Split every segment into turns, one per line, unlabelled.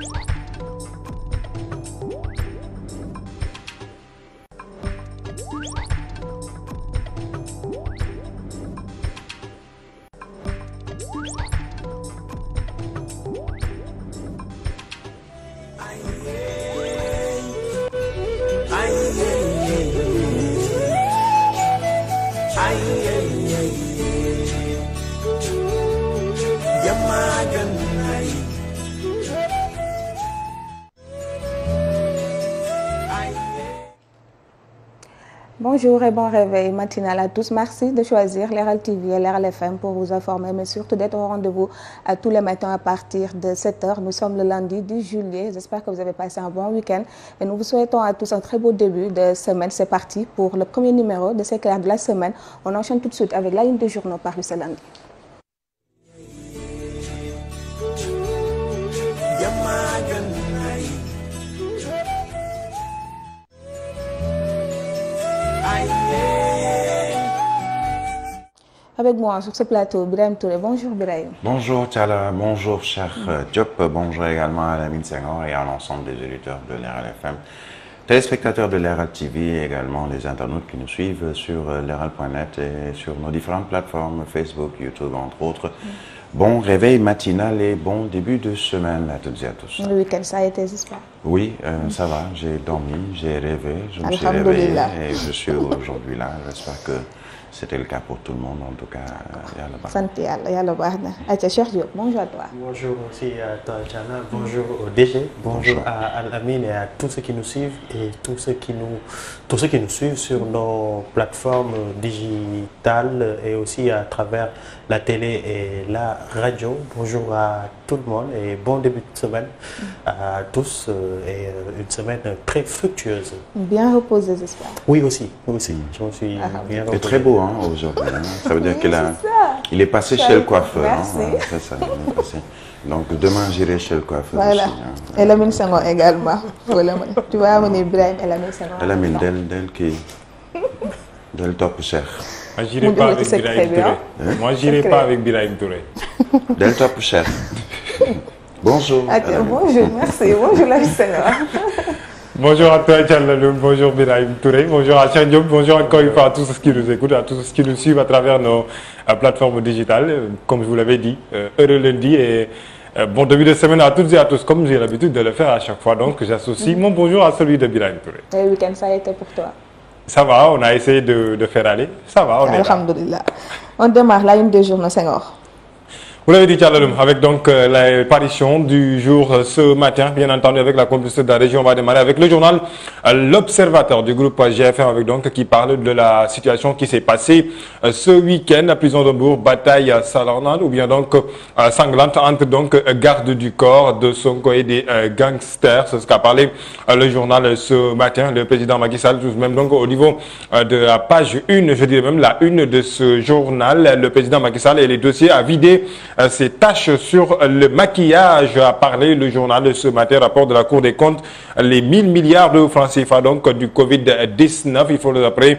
Sénégal
Bonjour et bon réveil matinal à tous. Merci de choisir l'RL TV et l'RL FM pour vous informer, mais surtout d'être au rendez-vous tous les matins à partir de 7 Nous sommes le lundi 10 J'espère que vous avez passé un bon week et nous vous souhaitons à tous un très beau début de semaine. C'est parti pour le premier numéro de C'est clair de la semaine. On enchaîne tout de suite avec la ligne de journaux parue ce Avec moi sur ce plateau, Birahim Touré. Bonjour Birahim.
Bonjour Tala, bonjour cher mm. bonjour également à Lamine Senghor et à l'ensemble des éditeurs de l'RL FM. Téléspectateurs de l'RL TV et également les internautes qui nous suivent sur euh, l'RL.net et sur nos différentes plateformes, Facebook, YouTube entre autres. Bon réveil matinal et bon début de semaine à toutes et à tous. Oui, euh, J'ai dormi, j'ai rêvé, je me suis réveillé et je suis aujourd'hui là. J'espère que
c'était le cas pour tout le monde en tout cas yàlla
baax
na sant yàlla yàlla baax bonjour à toi. bonjour aussi à toi Diana
bonjour au DG. bonjour, bonjour à Al Amine et à tous ceux qui nous suivent et tous ceux qui nous suivent sur nos plateformes digitales et aussi à travers la télé et la radio tout le monde bon début de semaine à tous euh, et euh, une semaine très fructueuse.
Bien reposée, j'espère.
Oui, aussi, aussi. Je me suis
ah, bien reposée. C'est très
beau hein, aujourd'hui. Hein. Ça veut dire oui, qu'il a... il est passé chez le coiffeur. Merci. Hein. C'est ça, il est passé. Donc demain, j'irai chez le coiffeur. Voilà. Aussi,
Elamine Senghor également. tu vas amener Ibrahim Elamine Senghor. Elamine,
d'elle qui... del topp Cheikh Moi,
j'irai pas avec Birahim Touré. Moi, j'irai pas avec
Birahim Delta Pouchère.
Bonjour. Ah, bonjour,
merci. Bonjour, la
Bonjour à toi, Tchalaloum. Bonjour, Birahim Touré. Bonjour à Chandium. Bonjour encore une fois à tous ceux qui nous écoutent, à tous ceux qui nous suivent à travers nos euh, plateformes digitales. Comme vous l'avais dit, euh, heureux lundi et euh, début de semaine à toutes et à tous, comme j'ai l'habitude de le faire à chaque fois. Donc, j'associe mon bonjour à celui de Birahim Touré. Ça va, on a essayé de, de faire aller. Ça
va, on est là. On démarre la une des journaux Senghor.
Vous l'avez dit, Tchaloum, avec donc euh, la parution du jour euh, ce matin, bien entendu avec la complicité de la région, on va démarrer avec le journal euh, L'Observateur du groupe GFM, qui parle de la situation qui s'est passée euh, ce week-end à Prison de Bourg, bataille salornale ou bien donc euh, sanglante entre garde du corps de Sonko et des gangsters. C'est ce qu'a parlé le journal ce matin, le président Macky Sall, donc au niveau de la page de ce journal, le président à vider Euh, ses tâches sur le maquillage, a parlé le journal de ce matin, rapport de la Cour des comptes, les 1000 milliards de francs CFA donc du Covid-19, il faut le rappeler.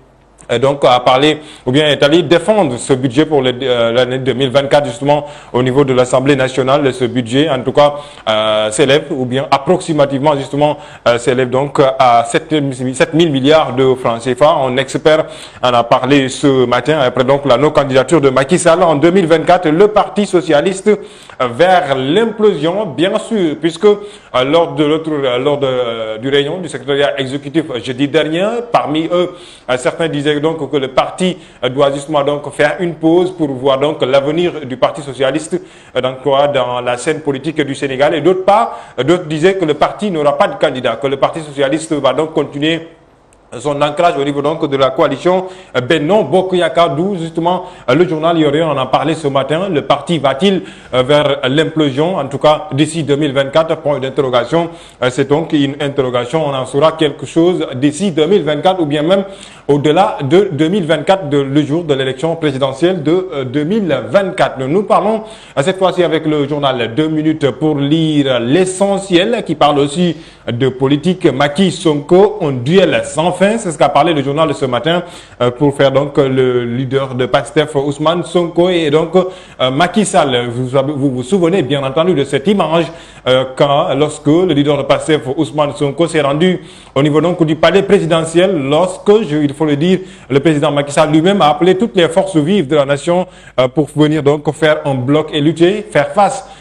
Euh, donc a parlé ou bien est allé défendre ce euh, euh, ou bien approximativement justement euh, s'élève donc à 7 000 milliards de francs CFA. Un expert en a parlé la non de Macky Sall en 2024. Le Parti socialiste vers l'implosion bien sûr lors de l'autre lors de, euh, du réunion du secrétariat exécutif euh, jeudi dernier. Parmi eux, euh, certains disaient donc que le parti doit justement donc faire une pause pour voir donc l'avenir du Parti socialiste dans quoi dans la scène politique du Sénégal et d'autres pas, d'autres disaient que le parti n'aura pas de candidat, que le Parti socialiste va donc continuer son ancrage au de la coalition Benno Bokk Yakaar d'où justement le a parlé ce matin euh, en tout cas d'ici 2024 point d'interrogation euh, c'est donc une interrogation on en saura quelque chose d'ici 2024 ou bien même au-delà de 2024 de le jour euh, le journal deux minutes pour lire l'essentiel qui parle aussi enfin, c'est ce qu'a parlé le journal de ce matin euh, pour faire donc euh, le leader de PASTEF, Ousmane Sonko et donc euh, Macky Sall. Vous, vous vous souvenez bien entendu de cette image quand, le leader de PASTEF, Ousmane Sonko, s'est rendu au niveau donc du palais présidentiel, lorsque, faut le dire, le président Macky Sall lui-même a appelé toutes les forces vives de la nation pour venir donc faire un bloc et faire face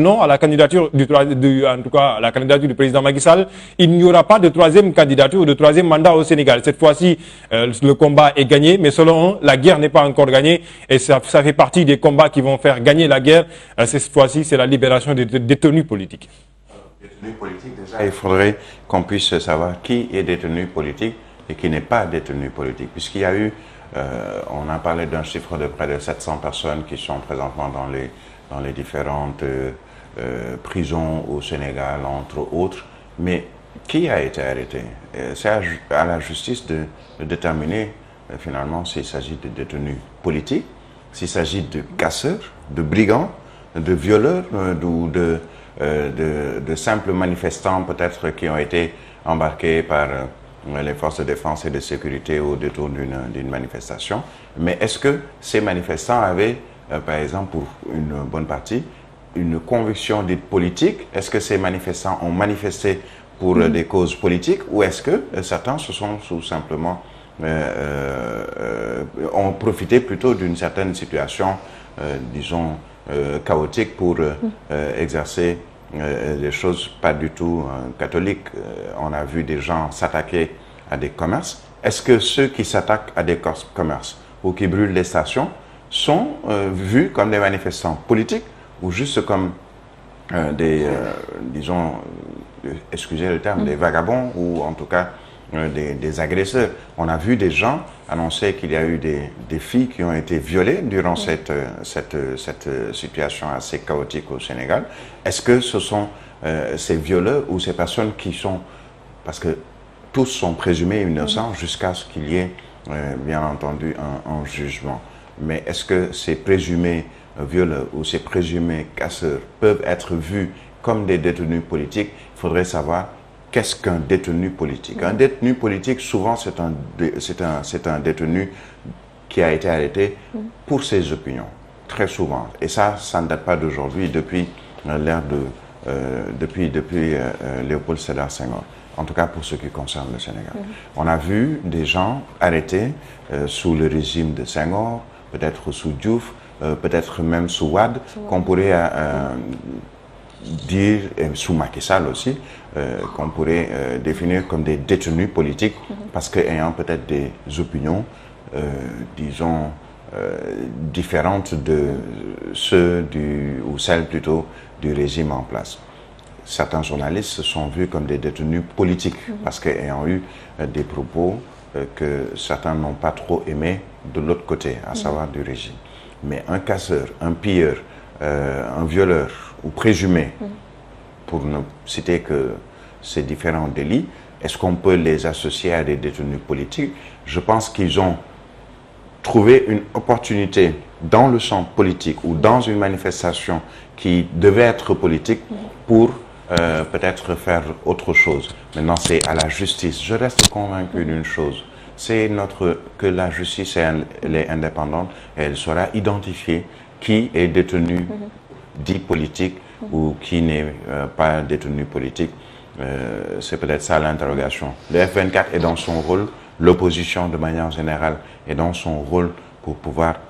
non à la candidature du, du en tout cas à la candidature du président Macky Sall, il n'y aura pas de troisième candidature ou de troisième mandat au Sénégal. Cette fois-ci, euh, le combat est gagné, mais selon la guerre n'est pas encore gagnée et ça, fait partie des combats qui vont faire gagner la guerre. Euh, c'est la libération des détenus politiques.
Détenus politiques,
politique et qui n'est pas puisqu'il y a eu euh, on a parlé d'un chiffre de près de personnes qui sont présentement dans les, différentes euh, euh, prison au Sénégal, entre autres. Mais qui a été arrêté euh, C'est à, à, la justice de, de déterminer euh, finalement s'il s'agit de détenus politiques, s'il s'agit de casseurs, de brigands, de violeurs euh, ou de, euh, de, de, simples manifestants peut-être qui ont été embarqués par euh, les forces de défense et de sécurité au détour d'une manifestation. Mais est-ce que ces manifestants avaient, par exemple, pour une bonne partie, une conviction dite politique Est-ce que ces manifestants ont manifesté pour mmh. des causes politiques ou est-ce que euh, certains se sont tout simplement euh, euh, euh, ont profité plutôt d'une certaine situation, euh, disons, chaotique pour mm. exercer des choses pas du tout catholiques. on a vu des gens s'attaquer à des commerces. Est-ce que ceux qui s'attaquent à des commerces ou qui brûlent les stations sont vus comme des manifestants politiques ou juste comme euh, des, euh, disons, euh, excusez le terme, des mm. vagabonds ou en tout cas euh, des, des, agresseurs. On a vu des gens annoncer qu'il y a eu des, des, filles qui ont été violées durant oui. Mm. cette, euh, cette, euh, cette, situation assez chaotique au Sénégal. Est-ce que ce sont ces violeurs ou ces personnes qui sont... Parce que tous sont présumés innocents oui. Mm. jusqu'à ce qu'il y ait, bien entendu, un, un jugement. Mais est-ce que ces présumés violeurs ou ces présumés casseurs peuvent être vus comme des détenus politiques, il faudrait savoir qu'est-ce qu'un détenu politique. Un mm-hmm. détenu politique, souvent, c'est un, c'est un, c'est un détenu qui a été arrêté mm. pour ses opinions, très souvent. Et ça, ça ne date pas d'aujourd'hui, depuis euh, l'ère de... Euh, depuis, depuis euh, euh, Léopold Sédar Senghor, en tout cas pour ce qui concerne le Sénégal. Mm-hmm. On a vu des gens arrêtés euh, sous le régime de Senghor, peut-être sous Diouf, Euh, peut-être même sous Wade qu'on pourrait euh, dire sous Macky Sall aussi euh, qu'on pourrait définir comme des détenus politiques mhm. parce que ayant peut-être des opinions disons différentes de ceux du ou celles plutôt du régime en place certains journalistes se sont vus comme des détenus politiques mm -hmm. parce que ayant eu euh, des propos euh, que certains n'ont pas trop aimés de l'autre côté à mm -hmm. savoir du régime mais un casseur un pilleur euh, un violeur ou présumé mm. pour ne citer que ces différents délits est-ce qu'on peut les associer à des détenus politiques je pense qu'ils ont trouvé une opportunité dans le champ politique ou dans une manifestation qui devait être politique mm. pour euh, peut-être faire autre chose maintenant c'est à la justice je reste convaincu mm. d'une chose c'est notre que la justice elle est indépendante et elle saura identifier qui est détenu mm
-hmm.
dit politique mm -hmm. ou qui euh, politique euh, c'est peut ça l'interrogation le F24 est dans son rôle l'opposition de manière générale est dans son rôle pour pouvoir euh,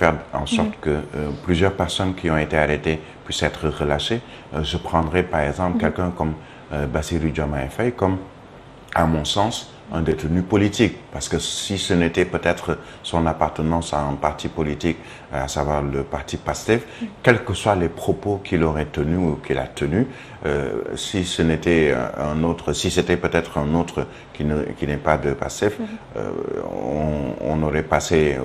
faire en mhm. sorte mm -hmm. que euh, plusieurs personnes qui ont euh, par exemple mhm. quelqu'un comme Bassirou Diomaye Faye comme à un détenu politique, parce que si ce n'était peut-être son appartenance à un parti politique, à savoir le parti PASTEF, quels que soient les propos qu'il aurait tenus ou qu'il a tenus, euh, si ce n'était un autre, si c'était peut-être un autre qui n'est ne, pas de PASTEF, mm-hmm. euh, on, on, aurait passé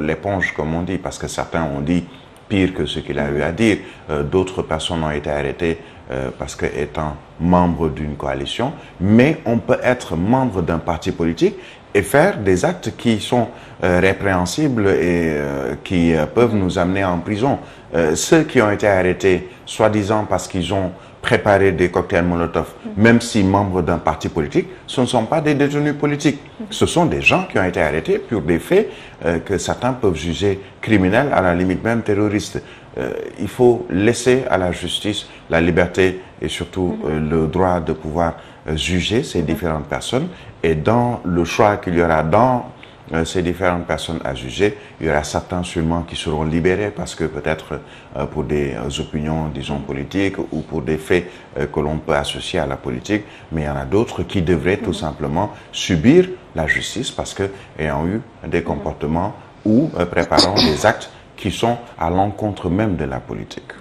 l'éponge, comme on dit, parce que certains ont dit pire que ce qu'il a eu à dire. Euh, D'autres personnes ont été arrêtées euh, parce que étant membre d'une coalition, mais on peut être membre d'un parti politique et faire des actes qui sont euh, répréhensibles et euh, qui euh, peuvent nous amener en prison. Euh, ceux qui ont été arrêtés, soi-disant parce qu'ils ont préparé des cocktails Molotov, mmh. même si membres d'un parti politique, ce ne sont pas des détenus politiques. Mmh. Ce sont des gens qui ont été arrêtés pour des faits euh, que certains peuvent juger criminels, à la limite même terroristes. euh, il faut laisser à la justice la liberté et surtout euh, mhm. le droit de pouvoir euh, juger ces mhm. différentes personnes et dans le choix qu'il y aura dans euh, ces différentes personnes à juger, il y aura certains sûrement qui seront libérés parce que peut-être euh, pour des euh, opinions, disons, mhm. politiques ou pour des faits euh, que l'on peut associer à la politique, mais il y en a d'autres qui devraient tout simplement subir la justice parce que ayant eu des comportements ou euh, préparant des actes qui sont à l'encontre même de la
politique.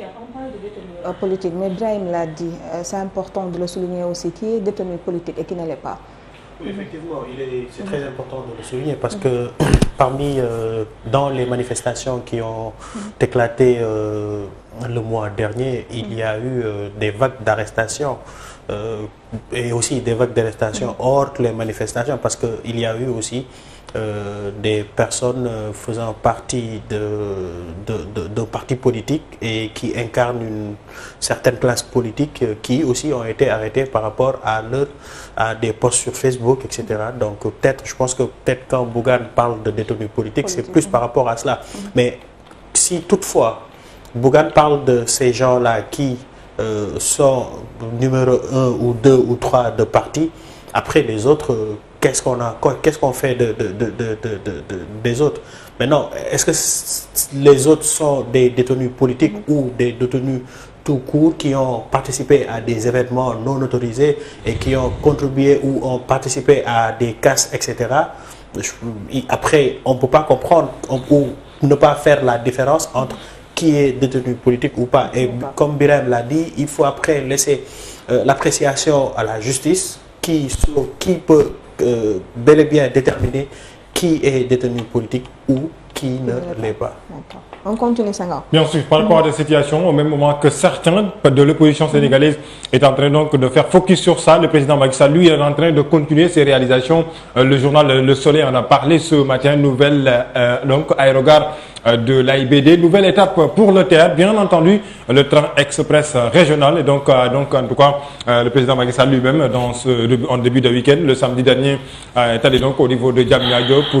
Euh, politique, mais Brahim l'a dit, euh, c'est important de le souligner aussi, qui est détenu politique et qui ne l'est pas.
Oui, effectivement, c'est mm. très important de le souligner parce que parmi, euh, dans les manifestations qui ont mm. éclaté euh, le mois dernier, il y a mm. eu euh, des vagues d'arrestations euh, et aussi des vagues d'arrestations hors les manifestations parce qu'il y a eu aussi euh, des personnes euh, faisant partie de, de, de, de partis politiques et qui incarnent une certaine classe politique euh, qui aussi ont été arrêtées par rapport à leur à des posts sur Facebook, etc. Donc peut-être, que peut-être quand Bougan parle de détenus politiques, c'est plus par rapport à cela. Mais si toutefois Bougan parle de ces gens-là qui euh, sont numéro un ou deux ou trois de parti, après les autres euh, qu'est-ce qu'on a quest fait de de, de de de des autres maintenant est-ce que les autres sont des détenus politiques ou des détenus tout court qui ont participé à des événements non autorisés et qui ont contribué ou ont participé à des casses etc après on peut pas comprendre on, ou ne pas faire la différence entre qui est détenu politique ou pas et comme Birame l'a dit il faut après laisser euh, l'appréciation à la justice qui qui peut Euh, bel et bien déterminer qui est détenu politique ou qui ne l'est pas.
D'accord. On continue Senghor.
Bien par rapport à des situations, au même moment que certains de l'opposition sénégalaise est en train de faire focus sur le président Macky lui, est en train de continuer ses réalisations. Euh, le journal euh, Le Soleil en a parlé ce matin, nouvelle euh, euh donc aérogare de l'AIBD. Nouvelle étape pour le théâtre, bien entendu, le train express régional. Et donc, en tout cas, euh, le président Macky lui-même, en début de week-end, le samedi dernier, est allé donc au niveau de Diamniadio pour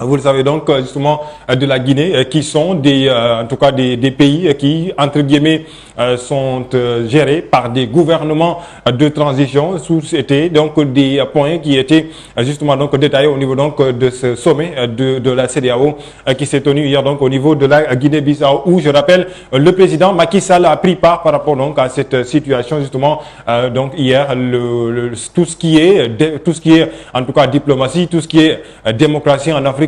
Ah, vous le savez donc euh, justement euh, de la Guinée euh, qui sont des en tout cas des des pays qui entre guillemets sont gérés par des gouvernements de transition sous c'était donc des points qui étaient donc détaillés au niveau donc de ce sommet de de la CEDEAO qui s'est tenu hier au niveau de la Guinée-Bissau où je rappelle le président Macky a pris part par rapport à cette situation justement euh, donc hier tout ce qui est cas diplomatie tout ce qui est démocratie en Afrique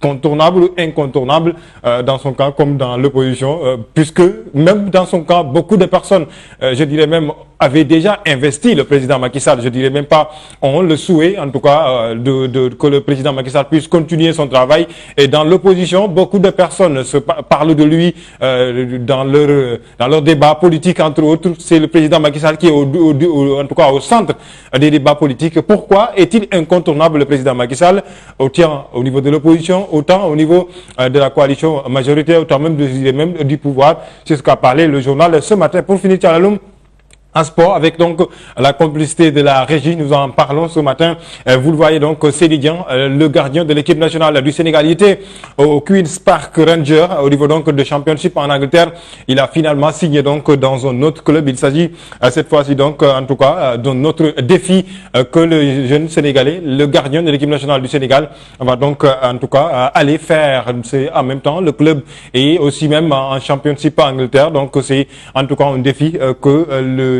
contournable ou incontournable euh, dans son cas comme dans l'opposition euh, puisque même dans son cas beaucoup de personnes euh, je dirais même avait déjà investi le président Macky Sall. Je dirais même pas on le souhait, en tout cas, euh, de, de, que le président Macky puisse continuer son travail. Et dans l'opposition, beaucoup de personnes se parlent de lui euh, dans leur débat politique, entre autres. C'est le président Macky qui est au, tout cas au centre des débats politiques. Pourquoi est-il incontournable, le président Macky autant au niveau de l'opposition, autant au niveau euh, de la coalition majoritaire, autant même, du pouvoir Un sport avec donc euh, la complicité de la régie, nous en parlons ce matin. Euh, vous le voyez donc, Sely euh, le gardien de l'équipe nationale du Sénégal, il de Championship Il a finalement signé donc dans un autre club. Il s'agit cette donc tout cas d'un autre défi que le jeune Sénégalais, le gardien de l'équipe nationale du Sénégal, va donc tout cas aller faire. C'est en même temps le club et aussi même en Championship Angleterre. Donc c'est un défi que le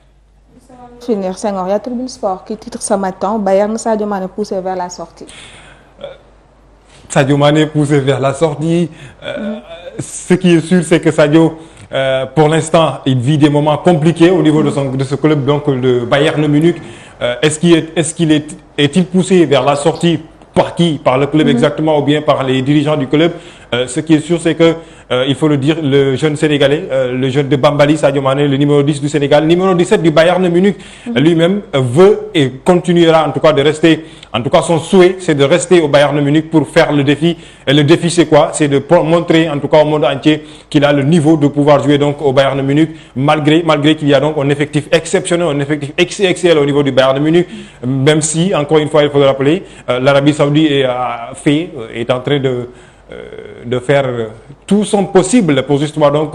finir Senghor y a titre ce matin Bayern Sadio Mané poussé vers la sortie. Euh,
Sadio Mané poussé la sortie. Euh, mmh. Ce qui est sûr, c'est que Sadio, euh, pour l'instant, il vit des moments compliqués au niveau de, son, de ce club, donc le Bayern Munich. Euh, est-ce qu'il est, poussé vers la sortie par qui par le club mhm. exactement ou bien par les dirigeants du club euh, ce qui est sûr c'est que euh, il faut le dire le jeune sénégalais euh, le jeune de Bambali Sadio Mané le numéro 10 du Sénégal numéro 17 du Bayern Munich mhm. lui-même euh, veut et continuera en tout cas de rester En tout cas, son souhait, c'est de rester au Bayern Munich pour faire le défi. Et le défi, c'est quoi? C'est de montrer, en tout cas, au monde entier, qu'il a le niveau de pouvoir jouer au Bayern Munich, malgré, qu'il y a donc un effectif exceptionnel, au niveau du Bayern Munich, même si, encore une fois, il faut le rappeler, euh, l'Arabie Saoudite est, a fait, euh, est en train de, euh, de faire euh, tout son possible pour justement donc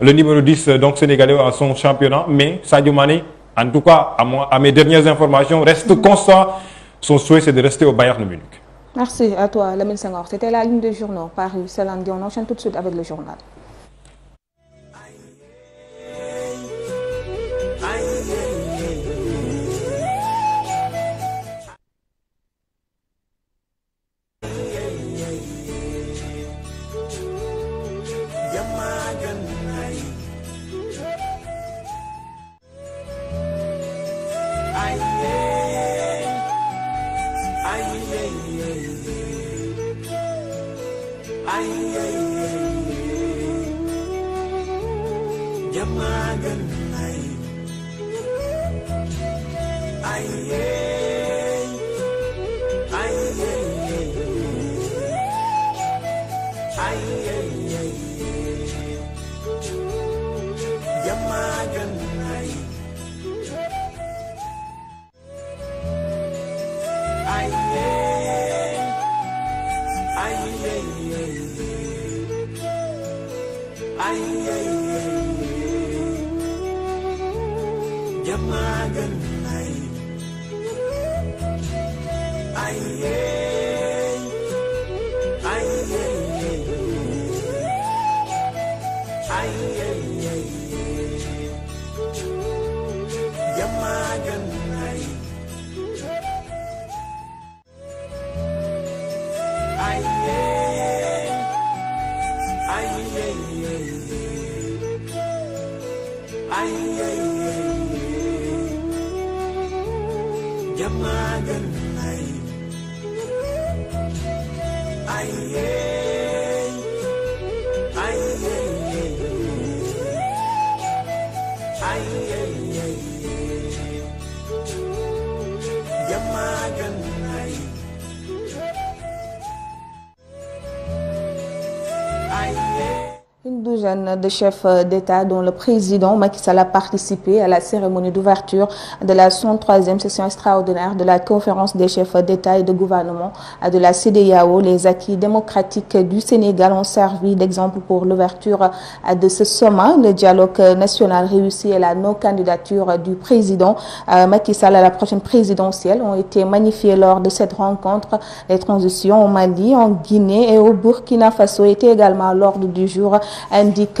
le numéro donc sénégalais à son championnat mais Sadio Mané en tout cas à, moi, à mes Son souhait, c'est de rester au Bayern de Munich.
Merci à toi, Lamine Senghor. C'était la ligne des journaux Paris, Céline On enchaîne tout de suite avec le journal. de chefs euh, d'État dont le président Macky Sall a participé à la cérémonie d'ouverture de la 103e session extraordinaire de la la CEDEAO. Les acquis démocratiques du Sénégal ont servi d'exemple pour l'ouverture de ce sommet. Le dialogue national réussi et la non-candidature du président euh, Macky Sall la prochaine présidentielle ont été magnifiés lors de cette rencontre. Les transitions au Mali, en Guinée et au Burkina Faso étaient également à l'ordre du jour, indique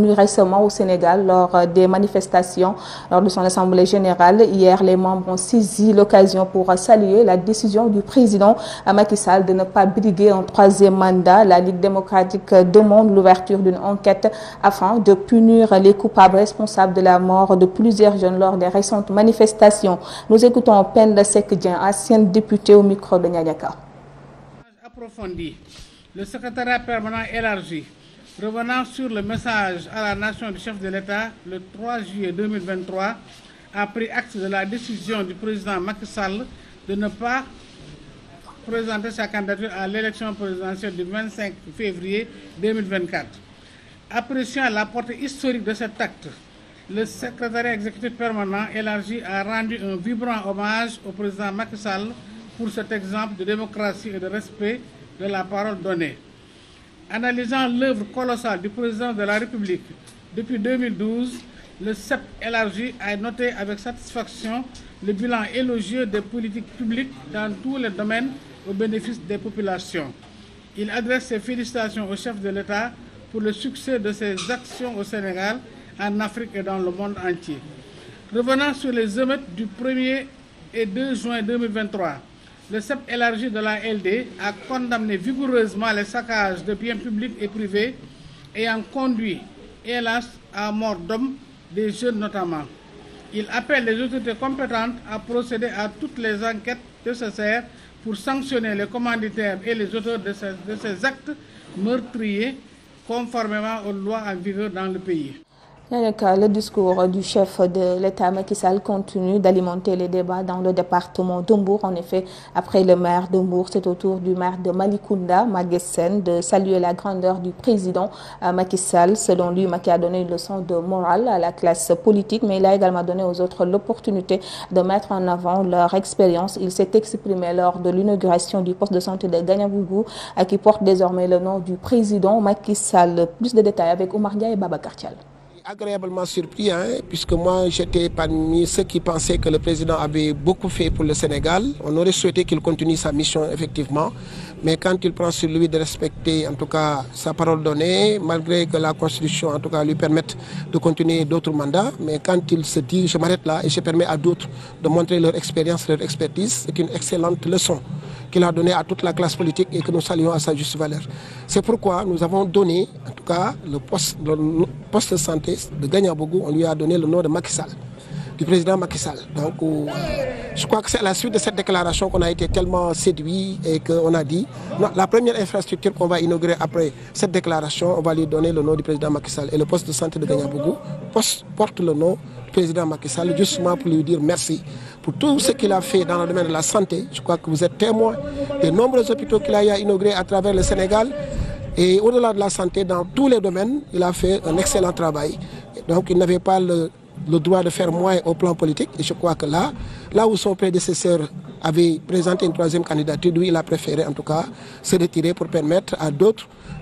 intervenu récemment au Sénégal lors euh, des manifestations lors de son assemblée générale. Hier, les membres ont saisi l'occasion pour euh, saluer la décision du président euh, Macky de ne pas briguer un troisième mandat. La Ligue démocratique demande l'ouverture d'une enquête afin de punir les coupables responsables de la mort de plusieurs jeunes lors des récentes manifestations. Nous écoutons Penda Sekdien, ancienne députée au micro de Nyanyaka.
Approfondi. Le secrétariat permanent élargi Revenant sur le message à la nation du chef de l'État le 3 juillet 2023, a pris acte de la décision du président Macky Sall de ne pas présenter sa candidature à l'élection présidentielle du 25 février 2024. Appréciant la portée historique de cet acte, le secrétariat exécutif permanent élargi a rendu un vibrant hommage au président Macky Sall pour exemple de démocratie de respect de la analysant l'œuvre colossale du président de la République depuis 2012, le CEP élargi a noté avec satisfaction le bilan élogieux des politiques publiques dans tous les domaines au bénéfice des populations. Il adresse ses félicitations au chef pour le succès de ses actions au Sénégal, en Afrique dans le monde entier. Revenant sur les émeutes du 1 et 2 juin 2023, le CEP élargi de la LD a condamné vigoureusement les saccages de biens publics et privés ayant conduit, hélas, à mort d'hommes, des jeunes notamment. Il appelle les autorités compétentes à procéder à toutes les enquêtes nécessaires pour sanctionner les commanditaires et les auteurs de ces, de ces actes meurtriers conformément aux lois en vigueur dans le pays.
le discours du chef de l'État Macky Sall continue d'alimenter les débats dans le département de Mbour. En effet, après le maire de Mbour, c'est au tour du maire de Malikounda, Maguessen, de saluer la grandeur du président euh, Macky Sall. Selon lui, Macky a donné une leçon de morale à la classe politique, mais il a également donné aux autres l'opportunité de mettre en avant leur expérience. Il s'est exprimé l'inauguration de santé euh, qui porte désormais le nom du président Macky Sall. Plus de détails avec Omar et Baba
agréablement surpris, hein, puisque moi j'étais parmi ceux qui pensaient que le président avait beaucoup fait pour le Sénégal. On aurait souhaité qu'il continue sa mission effectivement, mais quand il prend sur lui de respecter en tout cas sa parole donnée, malgré que la Constitution en tout cas lui permette de continuer d'autres mandats, mais quand il se dit je m'arrête là et je permets à d'autres de montrer leur expérience, leur expertise, c'est une excellente leçon. qu'il a donné à toute la classe politique et nous saluons à sa juste valeur. C'est pourquoi nous avons donné, en tout cas, le poste, le poste de santé de Gagnabougou, on lui a donné le nom de Macky Sall, du président Macky Sall. Donc, euh, je crois que c'est à la suite de cette déclaration qu'on a été tellement séduit et qu'on a dit, la première infrastructure qu'on va inaugurer après cette déclaration, on va lui donner le nom du président Macky Sall. Et le poste de santé président Macky Sall justement pour lui dire merci pour tout ce qu'il a fait dans le domaine de la santé. Je crois que vous êtes témoin des nombreux hôpitaux qu'il a inaugurés à travers le Sénégal. Et au-delà de la santé, dans tous les domaines, il a fait un excellent travail. Donc il n'avait pas le, le, droit de faire moins au plan politique. Et je crois que là, là où son prédécesseur avait présenté une troisième candidature, lui, il a préféré en tout cas se retirer pour permettre à d'autres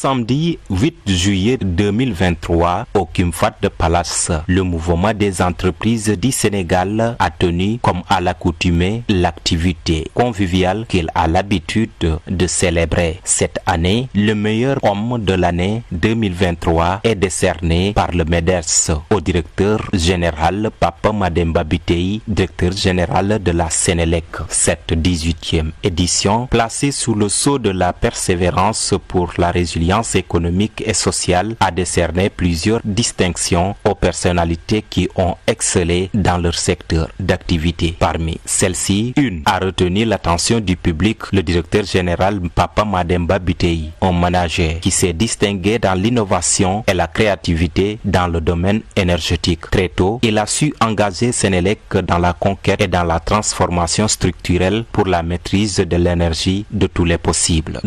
Samedi 8 juillet 2023, au Kimfat de Palace, le mouvement des entreprises du Sénégal a tenu, comme à l'accoutumée, l'activité conviviale qu'il a l'habitude de célébrer. Cette année, le meilleur homme de l'année 2023 est décerné par le MEDERS au directeur général Papa Mademba Bitei, directeur général de la Sénélec. Cette 18e édition, placée sous le sceau de la persévérance pour la résilience l'Alliance économique et sociale a décerné plusieurs distinctions aux personnalités qui ont excellé dans leur secteur d'activité. Parmi celles-ci, une a retenu l'attention du public, le directeur général Papa Mademba Bitei, un manager qui s'est distingué dans l'innovation et la créativité dans le domaine énergétique. Très tôt, il a su engager Sénélec dans la conquête et dans la transformation structurelle pour la maîtrise de l'énergie de tous les possibles.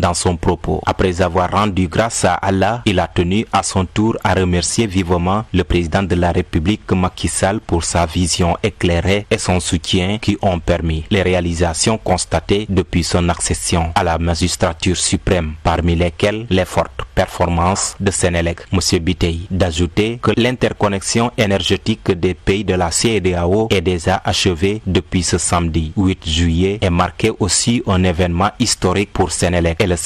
rendu grâce à Allah, il a tenu à son tour à remercier vivement le président de la République Macky Sall pour sa vision éclairée et son soutien qui ont permis les réalisations constatées depuis son accession à la magistrature suprême, parmi lesquelles les fortes performances de Sénélec. Monsieur Bitey d'ajouter que l'interconnexion énergétique des pays de la CEDAO est déjà achevée depuis ce samedi 8 juillet et marquait aussi un événement historique pour Sénélec et le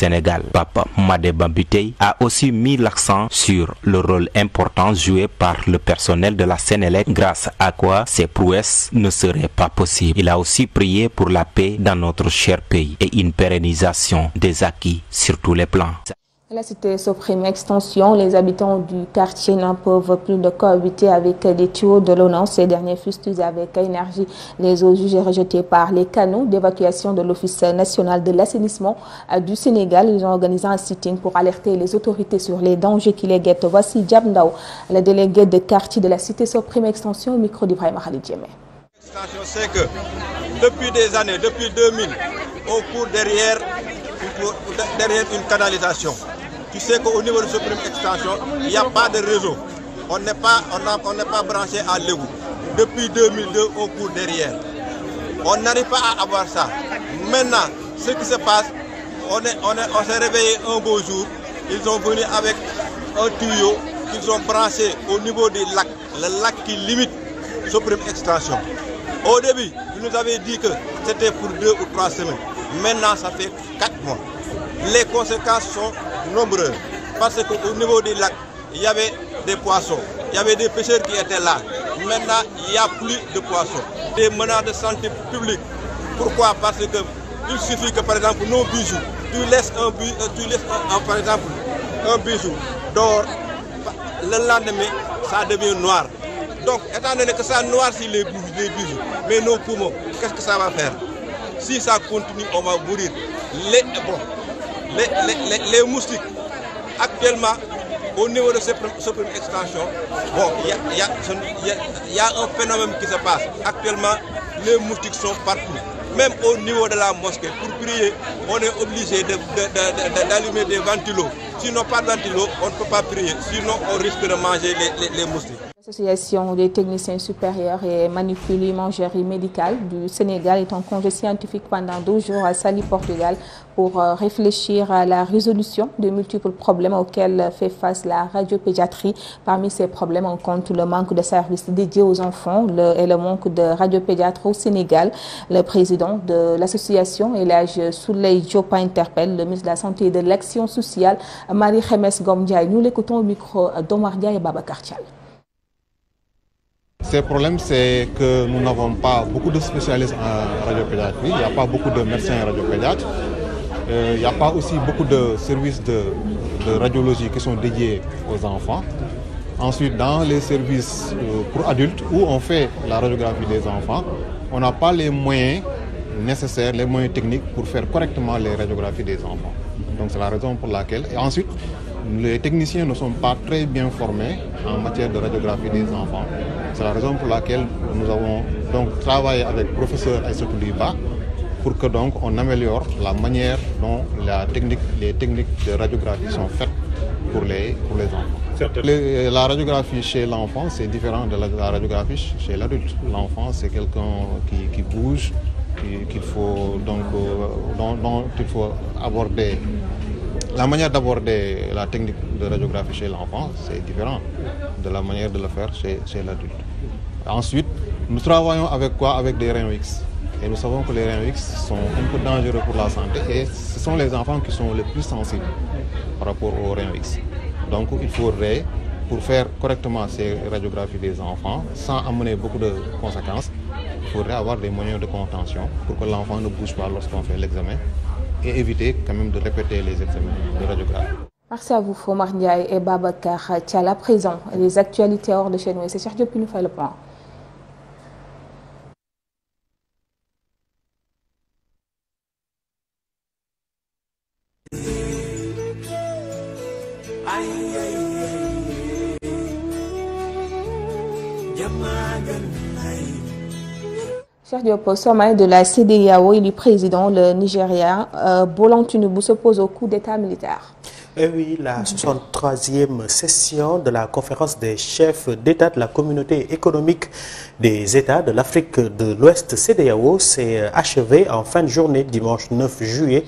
Bitey a aussi mis l'accent sur le rôle important joué par le personnel de la Sénélec, grâce à quoi ces prouesses ne seraient pas possibles. Il a aussi prié pour la paix dans notre cher pays et une pérennisation des acquis sur tous les plans.
La cité s'opprime extension, les habitants du quartier n'en peuvent plus de cohabiter avec des tuyaux de l'ONAN. Ces derniers fustus avec énergie les eaux jugées rejetées par les canaux d'évacuation de l'Office national de l'assainissement du Sénégal. Ils ont organisé un sitting pour alerter les autorités sur les dangers qui les guettent. Voici Diabndao, le délégué de quartier de la cité s'opprime extension au micro d'Ibrahim Khalid
C'est tu sais qu'au niveau de Suprême Extension, il n'y de réseau. On n'est pas, on n'est pas branché à l'égout. Depuis 2002, on court derrière. On n'arrive pas à avoir ça. Maintenant, ce qui se passe, on s'est on est, on est réveillé un beau jour. Ils sont venus avec un tuyau qu'ils ont branché au niveau du lac, le lac qui limite Suprême Extension. Au début, ils nous avaient dit que pour deux ou trois semaines. Maintenant, ça fait quatre Les conséquences sont nombreux. Parce qu'au niveau des lacs, il y avait des poissons. Il y avait des pêcheurs qui étaient là. Maintenant, il n'y a plus de poissons. Des menaces de santé publique. Pourquoi Parce que il suffit que, par exemple, nos bijoux, tu laisses un, euh, tu laisses un, un, par exemple, un bijou noir. Donc, étant donné que ça noircit les, les bijoux, mais nos poumons, qu'est-ce que ça va faire Si ça continue, les les les moustiques actuellement au niveau de cette première extension bon y ya y a y a un phénomène qui se passe actuellement les moustiques sont partout même au niveau de la mosquée pour prier on est de d'allumer de, de, de, des ventilos sinon pas de ventilos on ne peut pas prier sinon on risque de manger les
L'association des techniciens supérieurs et manipule imagerie médicale du Sénégal est en congé scientifique pendant 12 jours à Sali, Portugal, pour euh, réfléchir à la résolution de multiples problèmes auxquels fait face la radiopédiatrie. Parmi ces problèmes, on manque de services dédiés aux enfants le, et le manque de radiopédiatres au Sénégal. Le président de l'association, Elage Souley Diopa, interpelle la Santé et de l'Action sociale, Marie-Hemes Gomdiaye. Nous l'écoutons au micro d'Omar Dia et Baba Kartial.
Ces problèmes, c'est que nous n'avons pas beaucoup de spécialistes en radiopédiatrie, il n'y a pas beaucoup de médecins radiopédiatres, euh, il n'y a pas aussi beaucoup de services de, de, radiologie qui sont dédiés aux enfants. Ensuite, dans les services euh, pour adultes où on fait la radiographie des enfants, on n'a pas les moyens nécessaires, les moyens techniques pour faire correctement les radiographies des enfants. Donc c'est la raison pour laquelle. Et ensuite, les techniciens ne sont pas très bien formés en matière de radiographie des enfants. C'est la raison pour laquelle nous avons travaillé avec professeur Aïssatou pour que donc on améliore la manière dont la technique, les techniques de radiographie sont faites pour les, pour enfants. la radiographie chez l'enfant, c'est différent de la, la radiographie chez l'adulte. L'enfant, c'est quelqu'un qui, bouge, qu'il qu faut, donc, euh, dont, La manière d'aborder la technique de radiographie chez l'enfant, c'est différent de la manière de le faire chez, chez l'adulte. Ensuite, nous travaillons avec quoi? Avec des rayons X. Et nous savons que les rayons X sont un peu dangereux pour la santé et ce sont les enfants qui sont les plus sensibles par rapport aux rayons X. Donc il faudrait, pour faire correctement ces radiographies des enfants, sans amener beaucoup de conséquences, il faudrait avoir de contention pour que l'enfant ne bouge pas lorsqu'on et éviter quand même de répéter les examens de radiographie.
Merci à vous, Fomar Ndiaye et Babacar Thiala. À présent, actualités hors de chez nous. Et c'est Sergio qui nous fait le point. Diop, sommet de la CEDEAO et président le Nigérien euh, Bolan Tinubu s'oppose au coup d'État militaire.
Et eh oui, de la conférence des chefs d'État de la communauté économique des États de l'Afrique de l'Ouest, CEDEAO, s'est en fin de journée, dimanche 9 juillet.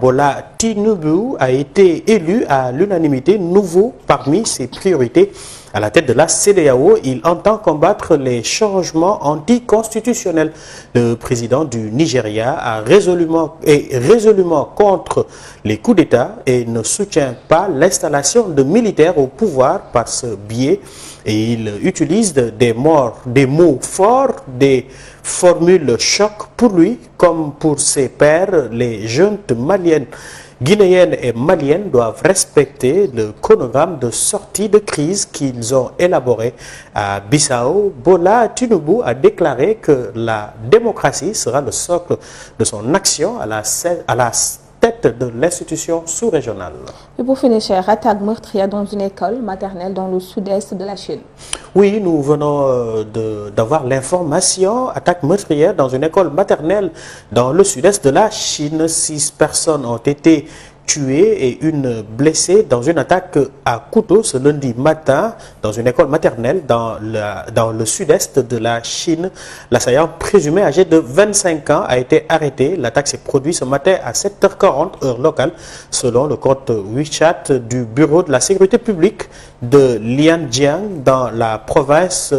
Bola Tinubu, a été élu à nouveau parmi ses À la tête de la CEDEAO, il entend combattre les changements anticonstitutionnels. Le président du Nigeria a résolument, est résolument contre les coups d'État et ne soutient pas l'installation de militaires au pouvoir par ce biais. Et il utilise des, morts, des mots forts, des formules choc pour lui, comme pour ses pairs, les juntes maliennes. guinéennes et maliennes doivent respecter le chronogramme de sortie de crise qu'ils ont élaboré à Bissau. Bola Tinubu a déclaré que la démocratie sera le socle de son action à la, à la tête de l'institution sous-régionale.
Et pour finir, cher, attaque meurtrière dans une école maternelle dans le sud-est de la Chine.
Oui, nous venons euh, d'avoir l'information, attaque meurtrière dans une école maternelle dans le sud-est de la Chine. Six personnes ont été tués et une blessée dans une attaque à couteau ce lundi matin dans une école le sud-est de la Chine. L'assaillant présumé âgé de 25 ans a été arrêté. L'attaque s'est produite ce à 7h40 heure locale selon le compte WeChat du bureau de la sécurité publique de Lianjiang dans la province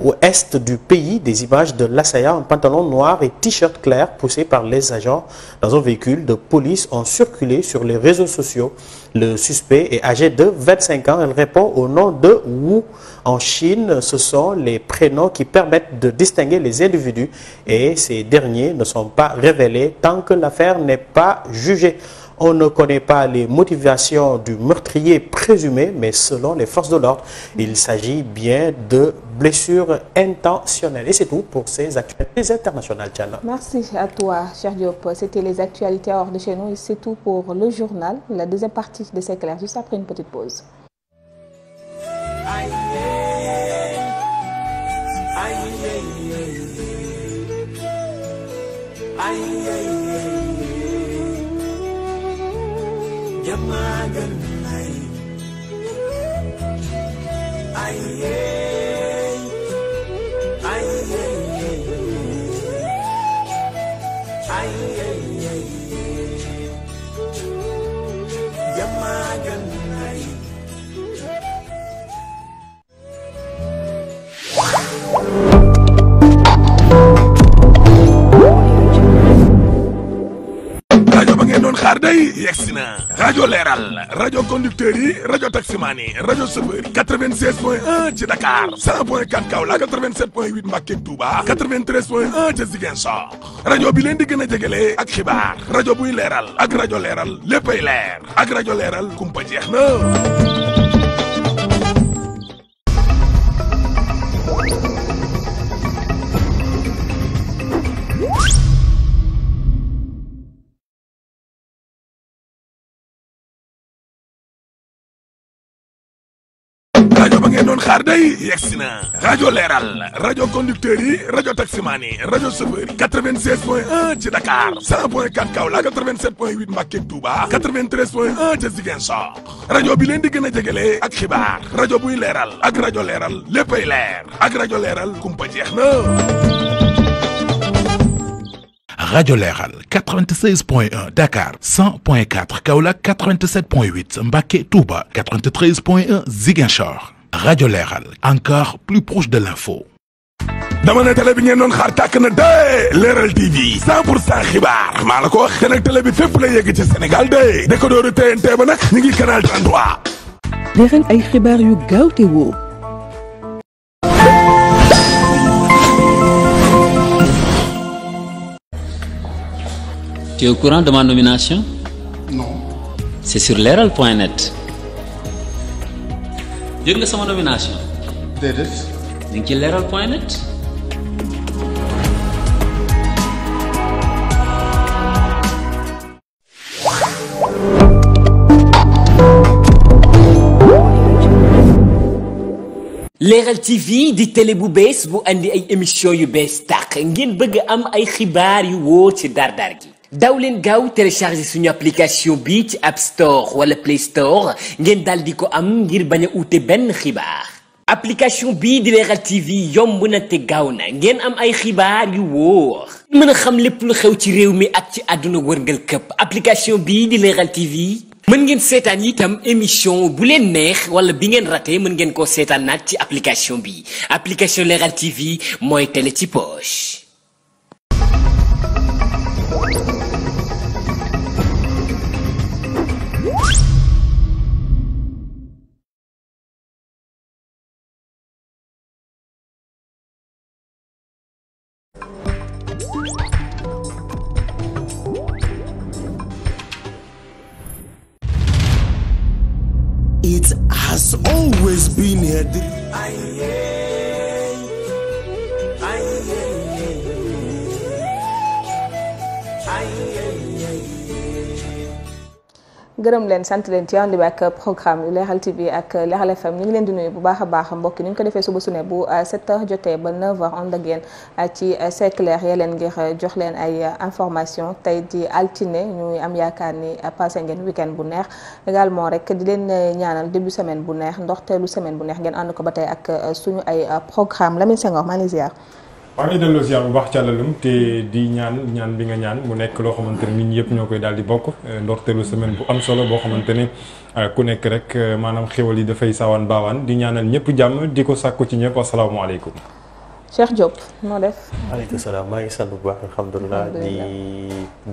au est du pays, de l'assaillant en pantalon noir et t-shirt clair poussé par les agents dans un véhicule de police ont circulé les réseaux sociaux. Le suspect est âgé de 25 ans. Il au nom de Wu. En Chine, ce sont les prénoms qui permettent de distinguer les individus et ces derniers ne sont pas révélés tant que l'affaire n'est pas jugée. On ne connaît pas les motivations du meurtrier présumé, mais selon les forces de l'ordre, il s'agit bien de blessures intentionnelles. Et c'est tout pour ces actualités internationales, Tchana.
Merci à les actualités hors de chez nous et c'est tout pour le journal. La deuxième partie de C'est clair, juste après une petite pause.
Yamagan ay Ay yeah
Dakar day yegsi na rajo leeral rajo conducteur yi rajo taximaan yi rajo chauffeur yi 96 point 1 ci Dakar 100 point 4 Kaolack 87 point 8 Mbacké Touba 93 point 1 ca Ziguinchor rajo bi leen di gën a jegele ak xibaar rajo buy leeral ak rajo leeral léppay leer ak rajo leeral kumpa jeex na rajo ba ngeen doon xaar day si
na rajo leeral
rajo conducteur yi rajo taximaan yi rajo chauffeur yi 96 point 1 ci Dakar 100 point 4 Kaolack 87 point 8 Mbacké Touba 93 point 1 ca Ziguinchor rajo bi leen di gën a jegele ak xibaar rajo buy leeral ak rajo leeral léppay leer ak rajo leeral kumpa jeex na rajo Leral 96 point 1 Dakar 100 point 4 Kaolack 87 point 8 Mbacké Touba 93 point 1 Ziguinchor rajo Leral encore plus proche de l'info dama ne télé bi ngeen doon xaar tàkk na de Leral TV 100 pour cent xibaar maa ko wax te bi fépp la yegg ci Sénégal de décodeur TNT ba nag ñu ngi canal 33.
Leral ay xibaar yu gaaw te wóor
tu es au courant de ma nomination non c'est sur leral.net yëg nga sama nomination déedéet ci leral.net TV di télé bu bees bu indi ay émission yu bees tàq ngeen bëgg am ay xibaar yu wóor ci dardar gi daw leen gaaw télécharger suñu application bi ci App Store wala Play Store ngeen daal di ko am ngir bañ a uute benn xibaar application bii di Leral TV yomb na te gaaw na ngeen am ay xibaar yu wóor mën a xam lépp lu xew ci réew mi ak ci àdduna wërngal këpp application bii di Leral TV mën ngeen seetaan itam émission bu leen neex wala bi ngeen raté mën ngeen ko seetaan naat ci application bi application Leral TV mooy télé ci poche
gërëm leen sant leen ci ànd bi ak programme Leral TV ak Leral FM ñu ngi leen di nuyu bu baax a baax mbokk ni ñu ko defee suba su ne bu 7h euh, jotee ba 9h ànd ak yéen euh, ci euh, C'est yee leen ngir jox leen ay information tey di altine ñuy am yaakaar ni passé ngeen week-end bu neex également rek di leen ñaanal début semaine bu neex ndoxteelu semaine bu neex ngeen ànd ko ba tey ak suñu ay programme Lamine Senghor maa ngi ziar
maa ngi delloo ziar bu baax ci àllalum te di ñaan ñaan bi nga ñaan mu nekk loo xamante ne nit ñi yëpp ñoo koy daal di bokk eh, ndorteelu semaine bu am solo boo xamante ne eh, ku nekk rek eh, maanaam xéwal yi dafay saawaan baawaan di ñaanal
ñëpp jàmm di ko sàkku ci ñëpp asalaamaaleykum.
Cheikh Diop noo def. maaleykum salaam
maa ngi sant bu baax alhamdulilah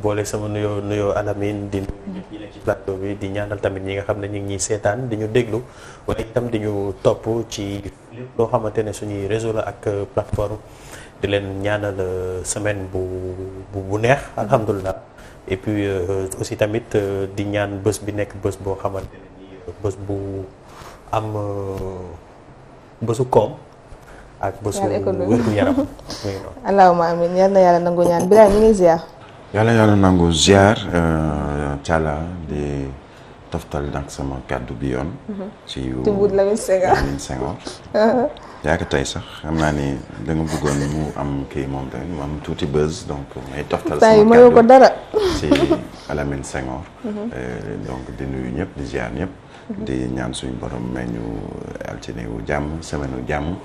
boole sama nuyoo nuyoo alamin di nuyu ci di ñaanal tamit ñi nga xam ne ñu ngi ñuy seetaan di ñu déglu waaye itam di ñu topp ci lépp loo xamante ne suñuy réseau la ak plateforme. di leen ñaanal euh, semaine bu bu bu neex alhamdulilah et puis euh, aussi tamit euh, di ñaan bës bi nekk bës boo xamante ne bu am bësu koom ak bésu wérgu yaram
allahumma amin yal na yàlla nangu ñaan Birame ñu ngi ziar
yàlla yàlla nangu ziar Thiala di toftal nag sama kàddu bi yoon mhm. ci Lamine
Senghor Lamine Senghor uh-huh.
yaaka tey sax xam naa ni danga buggoon bëggoon mu am kii moom tamit mu am tuuti buzz donc may toftal sama kàddu ko dara ci Alamine Senghor mhm. euh, donc di nuyu ñëpp di ziar ñëpp
mhm. di
ñaan suñu borom may ñu altine wu jàmm semaine jàmm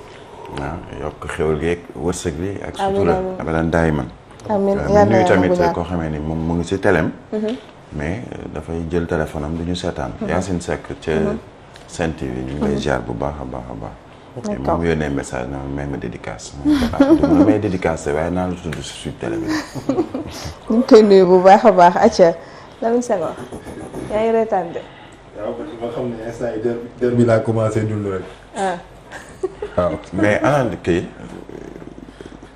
ah yokk xewal gi ak wërsëg ak sutura abadan daay man
amiin tamit koo
xamee ni moom mu ngi si telem mhm. mais euh, dafay jël téléphone am du ñu seetaan Yacine Seck ca Sen TV ñu ngi lay bu baax a baax a baax ok moom yónnee message na may ma dédicace.
ma may
dédicace waaye naa la tudd si suite télé bi.
koy nuyu bu baax a baax acca Lamine Senghor yaa reetaan de.
bi laa commencé dund rek. Ah. mais ana kii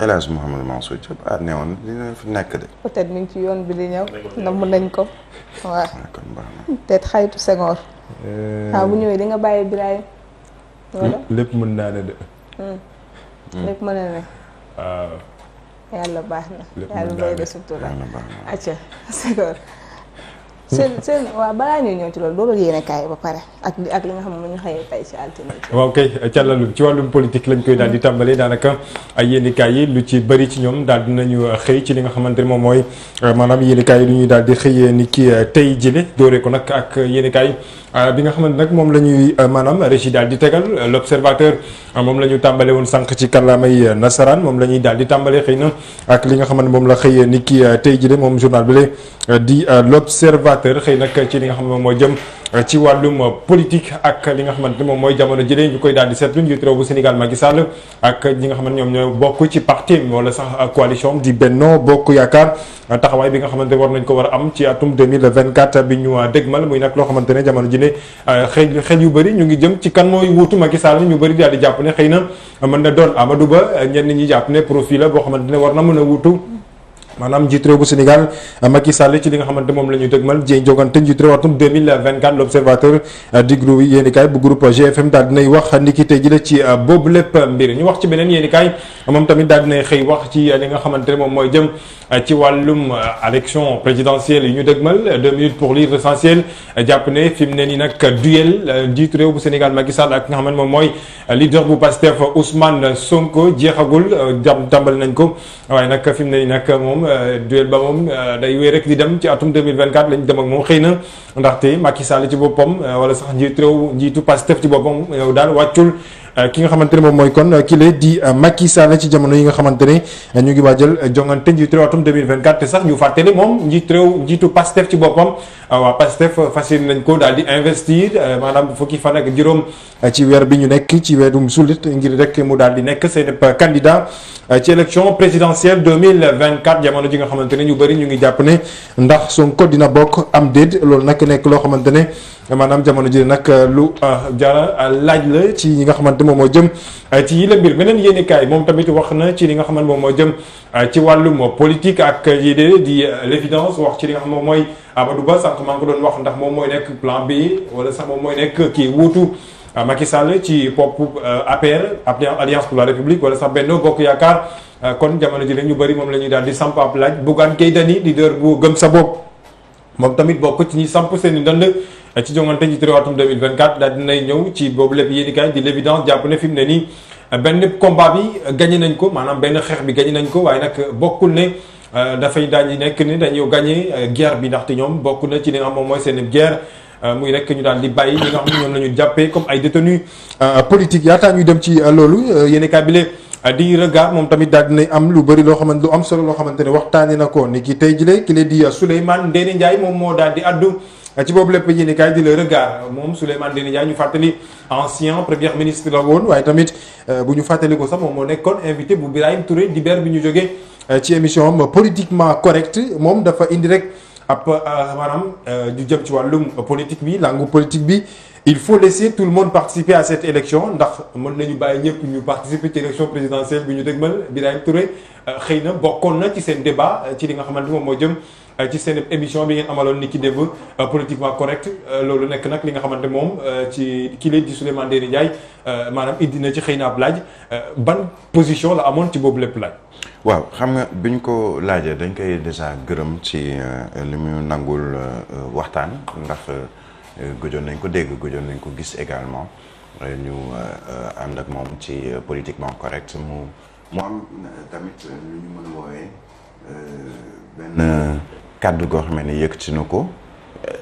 El Hadj Mouhamadou Mansour Diop ah ne woon dina fi nekk de.
peut-être ci yoon bi di ñëw. namm nañ ko. waaw ah, kon xaytu Senghor. waaw euh, ah, bu ñëwee di bàyyi Birahim. wala
lépp mën naa ne de. Hmm. Hmm. lépp mën na ne. waaw.
yàlla baax na. lépp mën naa ne yàlla béy de baax na acca seen balaa ñuy ñëw ci loolu doolal yéen a kaay ba pare ak li
nga ci wàllum politique lañ koy daal di tàmbalee daanaka ay yi lu ci bëri ci ñoom daal dinañu xëy ci li nga xamante ne moom mooy euh, maanaam yéenikaay yi lu ñuy daal di xëyee ni ki euh, tey jële dooree ko nag ak yéenikaay euh, bi nga xamante nag moom la ñuy maanaam régi di tegal l' observateur moom la ñu tàmbale woon sànq ci kàllaamay nasaraan moom la ñuy daal di tàmbalee xëy na ak li nga xamante moom la xëyee nit ki tey jële moom journal bi di l' observateur xëy nag ci li nga xam moo mooy jëm ci wàllum politique ak li nga xamante ne moom mooy jamono jëlee ñu koy daal di seetlu njiitu réew bu Sénégal Macky Sall ak ñi nga xam ne ñoom ñoo bokk ci parti wala sax coalition di Benno Bokk Yaakaar taxawaay bi nga xamante war nañ ko war a am ci atum 2024 bi ñu dégmal muy loo xamante ne jamono ji ne xel xel yu bëri ñu ngi jëm ci kan mooy wuutu Macky Sall ñu bëri daal di jàpp ne xëy na mën na doon Amadou Ba ñenn ñi jàpp ne profil la boo xamante ne war na mën a wuutu maanaam njiit réew bu Sénégal euh, Macky Sall ci li nga xamante moom la ñu dëgmal jéy jogante njiit réew atum 2024 l' observateur euh, diglu yéeni kaay bu groupe GFM daal dinay wax niki tey ji la ci euh, lépp mbir ñu wax ci beneen yéeni moom tamit daal dinay xëy wax nga xamante ne moom mooy jëm ci wàllum élection présidentielle yi ñu dëgmal deux minutes pour lire l'essentiel jàpp ne fi mu ne nii nag duel njiit réew bu Sénégal Macky Sall ak nga xamante moom mooy leader bu Pastef Ousmane Sonko jeexagul jàmbal nañ ko waaye nag fi mu ne nag moom euh, duel ba moom euh, day wéy rek di dem ci atum 2024 lañ dem ak moom xëy na ndaxte Macky Sall ci boppam euh, wala sax njiitu réew njiitu Pastef ci boppam yow daal wàccul Euh, ki nga xamante ne moom mooy kon euh, ki la di euh, Macky ci jamono yi nga xamante ne ñu ngi waajal jongante njiitu réew atum 2024 te sax ñu fàttali moom njiitu réew njiitu Pastef ci boppam waa Pastef fas yéene nañ ko daal di investir maanaam fukki fan ak juróom ci weer bi ñu nekk ci weerum sulit ngir rek mu daal di nekk seen candidat ci élection présidentielle 2024 jamono ji nga xamante ne ñu bëri ñu ngi jàpp ne ndax Sonko dina bokk am déet loolu nag nekk loo xamante ne maanaam jamono ji nag euh, lu euh, jara euh, laaj la ci ñi nga xamante moom moo jëm ci yi la mbir beneen yéenekaay moom tamit wax na ci li nga xamante moom moo jëm ci wàllum politique ak yi de di l'évidence wax ci li nga xam moom mooy Amadou Ba sànq maa ngi ko doon wax ndax moom mooy nekk plan B wala sax moom mooy nekk kii wuutu Macky Sall ci bopp APR Alliance pour la République wala sax Benno Bokk Yaakaar kon jamono ji la ñu bëri moom la ñuy daal di samp ab laaj Bougane Gueye Dany leader bu gëm sa bopp moom tamit bokk ci ñi samp seen i ndënd ci jongante ji tërëwaatum 2024 daal dinay ñëw ci boobu lépp yéen i kaay di l'évidence jàpp ne fi mu ne nii benn combat bi gagné nañ ko maanaam benn xeex bi gagné nañ ko waaye nag bokkul ne euh, dafay daañu nekk ni dañoo gagné euh, guerre bi ndaxte ñoom bokk na ci li nga moom mooy seen guerre euh, muy rek ñu daal di bàyyi ñi nga xam ne ñoom la jàppee comme ay détenus politiques yaataa ñuy dem ci loolu yéen i kaay bi lee di regard moom tamit daal dinay am lu bari loo xamante am solo loo xamante ne waxtaanee na ko ni ki tey jile ki lee di Souleymane Ndéné Ndiaye moom moo daal di addu Ah, ci boobu lépp yéen kaay di le regard moom Souleymane Ndéné Ndiaye ñu fàttali ancien premier ministre la woon waaye tamit euh, bu ñu fàttali ko sax moom moo nekkoon invité bu Birahim Touré di ber bi ñu jógee euh, ci émission am politiquement correct moom dafa indi rek ab euh, maanaam ñu jëm ci wàllum politique bi langue politique bi il faut laisser tout le monde participer à cette élection ndax mën nañu bàyyi ñëpp ñu participer ci élection présidentielle bu ñu dégmal Birahim Touré xëy na bokkoon na ci seen débat ci li nga xamante moom moo jëm. Euh, ci seen émission bi ngeen amaloon ni ki démb euh, politiquement correct euh, loolu nekk nag li nga xamante moom ci ki leen di Souleymane Ndéné Ndiaye maanaam indi na ci xëy na ab laaj ban position la amoon ci boobu
lépp laaj. waaw xam nga bi ñu ko laajee dañ koy déjà gërëm ci li mu nangul waxtaan ndax gëjoon nañ ko dégg gëjoon nañ ko gis également ñu ànd ak moom ci politiquement correct mu. mu am tamit lu ñu mën a hmm. kàddu goo xam ne yëkkati na ko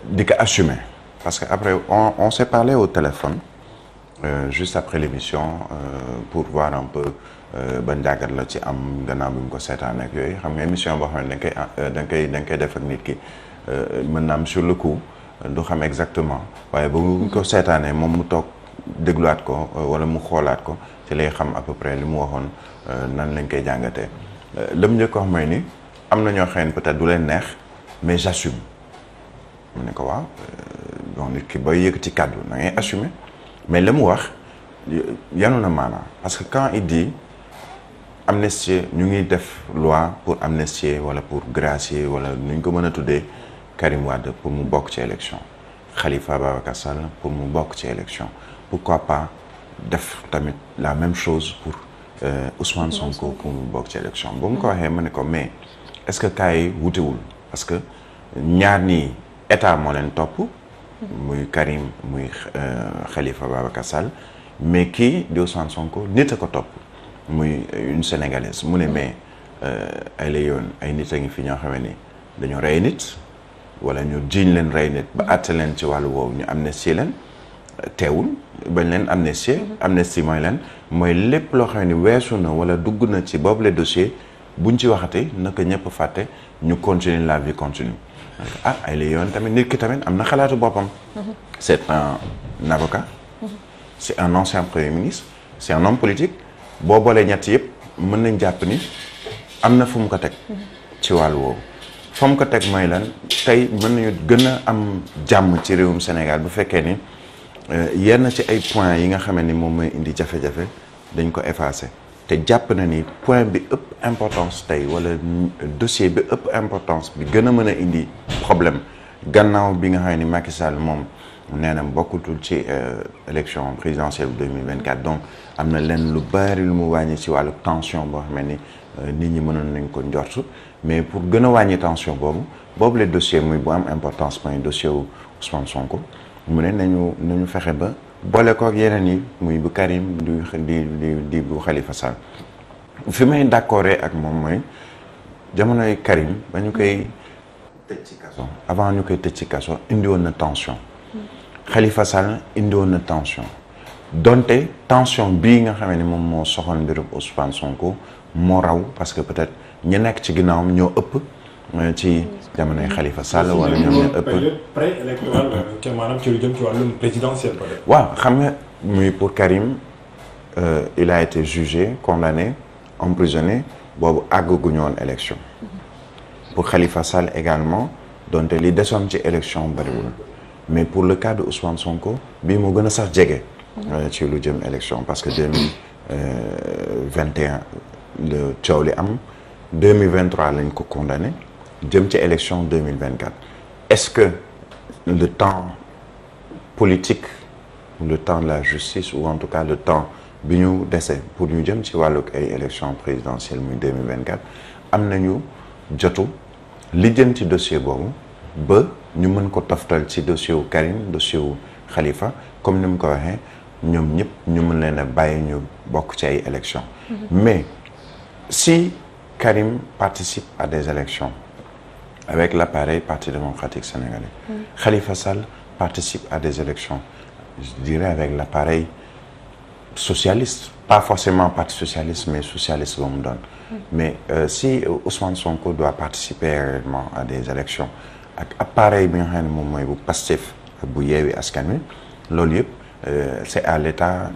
di ko assumer parce que après on on s'est parlé au téléphone euh, juste après l'émission euh, pour voir un peu euh, ba njàngat la ci am gannaaw bi mu ko seetaan ak yooyu xam nga émission boo xam ne da nga koy euh, da nga koy da nit ki euh, mën na am sur le coup du xam exactement waaye ba ko seetaanee moom mu toog dégluwaat ko wala mu xoolaat ko ci lay xam à peu li mu waxoon nan lañ koy jàngatee. lam njëkk ko xam ni am na ñoo xëy peut-être du leen neex. mais j'assume mu ne ko waaw euh, bon nit ki booy yëkkati kàddu da ngay assumer mais la mu wax yanu na maanaa parce que quand il dit amnistie ñu ngi def loi pour amnistier wala pour gracier wala nuñ ko mën a tuddee Karim Wade pour mu bokk ci élection Khalifa Babacar Sall pour mu bokk ci pour pourquoi pas def tamit la même chose pour euh, Ousmane Sonko pour mu bokk ci élection ba mu ko waxee ma ne ko mais est-ce que cas yi wutewul parce que ñaar nii état moo leen topp muy Karim muy euh, Khalifa Babacar Sall mais kii di Ousmane Sonko nit a ko topp muy une sénégalaise mu ne mais euh, ay la yoon ay nit a ngi fi ñoo xamee ni dañu rey nit wala ñu jiiñ leen rey nit ba àtte leen ci wàllu woowu ñu amnistie leen teewul bañ leen amnistie amnistie mooy leen mooy lépp loo xam ni weesu na wala dugg na ci boobu le dossier buñ ci waxate naka ñëpp fàtte ñu continuer la vie continue ah ay la yoon tamit nit ki tamit am na xalaatu boppam c'est un avocat c'est un ancien premier ministre c'est un homme politique boo boolee ñett yëpp mën nañ jàpp ni am na fu mu ko teg ci wàll woowu fa mu ko teg mooy lan tey mën nañu gën a am jàmm ci réewum Sénégal bu fekkee ni euh, yenn ci ay points yi nga xamee ni moom mooy indi jafe-jafe dañ ko effacer te jàpp na ni point bi ëpp importance tey wala dossier bi ëpp importance bi gën a mën a indi problème gannaaw bi nga xam ni Macky Sall moom nee na bokkutul ci euh, élection présidentielle 2024 donc am na leen lu bari lu mu wàññi ci wàllu tension boo xam ni euh, nit ñi mënoon nañ ko njort mais pour gën a wàññi tension boobu boobu le dossier muy bu am importance mooy dossier wu Ousmane Sonko mu ne nañu nañu fexe ba. boole ko ak yeneen yi muy bu Karim di di di bu Khalifa Sall fi may d'accord ak moom mooy jamonoy Karim ba ñu koy tëj ci kaso avant ñu koy tëj ci kaso indiwoon na tension Khalifa Sall indiwoon na tension donte tension bii nga xamee ni moom moo soxal mbirum Ousmane Sonko moo raw parce que peut-être ñi nekk ci ginnaawam ñoo ëpp ci jamonoy xalifa Sall wala ñoom ñoo ëpp. Euh,
ci lu jëm ci wàllum présidentiel
waaw xam nga muy pour Karim euh, il a été jugé condamné emprisonné boobu àgguñu woon élection. pour xalifa Sall également donte li desoon ci élection bariwul mais pour le cas de Ousmane Sonko bii moo gën a sax jege. Euh, ci lu jëm élection parce que deux mille li am deux mille vingt trois lañ ko condamné. jëm ci élection 2024 est-ce que le temps politique le temps de la justice ou en tout cas le temps bi ñu desee pour ñu jëm ci wàllug ay élection présidentielle muy 2024 am nañu jotu li jëm ci dossier boobu ba ñu mën ko toftal ci dossier wu Karim dossier wu Khalifa comme ni mu ko waxee ñoom ñëpp ñu mën leen a bàyyi ñu bokk ci ay élection mm-hmm. mais si Karim participe à des élections avec l'appareil Parti démocratique sénégalais. Mmh. Khalifa Sall participe à des élections, je dirais avec l'appareil socialiste, pas forcément parti socialiste, mais socialiste l'on me donne. Mmh. Mais euh, si euh, Ousmane Sonko doit participer réellement à des élections ak appareil bi nga xam ne moom mooy bu Pastef ak bu Yewwi Askan Wi loolu yëpp euh, c'est à l'état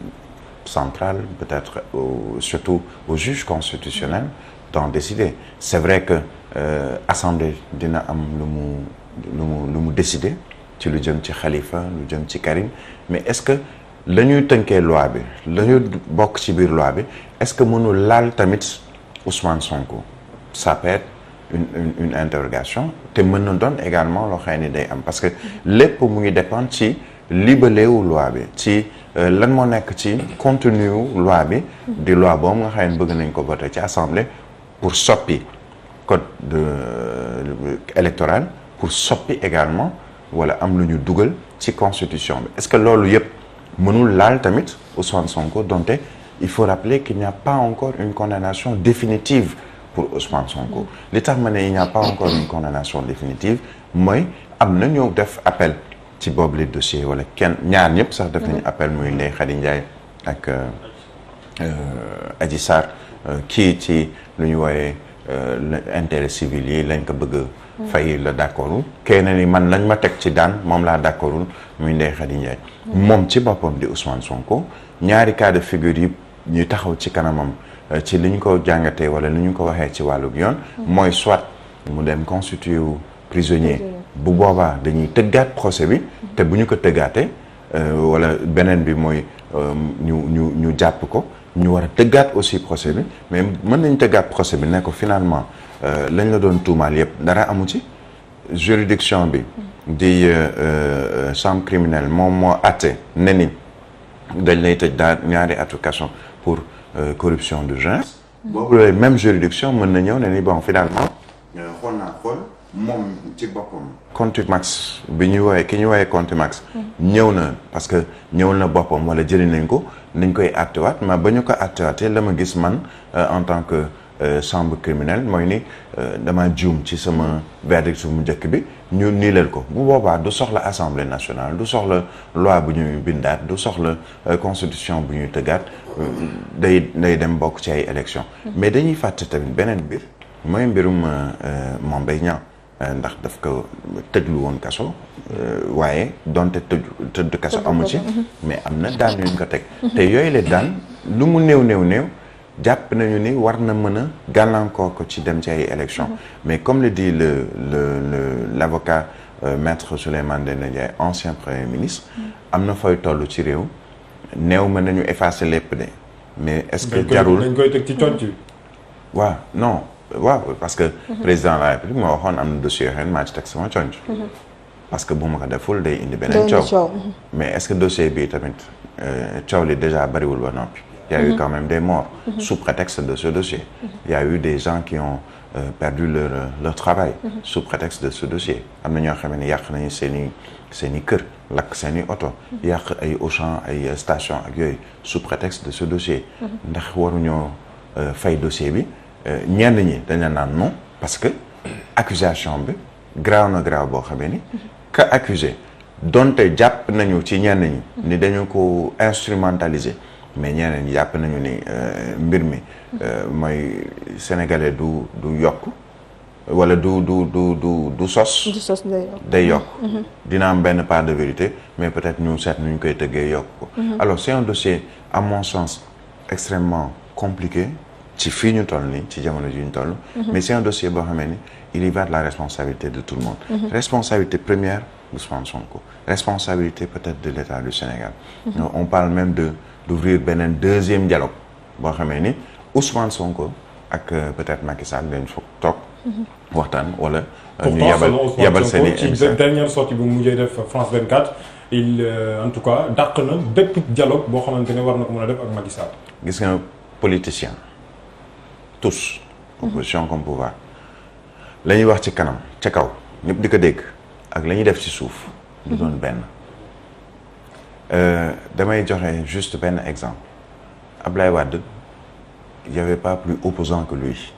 central peut-être au, surtout au juge constitutionnel d'en décider. C'est vrai que Euh, assemblée dina am lu mu lu mu lu mu décider ci lu jëm ci Khalifa lu jëm ci Karim mais est-ce que la ñuy tënkee loi bi la bokk ci biir loi bi est-ce que mënul laal tamit Ousmane Sonko ça peut être une une te mën na doon également loo xam ni day am parce que lépp mu ngi dépendre ci libellé loi bi ci euh, lan moo nekk ci contenu loi bi. di loi boobu nga xam ne bëgg nañ ko voter ci assemblée pour soppi. code de euh, électoral pour soppi également wala am lu ñu dugal ci constitution bi est-ce que loolu yëpp mënul laal tamit au son Sonko donte il faut rappeler qu'il n'y a pas encore une condamnation définitive pour Ousmane Sonko li tax ma ne il n'y a pas encore une condamnation définitive mooy am na ñoo def appel ci boobu li dossier wala kenn ñaar ñëpp sax def nañu appel muy Ndeye Khady Ndiaye ak euh, euh, Adji kii ci lu ñu wooyee intérêt civil yi lañ ko bëgg fay la d'accordul kenn ni man lañ ma teg ci daan moom laa d'accordul muy Ndeye Khady Ndiaye moom ci boppam di Ousmane Sonko ñaari cas de figure yi ñuy taxaw ci kanamam euh, ci li ñu ko jàngatee wala li ñu ko waxee ci wàllug yoon mooy soit mu dem constitué wu prisonnier bu boobaa dañuy tëggaat procès bi te bu ñu ko tëggaatee euh, wala beneen bi mooy euh, ñu ñu ñu jàpp ko ñu war a tëggaat aussi procès bi mais mën nañ tëggaat procès bi ne ko finalement euh, lañ la doon tuumaal yëpp dara amu ci juridiction bi di euh, euh, chambre criminelle moom moo àtte ne ni dañ lay tëj daal ñaari atu kaso pour corruption de genre boobu looy même juridiction mën na ñëw na ni bon finalement xool naa xool moom ci boppam contumax bi ñuy wooyee ki ñuy wooyee contumax mm. ñëw na parce que ñëw na boppam wala jëli nañ ko nañ koy àttewaat ma ba ñu ko àttewaatee la ma gis man euh, en tant que euh, chambre criminelle mooy ni euh, dama juum ci sama verdict su mu njëkk bi ñu niilal ko bu boobaa du soxla assemblée nationale du soxla loi bu ñuy bindaat du soxla constitution bu ñuy tëggaat day day dem bokk ci ay élection mm-hmm. mais dañuy fàtte tamit beneen mbir mooy mbirum Mame Mbaye Niang Euh, ndax daf ko tëjlu woon kaso euh, waaye donte tëju tëdd kaso amu ci mhm. mais am na daan yuñ ko teg te yooyu la daan lu mu néew néew néew jàpp nañu ni war na mën a gàllankoor ko ci dem ci ay élection mhm. mais comme le di le le le l'avocat euh, maître Souleymane Ndéné Ndiaye ancien premier ministre mhm. am na fooy toll ci réew néew ma nañu effacer lépp de mais est-ce que jarul dañ
koy teg ci tontu
waaw non waaw parce que. président de la moo waxoon am na dossier yoo xam ne maa ci teg sama conc parce que bu ma ko deful day indi beneen coow mais est-ce que dossier bi tamit euh, coow li déjà bariwul ba noppi. y a eu quand même des morts. sous prétexte de ce dossier. y a eu des gens qui ont euh, perdu leur euh, leur travail. sous de ce dossier am na ñoo xam ne yàq nañu seeni seen i kër lakk seen i oto. yàq ay Auchan ay station ak yooyu sous prétexte de ce dossier. ndax waruñoo fay dossier bi. ñenn ñi dañu naan non parce que accusation bi graaw na graaw boo xamee ni ka accusé donte jàpp nañu ci ñenn ñi ni dañu ko instrumentaliser mais ñeneen ñi jàpp nañu ni euh, mbir mi euh, mooy sénégalais du du yokk wala du du du du du sos du
sos day yokk mm-hmm. Mm-hmm.
dina am benn part de vérité mais peut-être ñu seet nu ñu koy tëggee yokk ko mm-hmm. alors c'est un dossier à mon sens extrêmement compliqué ci fii ñu toll ni ci jamono ji ñu toll. Mhm. mais c'est un dossier boo xamee ni il y va de la responsabilité de tout le monde. Mhm. responsabilité première Ousmane Sonko responsabilité peut-être de l'État du Sénégal. Mm -hmm. on parle même de d'ouvrir beneen deuxième dialogue boo xamee ni Ousmane Sonko ak euh, peut-être Macky Sall dañ foog toog. Mhm. waxtaan wala. Euh, ñu yabal yabal seen i ci
dernière sortie bu mu mujjee def France 24. il euh, en tout cas dàq na bépp dialogue boo xamante ne war na ko mën a def ak Macky
Sall. tous opposition comme pouvoir la wax ci kanam ci kaw ñëpp di ko dégg ak la ñuy def ci suuf du doon benn euh, damay joxe juste benn exemple Ablaye Wade il y avait pas plus opposant que lui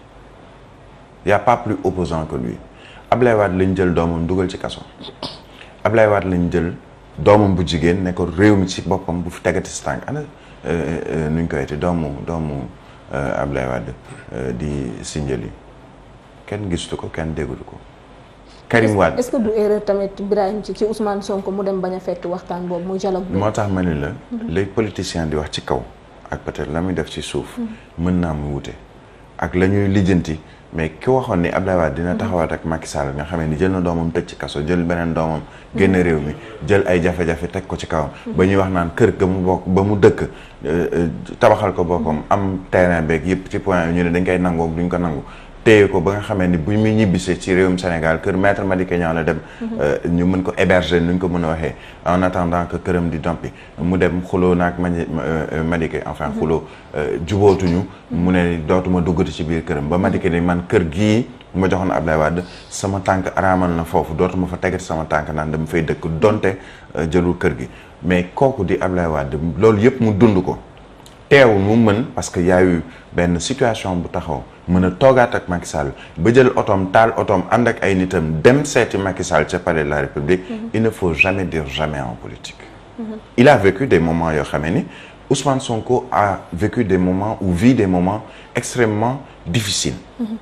il y pas plus opposant que lui Ablaye Wade lañ jël doomam dugal ci kaso Ablaye Wade lañ jël doomam bu jigéen ne ko réew mi ci boppam bu fi tegati si tànk ana euh, euh, nuñ koy te doomu doomu ab euh, Ablaye Wade euh, di Sindiély kenn gisutu ko kenn déggatu ko. Karim Wade
est-ce que du erreur tamit Birahim ci ci Ousmane Sonko mu dem bañ a fekk waxtaan boobu muy dialogue moo tax
ma ni la. Mhm. les politiciens di wax ci kaw. ak peut la muy def ci suuf. Mhm. mën naa mu wute. ak la ñuy lijjanti mais ki waxoon ni Abdoulaye Wade dina taxawaat ak Macky Sall nga xamee ni jël na doomam tëj ci kaso jël beneen doomam génn réew mi jël ay jafe-jafe teg ko ci kawam hmm. ba ñuy wax naan kër ga mu bokk ba mu dëkk euh, euh, tabaxal ko boppam am terrain beeg yëpp ci point ñu ne dañ koy nangoog duñ ko nangu téye ko ba nga xamee ni bu muy ñibbisee ci réewum Sénégal kër maître Madické Niang la dem mhm. euh, ñu mën ko héberger nuñ ko mën a waxee en attendant que këram di dampi mu dem xuloo naag mani euh, Madické enfin mhm. xuloo euh, jubootuñu mu ne dootuma duggati ci biir këram ba Madické ni man kër gii ma joxoon Ablaye Wade sama tànk araamal na foofu dootuma fa tegati sama tànk naan dama fay dëkk donte jëlul kër gi mais kooku di Ablaye Wade loolu yëpp mu dund ko teew mu mën parce que y eu benn situation bu taxaw mën a toogaat ak Macky Sall ba jël otoom taal otoom ànd ak ay nitam dem seeti Macky Sall ca de la République mhm. il ne faut jamais dire jamais en politique mhm. il a vécu des moment yoo xamee ni Ousmane Sonko a vécu de moments ou vit des moment extrêmement difficiles mhm.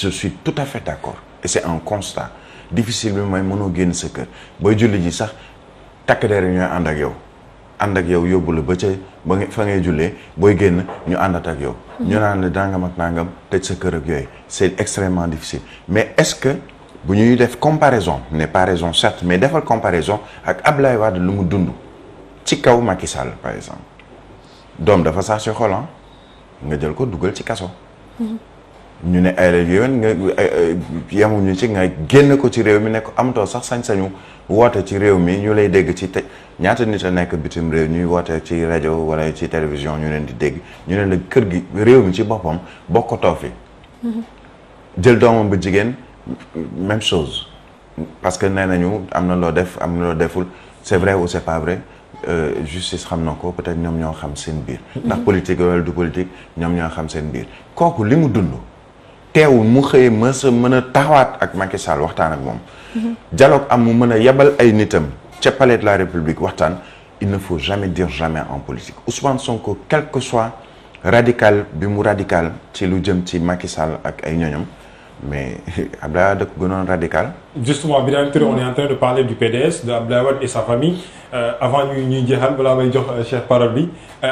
je suis tout à fait d'accord et c'est un constat difficile bi mooy mënoo génn sa booy julli ji sax takk der ñooy ànd ak yow ànd ak yow yóbbu la ba ca ba fa ngay jullee booy génn ñu àndat ak yow. ñu naan la dàngam ak nangam tëj sa kër ak yooyu c'est extrêmement difficile mais est-ce que bu ñuy def comparaison n'est pas raison mais defal comparaison ak Ablaye Wade lu mu dund ci kaw Macky Sall par exemple doom dafa sax si xolan ah, nga jël ko dugal ci kaso. Mm-hmm. ñu ne ay la yoon nga yemuñu ci nga génn ko ci réew mi nekk ko amtoo sax sañ-sañu woote ci réew mi ñu lay dégg ci te ñaata nit a nekk bitim réew ñuy woote ci rajo wala ci télévision ñu leen di dégg ñu ne la kër gi réew mi ci boppam bokkatoo fi mm-hmm. jël doomam bu jigéen même chose parce que nee nañu am na loo def am na loo deful c'est vrai ou c'est pas vrai Euh, justice xam na ko peut-être ñoom ñoo xam seen biir. Mm-hmm. ndax politique wala du politique ñoom ñoo xam seen biir kooku li mu dund. teewul mu xëyee mësa mën a taxawaat ak Macky Sall waxtaan ak moom. dialogue am mu mën a yebal ay nitam ca palais de la République waxtaan il ne faut jamais dire jamais en politique Ousmane Sonko quel que soit radical bi mu radical ci lu jëm ci Macky Sall ak ay ñoñam mais Abdoulaye Wade ko gënoon radical.
justement bi daan tere on du PDS de Abdoulaye et sa famille euh, avant ñuy ñuy jeexal balaa may jox euh, Cheikh parole bi. Euh,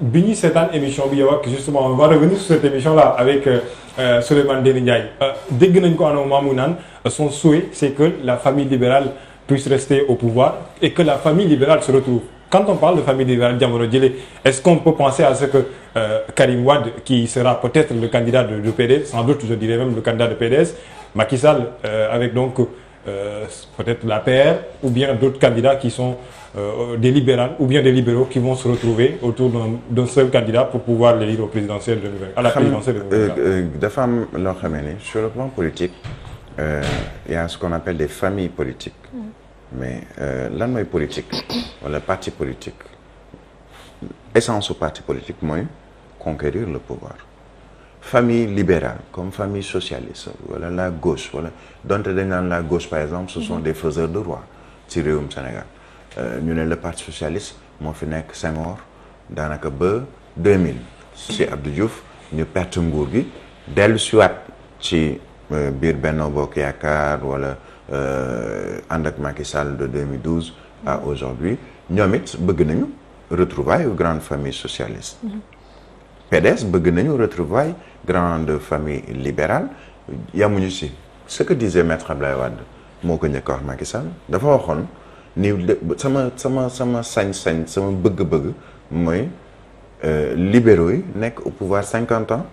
bi ñuy seetaan émission bi yow ak justement on va revenir sur cette émission avec euh, euh Souleymane Ndéné Ndiaye. Euh, dégg nañ ko à un naan son souhait c'est que la famille libérale puisse rester au pouvoir et que la famille libérale se retrouve quand on parle de famille libérale jamono jële est-ce qu'on peut penser à ce que euh, Karim Wade qui sera peut-être le candidat de, de PDS sans doute je dirais même le candidat de PDS Macky Sall euh, avec donc euh, peut-être l'APR ou bien d'autres candidats qui sont euh, des libérales ou bien des libéraux qui vont se retrouver autour d'un seul candidat pour pouvoir l'élire au présidentiel de à la présidentielle de 2024 euh,
euh, dafa am loo xam ne sur le plan politique il euh, y ce qu'on appelle des familles politiques. Mm. mais lan mooy politique wala parti politique essence su parti politique mooy conquérir le pouvoir famille libérale comme famille socialiste wala la gauche wala donte dañ naan la gauche par exemple ce sont mm-hmm. des faiseurs de roi ci réewum Sénégal Euh, ñu ne le parti socialiste moo fi nekk Senghor daanaka ba 2000 si Abdou Diouf ñu perte nguur gi dellu siwaat ci euh, biir Benno Bokk Yaakaar wala euh, ànd ak Macky Sall de 2012 à aujourd'hui ñoom it bëgg nañu retrouvaille grande famille socialiste
mm-hmm.
PDS bëgg nañu retrouvaille grande famille libérale yamuñu si ce que disait maître Abdoulaye Wade moo ko njëkk a wax Macky dafa waxoon ni sama sama sama sañ-sañ sama bëgg-bëgg mooy euh, libéraux yi nekk au pouvoir cinquante ans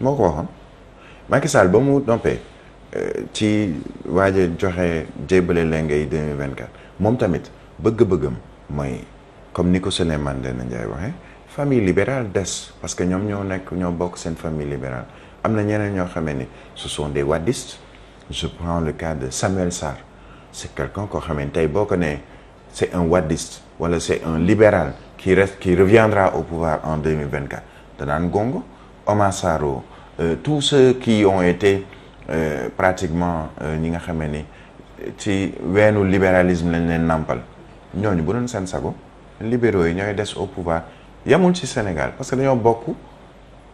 moo ko waxoon Macky ba mu dompee euh, ci waaje joxe jébale lenge yi 2024 moom tamit bëgg-bëggam mooy comme ni ko man Ndéné Ndiaye waxee famille libérale des parce que ñoom ñoo nekk ñoo bokk seen famille libérale am na ñeneen ñoo xamee ni ce sont des wadistes je prends le cas de Samuel Sarr c'est quelqu'un koo xam ne tey boo ko nee c'est un wadiste wala c'est un libéral qui reste qui reviendra au pouvoir en 2024 danaan Gongo Omar Sarr euh, tous ceux qui ont été euh, pratiquement euh, ñi nga xam ni ci weenu libéralisme lañ leen nampal ñooñu bu doon seen sago libéraux yi ñooy des au pouvoir yamul ci Sénégal parce que dañoo bokk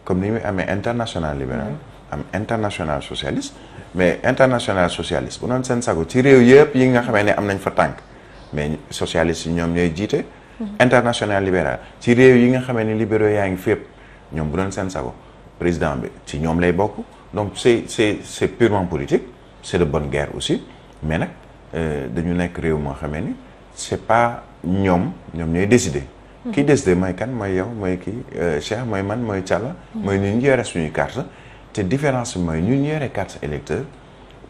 comme ni muy amee international libéral mm-hmm. am international socialiste mais international socialiste bu noon seen sago ci réew yëpp yi nga xamee ne am nañ fa tànk mais socialiste yi ñoom ñooy jiite mhm. international libéral ci réew yi nga xamee ne libéraux yaa ngi fépp ñoom bu doon seen sago président bi ci ñoom lay bokk donc c'est c'est c'est purement politique c'est de bon guerre aussi mais nag euh, dañu nekk réew moo xamee ni c'est pas ñoom ñoom ñooy décider mhm. kii décider mooy kan mooy yow mooy kii euh, Cheikh mooy man mooy Thiala mhm. mooy nit ñi suñuy carte te différence bi mooy ñu yore carte électeur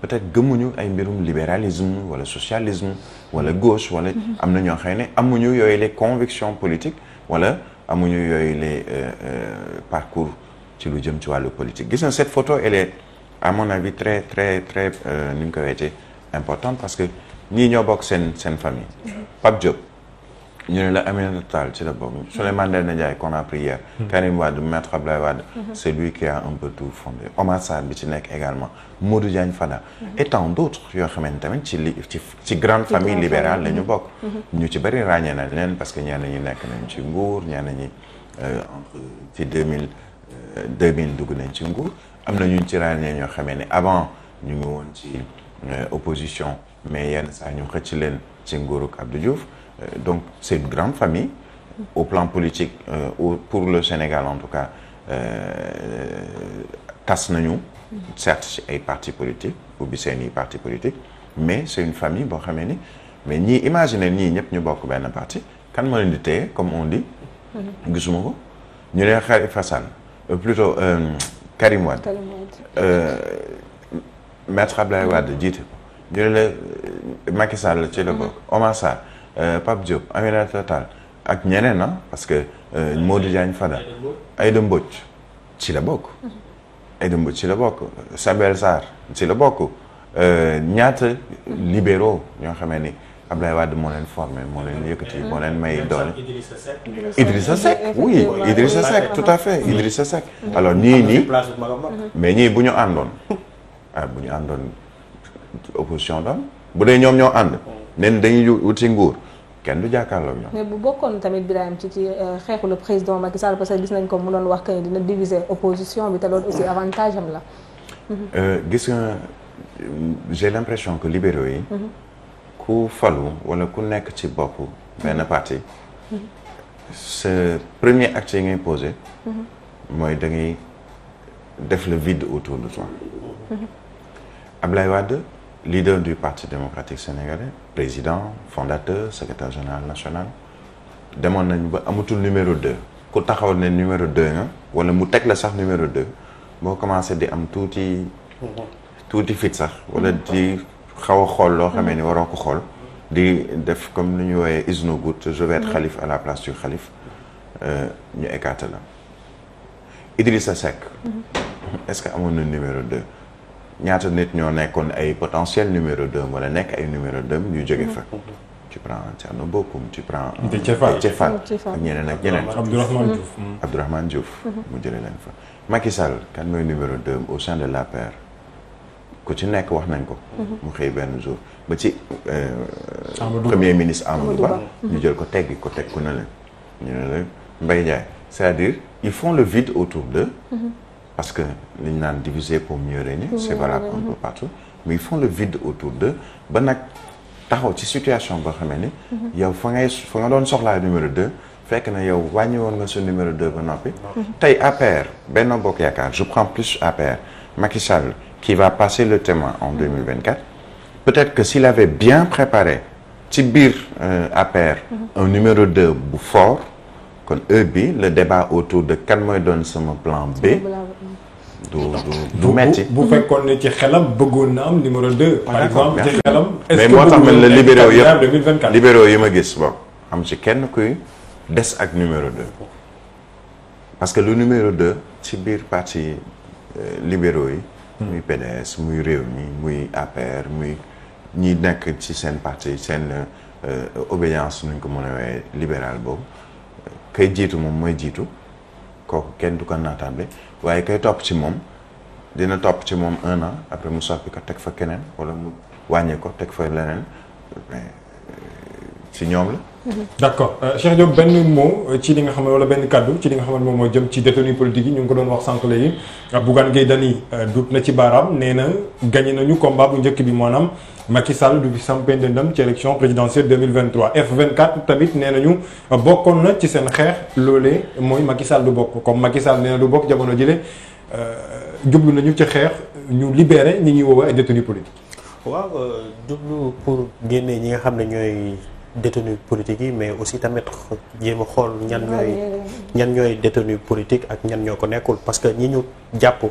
peut-être gëmuñu ay mbirum libéralisme wala socialisme wala gauche wala mhm. am na ñoo xam ne amuñu yooyu les convictions politique wala amuñu yooyu les euh, euh, parcours ci lu jëm ci wàllu politique gis na cette photo elle est à mon avis très très très euh, ni ñu ko weetee important parce que ñii ñoo bokk seen seen famille mhm. Pape Diop ñu ne la amee Aminata taal ci la bokk Souleymane Ndéné Ndiaye qu'on a pris hier hmm. Karim Wade maître Abdoulaye Wade hmm. c'est lui qui a un peu tout fondé Omar Sarr bi ci nekk également Modou Diagne Fada hmm. et tant d'autres yoo xamante tamit ci li ci ci grande famille libérale la ñu bokk ñu ci bëri ràññee na leen parce que ñenn ñi nekk nañ ci nguur ñenn ñi euh, entre ci 2000 2000 euh, dugg nañ ci nguur am na ñu ñu ci ràññee ñoo xamee ni avant ñu ngi woon ci euh, opposition mais yenn saa ñu xëcc leen ci nguuruk Abdou Diouf Euh, donc c'est une grande famille. au plan politique euh, pour le Sénégal en tout cas euh, tas nañu. certes ci ay parti politiques ubbi seen i parti politique mais c'est une famille boo xamee ni mais ñii imaginer ñii ñëpp ñu bokk benn parti kan moo leen di téye comme on dit. Mm-hmm. gisuma ko ñu ne Khalifa Sall plutôt Karim Wade. Karim Wade maître Abdoulaye Wade jiite ko ñu ne la Macky ci la bokk mm-hmm. Omar Sarr. Euh, Pape Diop Aminata Tall ak ñeneen ah parce que euh, Modou Diagne Fada Aïda Mbodj ci la bokk mhm. Aïda Mbodj ci la bokk Sabel sar ci la bokk euh, ñaata libéraux ñoo xamee ni Abdoulaye Wade moo leen formé moo leen mhm. yëkkati moo leen may doole Idrissa Seck oui Idrissa Seck tout à fait Idrissa Seck mhm. alors ñii nii mais ñii bu ñu àndoon ah bu ñu àndoon opposition doon bu dee ñoom ñoo ànd nen dañuy wuti nguur kenn du jàkkaarloog ñoom. mais
bu bokkoon tamit Birahim ci ci euh, xeexu le président Macky Sall parce que gis nañ ko mu doon wax que dina diviser opposition bi te loolu aussi avantage am euh, mhm.
ku falu wala ku nekk ci bopp benn mhm. parti. Mhm. ce ngay posé. mooy da def le vide autour de toi. Ablaye Wade. leader du Parti démocratique sénégalais président fondateur secrétaire général national demoon nañu ba amatul numéro 2 ku taxaw ne numéro 2 nga wala mu teg la sax numéro 2 boo commencé di am tuuti tuuti fit sax wala di xaw a xool loo xamee ni waroo ko xool di def comme lu ñu wooyee is no good je vais être xalif à la place du xalif euh, ñu écarté la Idrissa Seck
mm-hmm.
est-ce que amoon na numéro 2 ñaata nit ñoo nekkoon ay potentiel numéro 2 wala nekk ay numéro 2 ñu jóge fa. tu prends Thierno Bocoum tu prends. Déthié Fall Déthié ak ñeneen ak ñeneen. Abdourahmane Diouf hmm. Abdourahmane Diouf. Mhm. mu jëlee leen fa Macky Sall kan mooy numéro 2 au sein de l'APR ku ci nekk wax nañ ko. Mhm. mu xëy benn jour ba ci. Euh, premier ministre Amadou Ba. Mhm. ñu jël ko teggi ko teg ku ne leen. ñu ne la Mbaye Ndiaye c'est-à-dire ils font le vide autour d'eux. parce que li ñu naan diviser pour mieux régner c'est valable un peu partout mais ils le vide autour d'eux ba nag taxaw ci situation boo xamee ni mhm. yow fa ngay fa nga doon soxlaa numéro 2 fekk na yow wàññi woon nga sa numéro 2 ba noppi à mhm. pair Benno Bokk Yaakaar je prends plus APR Macky Sall qui va passer le témoin en 2024 mhm. peut-être que s'il avait bien préparé ci biir euh, APR un numéro 2 bu fort kon heure bi le débat autour de kan mooy doon sama plan B bu du metti bu fekkoon ne ci xelam bëggoon
na am numéro 2. par exemple moo tax man la libéraux yëpp libéraux yi ma
gis bopp am ci kenn kuy des ak numéro 2. parce que lu numéro 2 ci biir parti euh, libéro yi. muy PDS muy Rewmi muy APR muy ñi nekk ci seen parti seen euh, obédience nuñ ko mën a woowee libéral boobu kay jiitu moom mooy jiitu kooku kenn du ko naatable. waaye kay topp ci moom dina topp ci moom un na après mu soppi ko teg fa keneen wala mu wàññeeko teg fa leneen
mais euh,
ci ñoom
la. Mhm. d' accord euh, Cheikh benn mot euh, ci li nga xam ne wala benn kaddu ci li nga xam moom moo jëm ci détenu politique yi ñu ngi ko doon wax sànq léegi euh, Bougane Gueye Dany dut na ci baaraam nee na nañu combat bu njëkk bi maanaam Macky Sall du fi sampé ndëndam ci élection présidentielle 2023 F24 tamit nee nañu bokkoon na ci seen xeex loole mooy Macky Sall du bokk comme Macky Sall nee du bokk jamono jile jublu nañu ci xeex ñu libéré ñi ñuy woowee ay détenu politique.
waaw jublu pour génne ñi nga xam ne ñooy. détenu politique yi mais aussi tamit jéem a xool ñan ñooy ñan ñooy détenu politique ak ñan ñoo ko nekkul parce que ñi ñu jàpp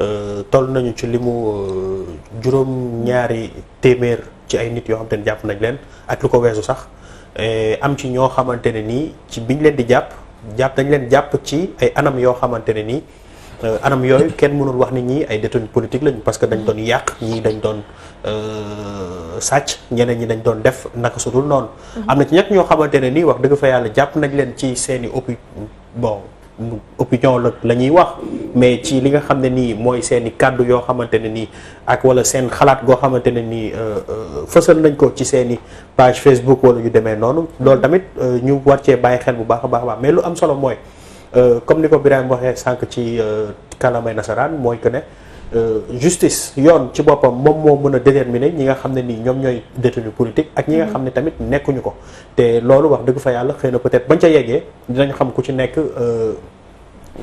euh, toll nañu ci li mu euh, juróom ñaari téeméer ci ay nit yoo xam te ne jàpp nañ leen ak lu ko weesu sax am ci ñoo xamante ne nii ci biñ leen di jàpp jàpp dañ leen jàpp ci ay anam yoo xamante ne nii Euh, anam yooyu kenn mënul wax ni ñi ay détenus politiques lañu parce que dañ doon yàq ñii dañ doon euh, sàcc ñeneen ñi dañ doon def naka su dul noonu. Mhm. am na ci ñett ñoo xamante ne nii wax dëgg fa yàlla jàpp nañ leen ci seeni opi bon opinion la la ñuy wax mais ci li nga xam ne nii mooy seeni kàddu yoo xamante ne nii ak wala seen xalaat goo xamante ne nii euh, fësal nañ ko ci seeni page Facebook wala ñu demee noonu loolu tamit ñu war cee bàyyi xel bu baax a baax mais lu am solo mooy. Euh, comme ni ko Birame waxee sànq ci euh, kàllaamay nasaraan mooy que ne euh, justice yoon ci boppam moom moo mën a déterminer ñi nga xam ne nii ñoom ñooy détenu politique ak ñi nga mm-hmm. xam ne tamit nekkuñu ko te loolu wax dëgg fa yàlla xëy na peut-être bañ ca yeggee dinañ xam ku ci nekk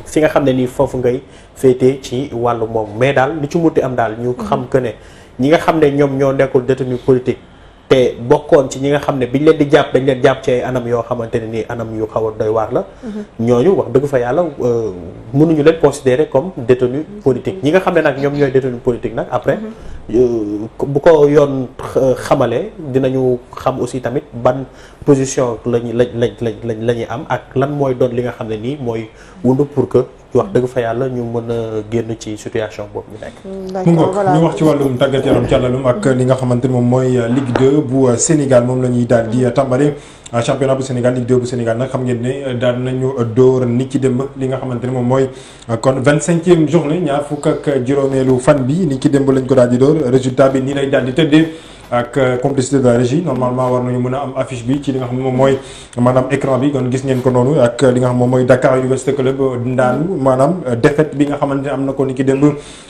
fi nga xam ne nii foofu ngay féetee ci wàll moom mais daal li ci munti am daal ñu mm-hmm. xam que ne ñi nga xam ne ñoom ñoo nekkul détenu politique te bokkoon ci ñi nga xam ne bi biñ leen di jàpp dañ leen jàpp ci ay anam yoo xamante ne nii anam yu xaw a doy waar la. Mhm. ñooñu wax dëgg fa yàlla euh, mënuñu leen considérer comme détenu politique ñi nga xam ne nag ñoom ñooy détenu politique nag après. Mhm. Euh, bu ko yoon euh, xamale dinañu xam aussi tamit ban position lañ lañ lañ lañ la ñuy am ak lan mooy doon li nga xam ne nii mooy wundu pour que. wax dëgg fa yàlla ñu mën a génn ci situation boobu ñu nekk.
Hmm, mu ngoog ñu wax ci wàllum
tàggat
yaram càllalum ak li nga xamante moom mooy euh, Ligue 2 bu euh, Sénégal moom la ñuy daal di euh, tàmbale. championnat bu Sénégal Ligue 2 bu Sénégal nag xam ngeen ne daal nañu dóor nit ci démb li nga xamante ne moom mooy kon vingt cinquième journée ñaar fukk ak juróomeelu fan bi nit ci démb lañ ko daal di dóor résultat bi nii lay daal tëddee. ak euh, complicité de la régie normalement war nañu mën a am affiche bi ci li nga xam ne moom mooy maanaam écran bi kon gis ngeen ko nga xam mooy Dakar Université Club euh, ndaanu maanaam euh, défaite bi nga xamante ne am na ko ni ki démb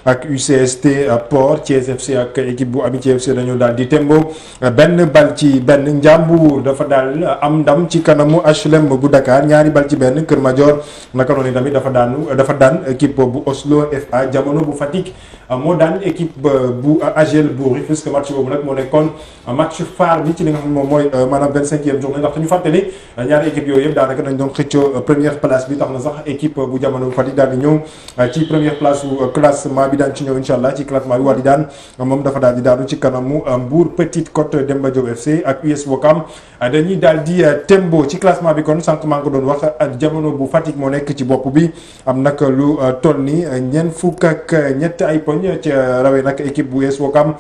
ak UCST Port Thiès FC ak équipe bu Amitié FC dañoo daal di tembo benn bal ci benn Njàmbur dafa daal am ndam ci kanamu HLM bu Dakar ñaari bal ci benn Kër Madior naka noonu tamit dafa daanu dafa daan équipe bu Oslo FA jamono bu Fatick moo daan équipe bu AGEL bu Rufisque match kon match phare bi ci li nga xam ne moom mooy euh, maanaam vingt cinquième journée ndax dañu fàtte ni euh, ñaari équipe yooyu yëpp daanaka dañ doon xëccoo euh, première place bi tax na sax équipe bu jamono Fatick daal di ñëw ci première place su classement bi daan ci ñëw daal di daanu ci kanamu Mbour Petite Côte Demba FC ak US Ouakam dañuy daal di tembo ci classement bi kon sànq maa ngi ko doon wax ak jamono bu Fatick moo nekk ci bopp bi am nag lu toll ni ñeent fukk ak ñett ay poñ ci rawee nag équipe bu US Ouakam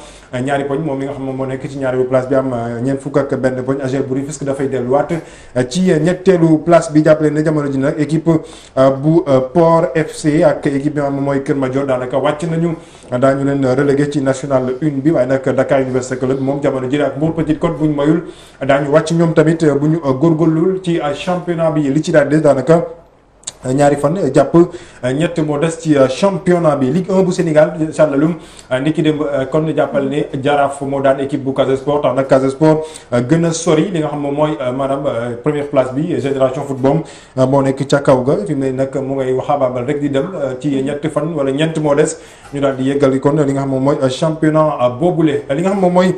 ñaari poñ moom li nga moo nekk ci ñaareelu place bi am euh, ñeent fukk ak benn poñ AGR bu Rufisque dafay delluwaat euh, ci ñetteelu place bi jàppale ne jamono ji nag équipe euh, bu Port FC ak équipe bi am mooy Kër Madior daanaka wàcc nañu daañu leen relégué ci national une bi waaye nag Dakar Université Club moom jamono ji ak Mbour Petite Côte bu ñu mayul daañu wàcc ñoom tamit bu ñu góor góorlul ci championnat bi li ci daal des daanaka. Euh, ñaari fan euh, jàpp euh, ñett moo des ci championnat bi Ligue 1 bu Sénégal incha allah lum ndiki dem kon jàppal ne Jaraaf moo daan équipe bu Casa Sport tax nag Casa Sport gën a sori li nga xam moom mooy maanaam première place bi Génération Foot moom moo nekk ca kaw ga fi mu ne nag mu ngay waxaabaabal rek di dem ci ñett fan wala ñeent moo des ñu daal di yeggali kon li nga xam moom mooy championnat boobule li nga xam moom mooy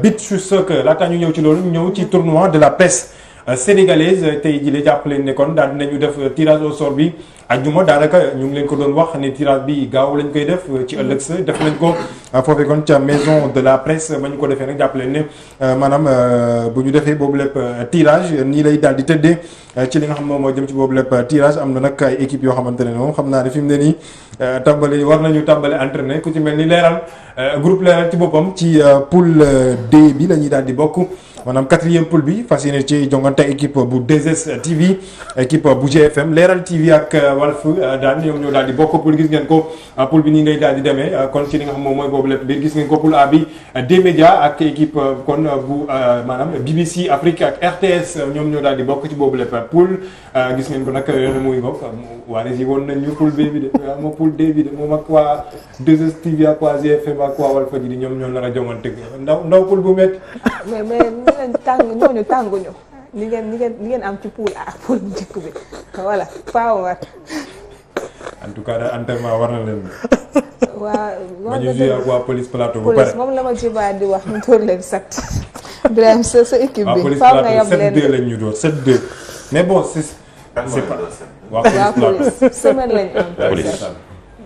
beach soccer laataa ñu ñëw ci loolu ñëw ci tournoi de la pêche. Euh, sénégalaise tey jii la jàpp leen ne kon daal dinañu def tirage au sort bi ajjuma daanaka ñu ngi leen ko doon wax ni tirage bi gaaw lañ koy def ci ëllëg sa def nañ ko ah, foofee kon ca maison de la presse ma ñu ko defee nag jàppaleen ne euh, maanaam euh, bu ñu defee boobu lépp euh, tirage nii lay daal di tëddee ci li nga xam moom moo jëm ci boobu lépp tirage am na nag ay équipe yoo xamante ne moom xam naa ne fi mu ne nii tàmbali war nañu tàmbali entraîné ku ci mel ni leeral groupe leeral ci boppam ci poule D bi la ñuy daal di bokk maanaam quatrième poule bi fas yéene ci jongante équipe bu 2STV équipe bu GFM leeral TV ak. fu daan ñoom ñoo daal di bokk pour gis ngeen ko euh, poule bi nii lay daal di demee euh, kon ci li boobu lépp biir gis ngeen ko poule A bi euh, D-Media ak équipe kon bu maanaam BBC Afrique ak RTS ñoom ñoo daal di bokk ci boobu lépp poule gis ngeen ko nag muy bokk waa Rési woon nañ ñu poule B bi de waaw moom poule D bi de moom ak waa 2STV ak waa GFM ak waa Walfadjri ñoom ñoo nar a jomante ndaw ndaw poule bu métti.
mais mais ñooñu tàng ñooñu tànguñu. li ngeen li ngeen ngeen am ci poule A ah, ak poule bu njëkk bi voilà power
en tout cas daal entraînement war na leen.
waa waa ñu joué ak waa police plateau ba pare moom la ma jubaa di wax ñu tóor leen sat Birame sa sa équipe bi faaw nga yab leen 7-2
lañ ñu door 7-2 mais bon c'est. c'est pas waa police semaine lañ am.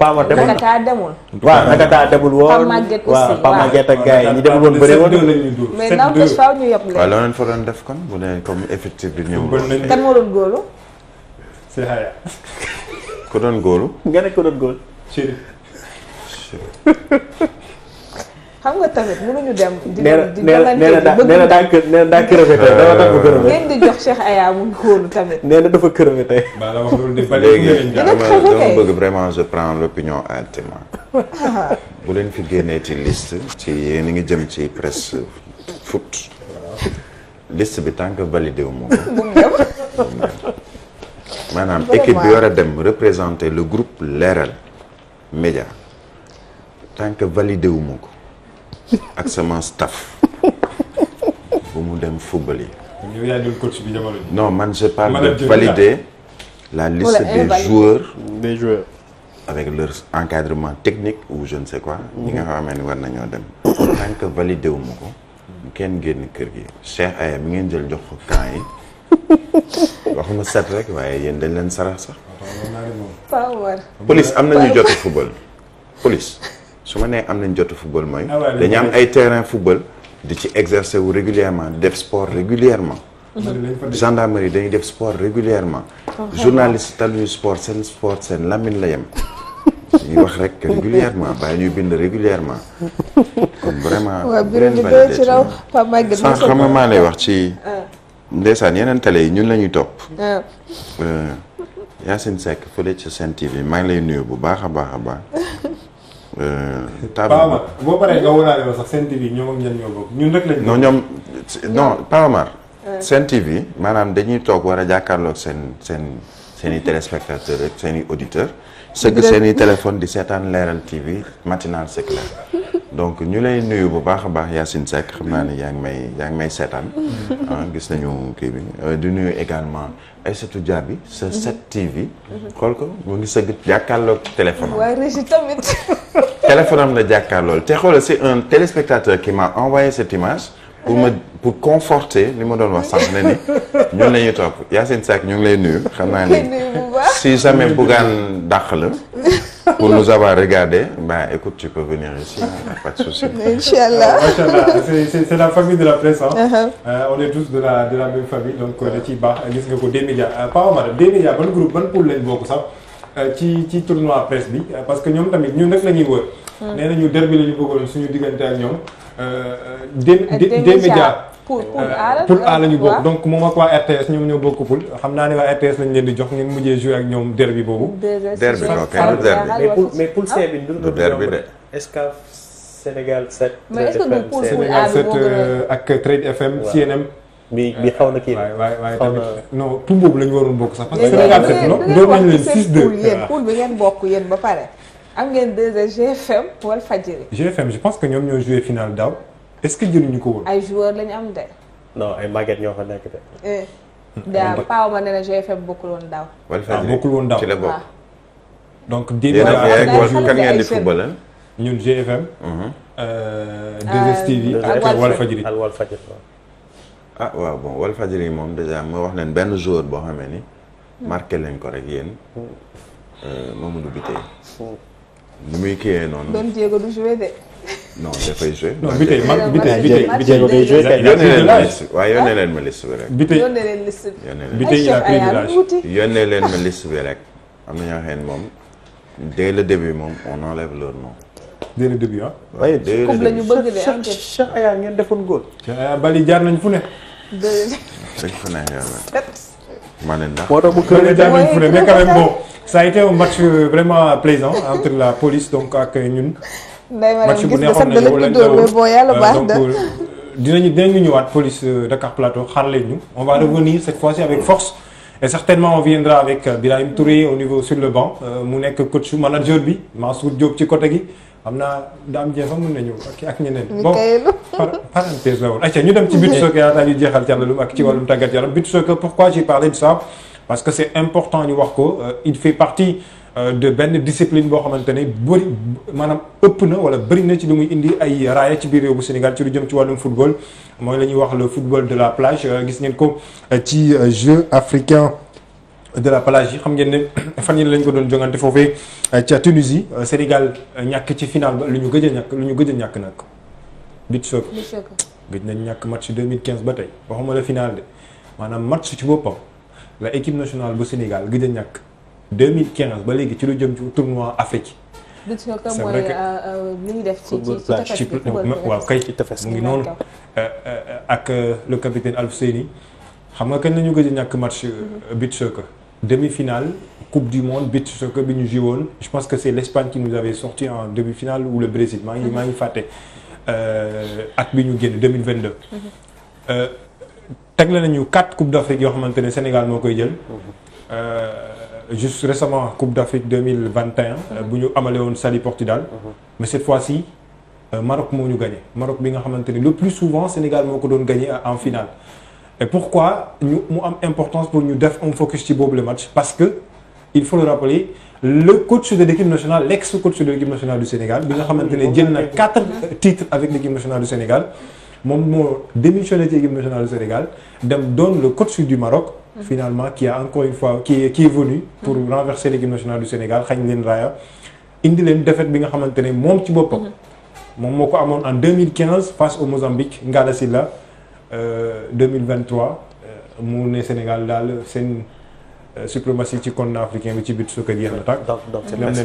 Pama
demul naka
taa demul.
waaw naka taa demul woon
Pama Maguette aussi waaw ak
gars yi ñu demul woon bëree woon.
mais naaw te faaw
ñu yóbbu leen. waaw loolu
lañ fa doon def kon bu dee comme effectif bi ñëwul woon. kan
moo doon góolu.
c'est
haya. ku doon góolu.
nga ne
xam nga tamit mënuñu dem. di di demante na daa
kë nee na daa
kërëfe tey dama tax mu kërëfe.
ngeen di jox Cheikh Aya tamit.
nee na dafa kërëfe tey. léegi dama
bëgg vraiment je prends l'opinion à bu leen fi génnee ci list ci yéen ngi jëm ci presse foot. liste bi tant que validé wu maanaam équipe bi war a dem représenter le groupe leeral Média tant que ko. ak sama staff bu mu dem football yi. non man je parle de la liste des joueurs. des joueurs. avec leur encadrement technique ou je ne sais quoi. Mhm. ñi nga xamante ni war nañoo dem. tant que validé wu ko. kenn génn kër gi. Cheikh Aya bi ngeen jël jox ko camp yi. waxuma set rek waaye yéen dañ leen sarax sax.
police am na ñu jot
football police. su ma nee am nañ jot football mooy. Ah dañu am ay terrain football. di ci exercer wu régulièrement def sport régulièrement. Mm-hmm. gendarmerie dañuy def sport régulièrement. journaliste taluñu sport seen sport seen lamine la yem. ñuy wax rek régulièrement bàyyi ñuy bind régulièrement kon vraiment. waaw bind bi doy ci raw
Pape Maguette xam nga maa lay wax ci. Ah.
ndeysaan yeneen télé yi ñun lañuy ñuy topp. Ah. Euh, Yacine Seck fële ci Sen TV maa ngi lay nuyu bu baax a baax a baax. Euh, Paamar
boo paree nga wóoraale ma sax Sen TV ñoom ak ñoo
bokk ñun rek lañ. non ñoom non Paamar. Euh. Sen TV maanaam dañuy toog war a jàkkaarlook seen seen seen i téléspectateurs rek seen i auditeurs.
sëgg seen i téléphone
di seetaan leeral TV matinal c'est clair. donc ñu lay nuyu bu baax a baax Yacine Seck xam naa ne yaa ngi may yaa ngi may seetaan ah, gis nañu kii bi euh, di nuyu également Aïssatou Diaby sa 7TV. Mhm. Mhm. xool ko mu ngi sëgg jàkkaarloog téléphone
am. téléphone
am la jàkkaarlool te xoolal c'est un téléspectateur qui m'a envoyé cette image. pour ma pour conforter li ma doon wax sànq ne ni ñun la ñuy topp Yacine Seck ñu ngi lay nuyu. xam naa ne si jamais buggaan dàq la. pour nous avoir regardé bah écoute tu peux venir ici pas de
souci. incha allah macha euh, allah
c'est c'est la famille de la presse ah. Uh -huh. tous de la de la même famille donc da ciy baax gis nga ko D-Media Pao madame D-Media ban groupe ban pool lañ bokk sax euh, ci ci tournoi presse bi euh, parce que ñoom tamit ñun nag la ñuy wër. Hmm. nee ñu derbi la ñu bëggoon suñu diggante ak ñoom. D-Media
pour euh, pour aar pour la ñu bokk donc
moom ak waa RTS ñoom ñoo bokk poul xam naa ne waa RTS lañ leen di jox ngeen mujjee joué ak ñoom derbi boobu. derbi non kenn du derbi mais poul
mais poul
C bi du derbi de. Excaf Sénégal 7. Euh,
ak Trade FM CNM. bi bi xaw na kii waaye waaye waaye tamit non tout boobu la waroon bokk sax. parce que Sénégal 7 non doon nañ leen 6 poul
bi ngeen bokk yen ba pare. am ngeen 2 GFM wala Fadjiri.
GFM je pense que ñoom ñoo joué final daaw. est-ce que jëluñu
ko woon.
ay joueurs lañu am de.
non ay màgget ñoo fa nekk de.
Eh. Hmm. daa Pao ma ne la GFM bokkul woon daaw.
Walfadjri ah, bokkul la bokk. Ah. donc démb laa
ak kan ngeen di football ñun yi mhm. euh,
ah, moom dèjà ma wax leen benn joueur boo xamee ni. marqué leen ko rek yéen. Euh, Mamadou Biteye. Hmm. ni muy kiiyee noonu. doon
jéego du joué de.
non dafay joué. non bi tey mag bi tey bi tey bi ma liste waaye yónnee bi rek. bi tey yónnee leen liste bi. rek. am na ñoo xam ne moom dès le début moom on enlève leur nom. dès le début ah. waaye dès le
début la ngeen defoon góor.
Cheikh Aya Bali jaar nañ fu ne.
dañ
fu ne yàlla. ma ne ndax
bon ça a été un match vraiment plaisant entre la police donc ak ñun.
day ma dem gis nga sax da la dóor mais boo yàlla euh, baax da euh,
dinañu dinañu ñëwaat police euh, Dakar Plateau xaar leen ñu on va revenir cette fois-ci avec force et certainement on viendra avec Birahim Touré au niveau sur le banc mu nekk coach manager bi Mansour Diop ci côté gi xam naa daam jeefa mën nañu ak ak ñeneen bon parenthèse la woon acca ñu dem ci but soccer yaataa ñu jeexal ci àllalum ak ci wàllum tàggat yaram but soccer pourquoi j'ai parlé de ça important ñu wax ko il Euh, de benn discipline boo xamante ni bëri maanaam ëpp na wala bëri na ci li muy indi ay raaya ci biir réew bu Sénégal ci lu jëm ci wàllum football mooy la ñuy wax le football de la plage euh, gis ngeen ko euh, ci jeu africain de la plage yi xam ngeen ne fan yéen lañ ko doon jongante foofee ca Tunisie Sénégal ñàkk ci final ba lu ñu gëj ñàkk lu ñu gëj a ñàkk nag. beach soccer gëj nañ ñàkk match 2015 ba tey waxuma la final de maanaam match ci boppam la équipe nationale bu Sénégal gëj a ñàkk. 2015 ba léegi ci lu jëm ci tournoi Afrique.
c'est vrai que euh, euh, li ñu def ci ci waaw kay
ci tefes mu ngi noonu euh, ak le capitaine Alf Seyni xam nga kañ nañu gëj a ñàkk match mhm. bit soccer demi-finale coupe du monde beach soccer bi ñu joué woon je pense que c'est l'Espagne qui nous avait sorti en demi-finale ou le Brésil maa ngi mhm. maa ngi fàtte at bi ñu génn 2022
mhm.
tegle nañu quatre coupes d'Afrique yoo xamante ne Sénégal moo koy jël juste récemment Coupe d'Afrique 2021 euh, bu ñu amale woon Saly Portudal mhm. mais cette fois-ci euh, Maroc moo ñu gagné Maroc bi nga xamante ni le plus souvent Sénégal moo ko doon gagné euh, en finale et pourquoi ñu mu am importance pour ñu def un focus ci boobu le match parce que il faut le rappeler le coach de l'équipe nationale l'ex-coach de l'équipe nationale du Sénégal bi nga xamante ne jël na quatre titres avec l'équipe nationale du Sénégal moom moo démissionné ci équipe nationale Sénégal dem doon le coach du Maroc Mhm. finalement qui a encore une fois qui est qui est venu mhm. pour renverser l'équipe nationale du Sénégal xañ leen raaya indi leen défaite bi nga xamante ne moom ci boppam. Mhm. moom moo ko amoon en 2015 face au Mozambique Ngalla Sylla 2023 euh, euh, mu ne Sénégal daal seen. Euh, suprématie ci continent africain bi ci biir suuf ak yéen la tàkk. donc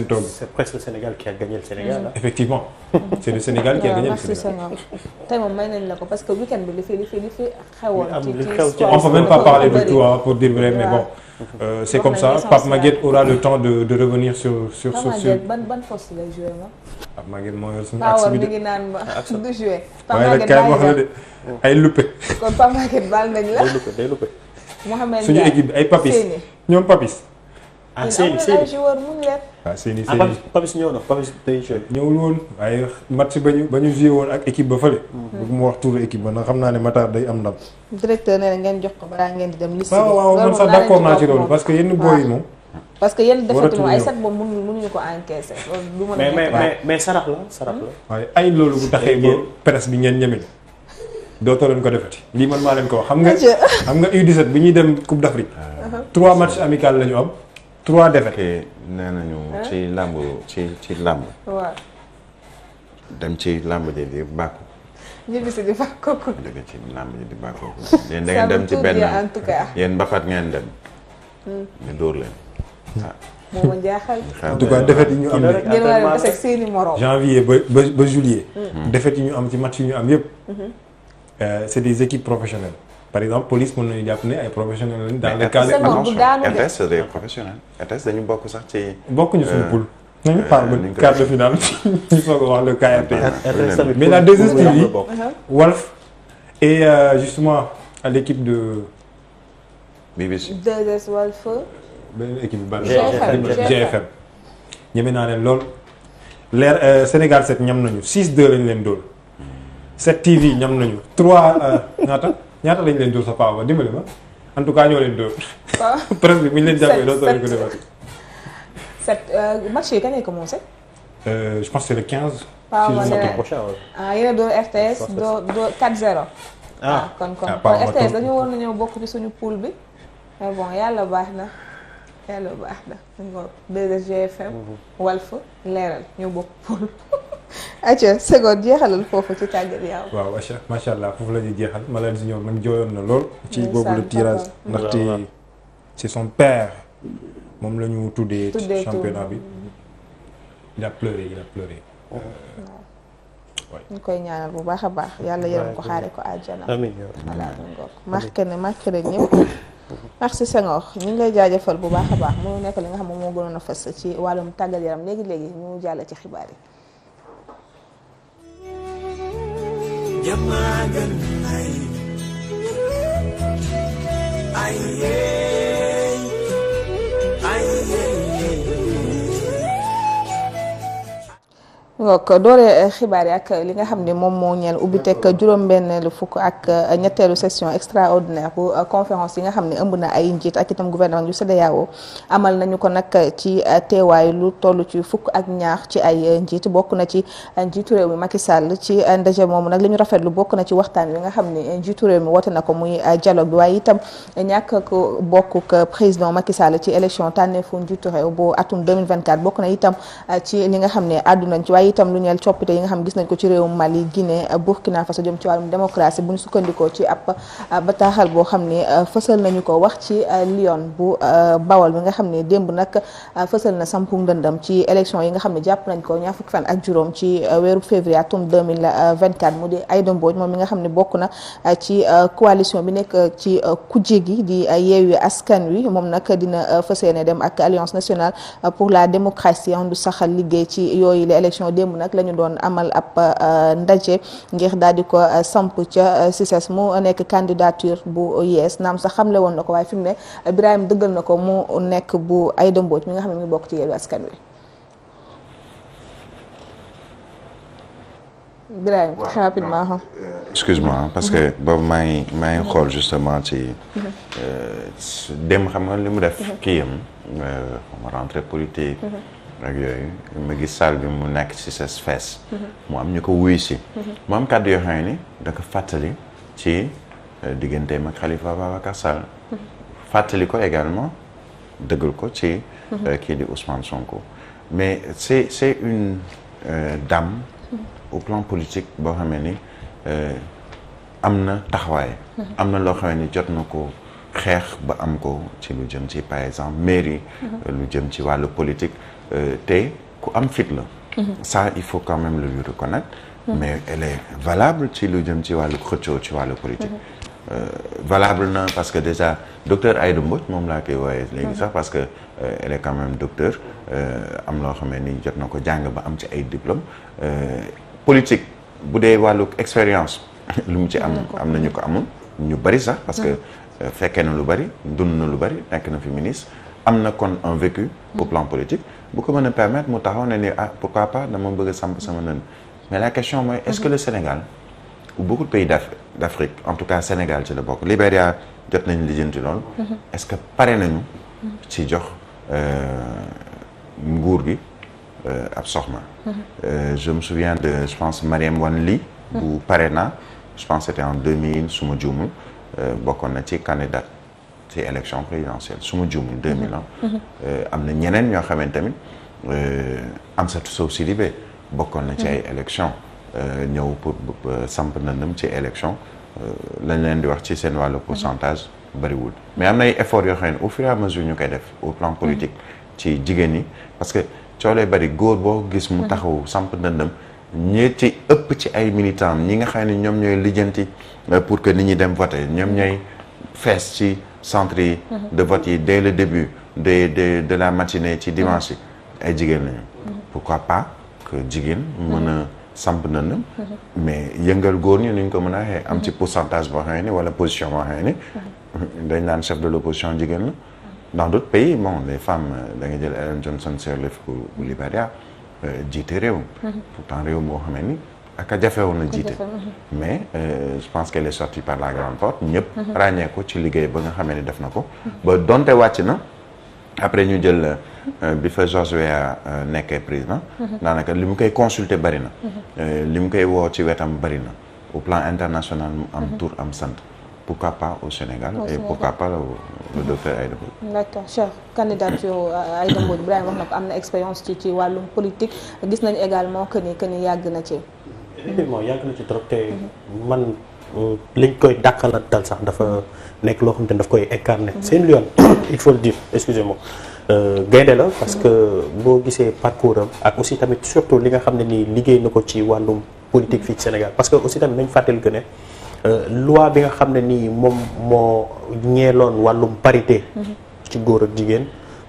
donc c'est presque le Sénégal qui
a gagné le
Sénégal là.
effectivement c'est a gagné le Sénégal.
tey moom may nañ la ko parce que li fi li fi li fi xewoon. ci ci on peut même pas parler de tout hein, pour bon.
Euh, c'est comme ça Pape le temps de revenir sur sur sur.
ban ban force lay joué ma.
Pape Maguette moo yor suñu ah, axe bi de Paa
naan ma du joué. Pape Maguette bàyyi la la Mohamed suñu équipe bi ay papis
ñoom papis. ah Séni Séni waaw Séni ah, Séni ah papis ñëw na papis day joué. ñëwul woon waaye match ba ñu ba ñu joué woon ak équipe ba fële. Mm-hmm. bu mu wax turu équipe ba ndax xam naa ne Matar day am ndam.
directeur nee na ngeen jox ko balaa ngeen di dem. liste bi waaw waaw man sax d'accord naa ci loolu parce que yenn booy yi moom.
parce que yenn defatu ay sag
boobu mënuñu mënuñu ko encaisser. loolu du mën a mais mais
mais la sarax la.
waaye ay loolu bu taxee ba presse bi ngeen ñeme dootoo leen ko defati lii man maa leen ko wax xam nga xam nga U17 bu ñuy dem Coupe d'Afrique
ah.
trois matchs amicaux la ñu am trois défaites nee nañu ah. ci làmb ci ci làmb dem ci làmb ji di bàkku ñibbisi di bàkkooku ci làmb ji di bàkkooku yéen dem ci benn en tout cas yéen mbapat ngeen dem hmm. hmm.
ah. tout cas défaite yi ñu am
ngeen war a janvier ba ba ba defet hmm. yi ñu am ci match yi ñu am yëpp. Euh, c'est des équipes professionnelles par exemple police mën nañu jàpp ne ay professionnels lañu. dans le cadre
RTS des professionnels RTS dañu bokk sax ci. bokkuñu suñu euh, poule.
nañu euh, parle de quart de
finale il faut que wax le KRT. mais la 2STV uh-huh. Walf
et de. BBC
2S Walf.
naa leen lool. leer Sénégal 7 ñam nañu 6-2 lañ leen doon. 7 TV ñam nañu 3 euh, ñaata ñaata lañ leen dóor sa paa ba dimbali ma en tout cas ñoo leen dóor. waaw ah. presse ñu leen jàppee doo soog ko defati.
7 euh, match yi kañ lay commencé.
Euh, le 15. paa ma ne
ah, yéen a dóor RTS doo doo 4-0. ah kon kon ah, kon RTS dañu war na bokk ci suñu pool bi. mais bon yàlla baax na yàlla baax na. 2SGFM. Mhm. Walf Leeral ñoo bokk pool. acca seconde jeexalal foofu ci tàggat yaram.
waaw acca macha allah foofu la ñuy jeexal Malade ñoom nag jooyoon na lool. ci boobu le tirage ndaxte c'est son père. moom la ñu tuddee. tuddee championnat bi.
ñu koy ñaanal bu baax a baax yàlla yërëm ko xaare ko àjjana. amiin voilà donc marqué na marqué na ñëpp. merci Senghor ñu ngi lay jaajëfal bu baax a baax mu nekk li nga xam moo gënoon a fës ci wàllum tàggat yaram léegi léegi ñu jàll ci xibaar yi.
Yamagan ay ay yeah.
ok doore eh, xibaar yi ak li nga xam ne moom moo ñeel ubbi teg juróom-benneelu fukk ak eh, ñetteelu session extraordinaire bu eh, conférence yi nga xam ne ëmb na ay njiit ak itam gouvernement yu CEDEAO amal nañu ko nag ci teewaay lu toll ci fukk ak ñaar ci ay njiit bokk na ci njiitu réew mi Macky Sall ci ndaje moomu nag li ñu rafetlu bokk na ci waxtaan wi nga xam ne njiitu réew mi woote na ko muy dialogue bi waaye itam ñàkk ko bokk président Macky Sall ci élection tànneefu njiitu réew bu atum 2024 bokk na itam ci li nga xam ne àddu nañ ci waaye waaye itam lu ñeel coppite yi nga xam gis nañ ko ci réewum Mali Guinée Burkina Faso jëm ci wàllum démocratie bu sukkandikoo ci ab ah, bataaxal boo xam ne ah, fësal nañu ko wax ci ah, Lyon bu Bawol bi nga xam ne démb nag fësal na sampu ndëndam ci élection yi nga xam ne jàpp nañ ko ñaar fukki fan ak juróom ci weeru février atum 2024 mu ay Aïda Mbodj moom mi nga xam ne bokk na ci coalition bi nekk ci kujje gi di Yewwi Askan Wi moom nag dina fësee ne dem ak Alliance nationale démb nag la ñu doon amal ab euh, ndaje ngir daal di ko euh, samp ca euh, CICES mu nekk candidature bu yees naam sax xamle woon na ko waaye fi mu ne Birahim dëggal na ko mu nekk bu ay Mbodj mi nga xam ne mu bokk ci Yewwi Askan Wi. Birahim
parce que maa ngi maa ngi xool justement ci. dem mhm. xam nga li mu def. Mhm. kii yam rentrée politique. Mhm. ak yooyu ma gis salle bi mu nekk ci ses fees mu am ñu ko wuy si mu am kàddu yoo xam ne ni da fàttali ci euh, digganteem ak Khalifa Ababacar Sall fàttali ko également dëggal ko ci euh, kii di Ousmane Sonko mais c'est c'est une euh, dame au plan politique boo xamee ni euh, am na taxawaay am na loo xamee ni jot na ko xeex ba am ko ci lu jëm ci par exemple mairie lu jëm ci wàllu politique Euh, tey ku am fit la ça il faut quand même le lui reconnaître mais elle valable ci lu jëm ci wàllu xëccoo ci wàllu politique euh, valable na parce que déjà docteur Aïda moom laa koy wooyee léegi sax parce que euh, même docteur am loo xamee ni jot na ko jàng ba am ci ay diplôme politique bu dee wàllu expérience lu mu ci am am na ñu ko amul ñu bari sax parce que fekkee na lu bari dund na lu bari nekk na fi ministre am na kon un vécu au plan politique bu ko mën a permettre mu taxaw ne ni ah pourquoi pas dama bëgg a samp sama nën mais la question mooy est-ce que le Sénégal ou beaucoup de pays d'Afrique en tout cas Sénégal ci la bokk Libéria jot nañu lijjanti lool. Mhm. est-ce que pare nañu. ci jox euh, nguur gi euh, ab soxna. Mhm. Euh, je me souviens de je pense Mariam Wane Ly. Mhm. bu Parena je pense c'était en 2000 su ma bokkoon na ci candidat. ci élection présidentielle su ma juumul 2000 euh, am na ñeneen ñoo xamante tamit euh, Amsatou Sow Sidibé bokkoon na ci ay élection euh, ñëw pour samp na ndam ci élection lañ leen di wax ci seen wàllu pourcentage bariwul mais am na ay efforts yoo xam ne au fur et à ñu koy def au plan politique ci jigéen ñi parce que coolee bari góor boo gis mu taxaw samp ndëndam ñi ci ëpp ci ay militants ñi nga xam ni ñoom ñooy lijjanti pour que nit ñi dem voter ñoom ñooy fees ci centre yi. Mhm. de vote yi le début de de de la matinée ci dimanche mhm. ay jigéen lañu. Mhm. pourquoi pas jigéen mën a samp na na mais yëngal góor ñi nuñ ko mën a am ci pourcentage boo xam ne wala position boo xam ne dañ naan chef de l'opposition jigéen la dans d'autres pays bon les femmes euh, da nga jël Ellen Johnson Sirleaf bu Libéria euh, jiite réew pourtant réew moo xam ni ak a jafe woon na jiite mais euh, je pense qu'elle est sortie par la grande porte ñëpp mhm. ràññee ko ci liggéey ba nga xamee ni def na ko ba donte wàcc na après ñu jël euh, bi fa Josué euh, nekkee président mhm. daanaka li mu koy consulter bari na mhm. euh, li mu koy woo ci wetam bari na au plan international mu am tur am sant pourquoi pas au Sénégal au et Sénégal. pourquoi pas le docteur Aïda Mbodj
d'accord cher candidature Aïda Mbodj Ibrahima wax na ko am na expérience ci ci wàllum politique gis nañu également que ni yàgg na ci
effectivement yàgg na ci trop te man mm, liñ koy dàqalatal sax dafa nekk loo xam te daf koy incarné mhm. seen lion il faut le dire excusez-moi euh, gaynde la parce que boo gisee parcours am ak aussi tamit surtout li nga xam ne nii liggéey na ko ci wàllum politique fii ci Sénégal parce que aussi tamit nañ fàttali que ne euh, loi bi nga xam ne nii moom moo ñeeloon wàllum parité mhm. ci góor ak jigéen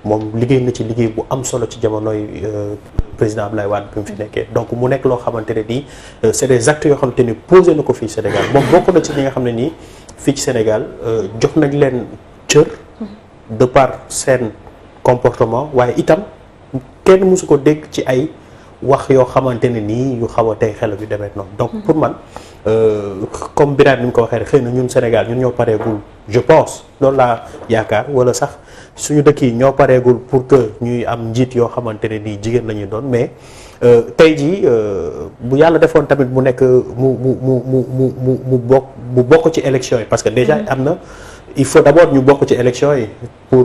moom liggéey na ci liggéey bu am solo ci jamonoy euh, président Abdoulaye Wade bi mu fi mm. nekkee donc mu nekk loo xamante ne nii euh, c'est des actes yoo xamante ni posé na ko fii Sénégal moom bokk na ci ñi nga xam ne ni fii ci Sénégal euh, jox nañ leen cër mm. de par seen comportement waaye itam kenn mësu ko dégg ci ay wax yoo xamante ne nii yu xaw a tey xel yu demee noonu. donc mm-hmm. pour man euh, comme Birame ni mu ko waxee rek xëy na ñun Sénégal ñun ñoo pareegul je pense loolu laa yaakaar wala sax suñu dëkk yi ñoo pareegul pour que ñuy am njiit yoo xamante ne nii jigéen la ñuy doon mais euh, tey jii euh, bu yàlla defoon tamit mu nekk mu mu mu mu mu mu bokk mu bokk ci élection yi parce que déjà mm-hmm. am na. il faut d'abord ñu bokk ci élection yi pour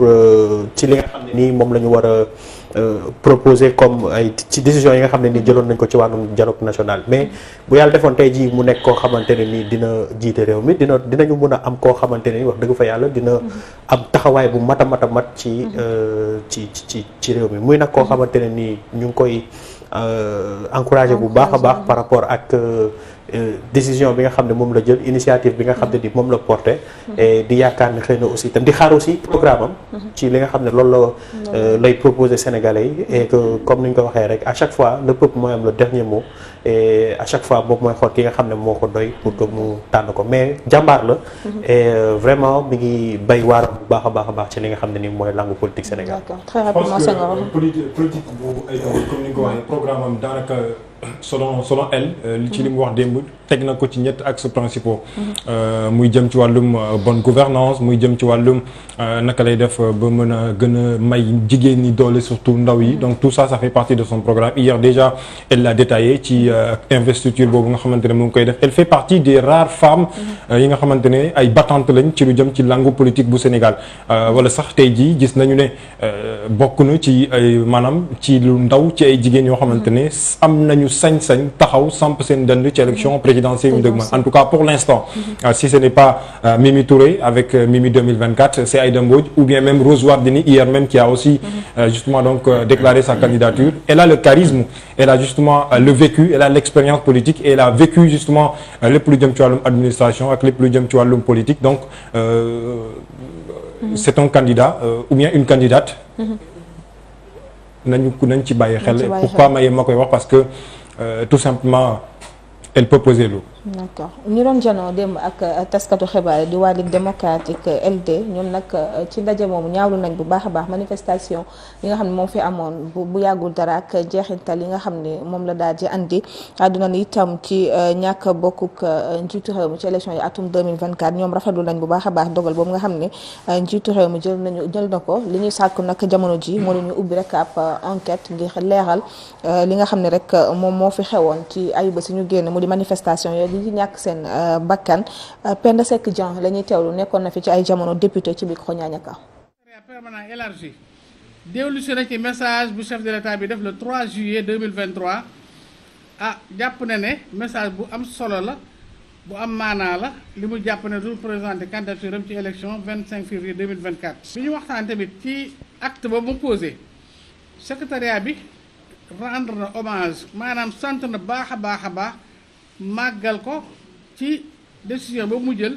ci li nga xam ne nii moom la ñu war a. Euh, proposé comme ay ci décision yi nga xam ne ni jëloon nañ ko ci wàllum dialogue national mais bu yàlla defoon tey jii mu nekk koo xamante ne ni dina jiite réew mi dina dinañu mën a am koo xamante ne wax dëgg fa yàlla dina mm-hmm. ab taxawaay bu mat a mat a mat ci mm-hmm. euh, ci ci ci réew mi muy nag koo mm-hmm. xamante ne ni ñu ngi koy euh, encouragé bu baax a baax par rapport ak Euh, décision bi nga xam ne moom la jël initiative bi nga xam ne di moom la porté mm-hmm. di yaakaar ne xëy na aussi itam di xaar aussi programme mm-hmm. ci li nga xam ne loolu euh, lay proposé sénégalais yi et mm-hmm. comme ni ñu ko waxee rek à chaque fois le peuple mooy am le dernier mot et à chaque fois boobu mooy xool ki nga xam ne moo ko doy pour que mu tànn ko mais jàmbaar la et euh, vraiment mi ngi bay waaram bu baax a baax a baax ci li nga xam ne ni mooy langue politique Sénégal d'accord très
rapidement selon selon elle. Euh, ci mhm. li mu wax démb teg na ko ci ñett axes principaux. Mhm. Euh, muy jëm ci wàllum euh, bonne gouvernance muy jëm ci wàllum naka lay def ba mën a gën a may jigéen ñi doole surtout ndaw yi mhm. donc tout ça ça fait partie de son programme hier déjà elle l'a détaillé ci investiture boobu nga xamante ne mu ngi koy def elle fait partie des rares femmes. yi nga xamante ne ay battantes lañ ci lu jëm ci langue politique bu Sénégal wala sax tey jii gis nañu ne bokk nu ci ay maanaam ci ndaw ci ay yoo xamante ne sañ-sañ taxaw samp seen dënd ci élection présidentielle yu dëgmal en tout cas pour l'instant euh, si ce n'est pas euh, Mimi Touré avec euh, Mimi c'est Aïda ou bien même Rose Wardini hier même qui a aussi déclaré sa candidature elle a le charisme elle a justement le vécu elle a l'expérience politique et elle a vécu justement lépp lu administration ak lépp lu jëm ci wàllum politique donc c'est un candidat ou bien une candidate mm-hmm. nañu nañ ci bàyyi xel pourquoi maye ma koy wax Euh, tout simplement elle peut poser l'eau
d'accord ñu doon janoo démb ak euh, taskatu xibaar di waa Ligue démocratique euh, LD ñoom nag euh, ci ndaje moomu ñaawlu nañ bu baax a baax manifestation yi nga xam ne moom fi amoon bu yàggul dara ak jeexintal nga xam ne moom la daal di andi àdduna ni itam ci ñàkk bokkuk njiitu réew mi ci élection yi atum 2024 ñoom rafetlu nañ bu baax a baax dogal boobu nga xam ne njiitu réew mi jël nañu jël na ko li ñuy sàkku nag jamono ji moo ñu ubbi rek ab enquête ngir leexal li nga xam ne rek moom moo fi xewoon ci ayuba si ñu génn mu di manifestation yooyu yi ñàkk seen euh, bakkan euh, Penda Seck Dieng la ñuy teewlu nekkoon na fi ci ay jamono député ci micro Niagnacka
permanent élargi déwlu si na ci message bu chef de l'état bi def le 3 juillet 2023 ah jàpp na ne message bu am solo la bu am maanaa la li mu jàpp ne du présenté candidature am ci élection 25 février 2024. bi ñu waxtaan tamit ci acte ba mu posé secrétariat bi rendre na hommage maanaam sant na baax a baax a baax. màggal ko ci décision boobu mu jël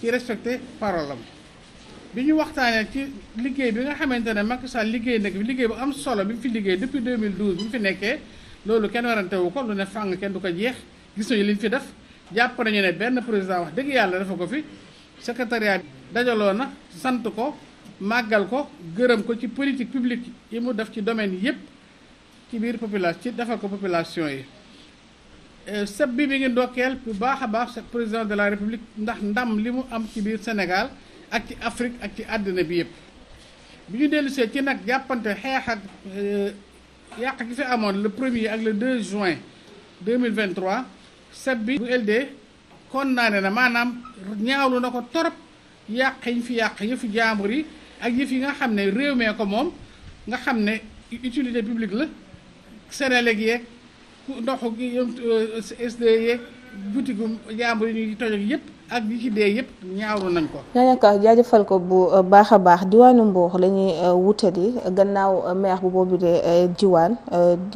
ci respecté parole am bi ñu waxtaanee ci liggéey bi nga xamante ne Macky Sall liggéey bi liggéey bu am solo bi mu fi liggéey depuis 2012 bi mu fi nekkee loolu kenn warantewu ko lu ne fàng kenn du ko jeex gis nañu li ñu fi def jàpp nañu ne benn président wax dëgg yàlla dafa ko fi secrétariat dajaloo na sant ko màggal ko gërëm ko ci politique publique yi mu def ci domaine yépp ci biir population ci defal ko population yi Euh, sëb bi mi ngi ndokkeel bu baax a baax chaque président de la république ndax ndam li mu am ci biir Sénégal ak ci Afrique ak ci àddina bi yëpp bi ñu dellusee ci nag jàppante xeex ak euh, yàq gi fi amoon le premier ak le 2 juin 2023 sëb bi bu LD condamné na maanaam ñaawlu na ko torop yàq yi fi yàq yëfu jaambur yi ak yëf yi nga xam ne réew mee ko moom nga xam ne utilité publique la Sénégal ndox gi euh, SD yeeg ak yëpp ak yi ci dee yëpp ñaawlu nañ ko.
ñooñu ko jaajëfal ko bu euh, baax a baax diwaanu Mbour lañuy ñuy euh, wutali gannaaw meex bu boobu de diwaan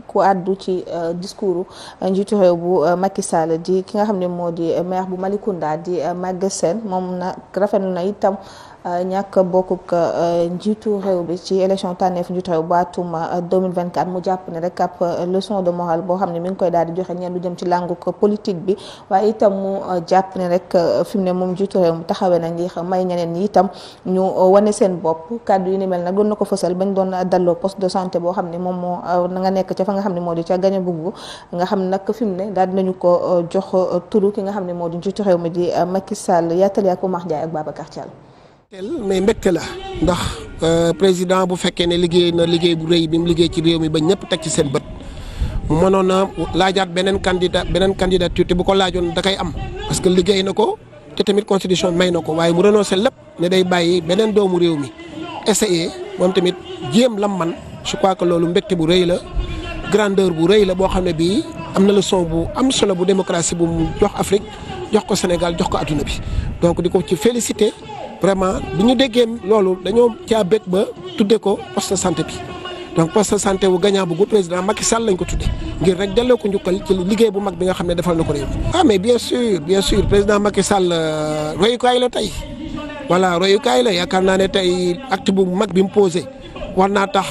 ku àddu ci discours njiitu réew bu Macky Sall di ki nga xam ne moo di meex bu maliku Malicounda di màgg seen moom na rafetlu na itam. Euh, ñàkk bokkuk euh, njiitu réew bi ci élection tànneef njiitu réew bu atum 2024 euh, mu jàpp ne rek ab leçon de morale boo xam ne mi ngi koy daal di joxe ñeen lu jëm ci lànguk politique bi waaye itam mu jàpp ne rek fi mu ne moom njiitu réew mu taxawee na ngir may ñeneen ñi ñu wane seen bopp kàddu yu ni mel nag doon na ko fësal bañ doon dalloo poste de santé boo xam ne moom moo nga nekk ca fa nga xam ne moo di ca gañe bugg nga xam nag fi mu ne daal dinañu ko jox turu ki nga xam ne moo di njiitu réew mi di Macky Sall yàttali ak Oumar Ndiaye ak Babacar Thial
teel mais la ndax euh, président bu fekkee ne liggéey na liggéey bu rëy bi mu liggéey ci réew mi ba ñëpp teg ci seen bët mu mënoon a laajaat beneen candidat beneen candidature te bu ko laajoon da koy am parce que liggéey na ko te tamit constitution may na ko waaye mu renoncé lépp ne day bàyyi beneen doomu réew mi essayer moom tamit jéem lam man je crois que loolu mbégte bu rëy la grandeur bu rëy la boo xam ne bii am na la leçon bu am solo bu démocratie bu mu jox Afrique jox ko Sénégal jox ko adduna bi vraiment bi ñu déggee loolu dañoo caa bég ba tudde ko poste santé bi donc poste santé wu gagnant bu gu président Macky Sall lañ ko tudde ngir rek delloo ko njukkal ci liggéey bu mag bi nga xam ne defal na ko réew ah mais bien sûr bien sûr président euh, la tey voilà royukaay la yaakaar naa ne tey acte bu mag bi mu posé war naa tax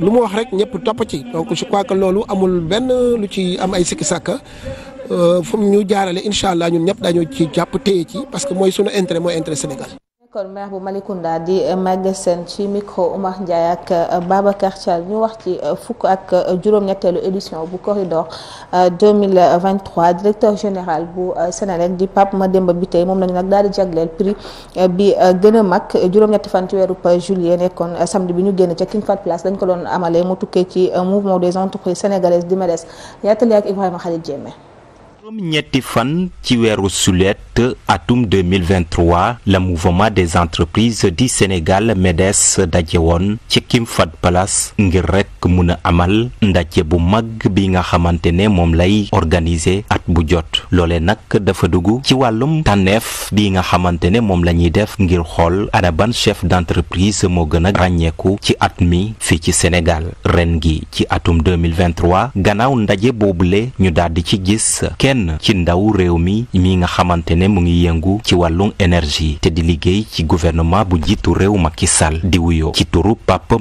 lu mu wax rek ñëpp topp ci donc je crois que loolu amul benn lu ci am ay sikki sàkka Euh, fu mu ñu jaarale incha allah ñun ñëpp dañoo ci jàpp téye ci parce que mooy sunu intérêt mooy intérêt Sénégal.
kon maire bu Malicounda di Maguette Sène ci micro Oumar Ndiaye ak euh, Babacar Thial ñu wax ci euh, fukk ak juróom-ñetteelu édition bu corridor 2023 directeur général bu Sénélec di pap Pape bi Bitèye moom nañu nag daal di jagleel prix bi gën a mag juróom-ñetti fan ci weeru juillet nekkoon samedi bi ñu génn ca King Fahd Place dañ ko doon amalee mu tukkee ci mouvement des entreprises sénégalaises di MEDES yaatale ak Ibrahima Khalid Diémé
juróom-ñetti fan ci weeru sulet atum 2023 la mouvement des entreprises di Sénégal MEDES daje woon ci King Fahd Palace ngir rek mun a amal ndaje bu mag bi nga xamante ne moom lay organiser at bu jot loole nag dafa dugg ci wàllum tànneef bi nga xamante ne moom la ñuy def ngir xool ana chef d'entreprise moo gën a ràññeeku ci at mi fii ci Sénégal ren gi ci atum 2023 gannaaw ndaje boobule ñu daldi ci gis ci ndaw réew mi mi nga xamante ne mu ngi yëngu ci wàllum énergie te di liggéey ci gouvernement bu njiitu réew Macky Sall di wuyoo ci turu Papa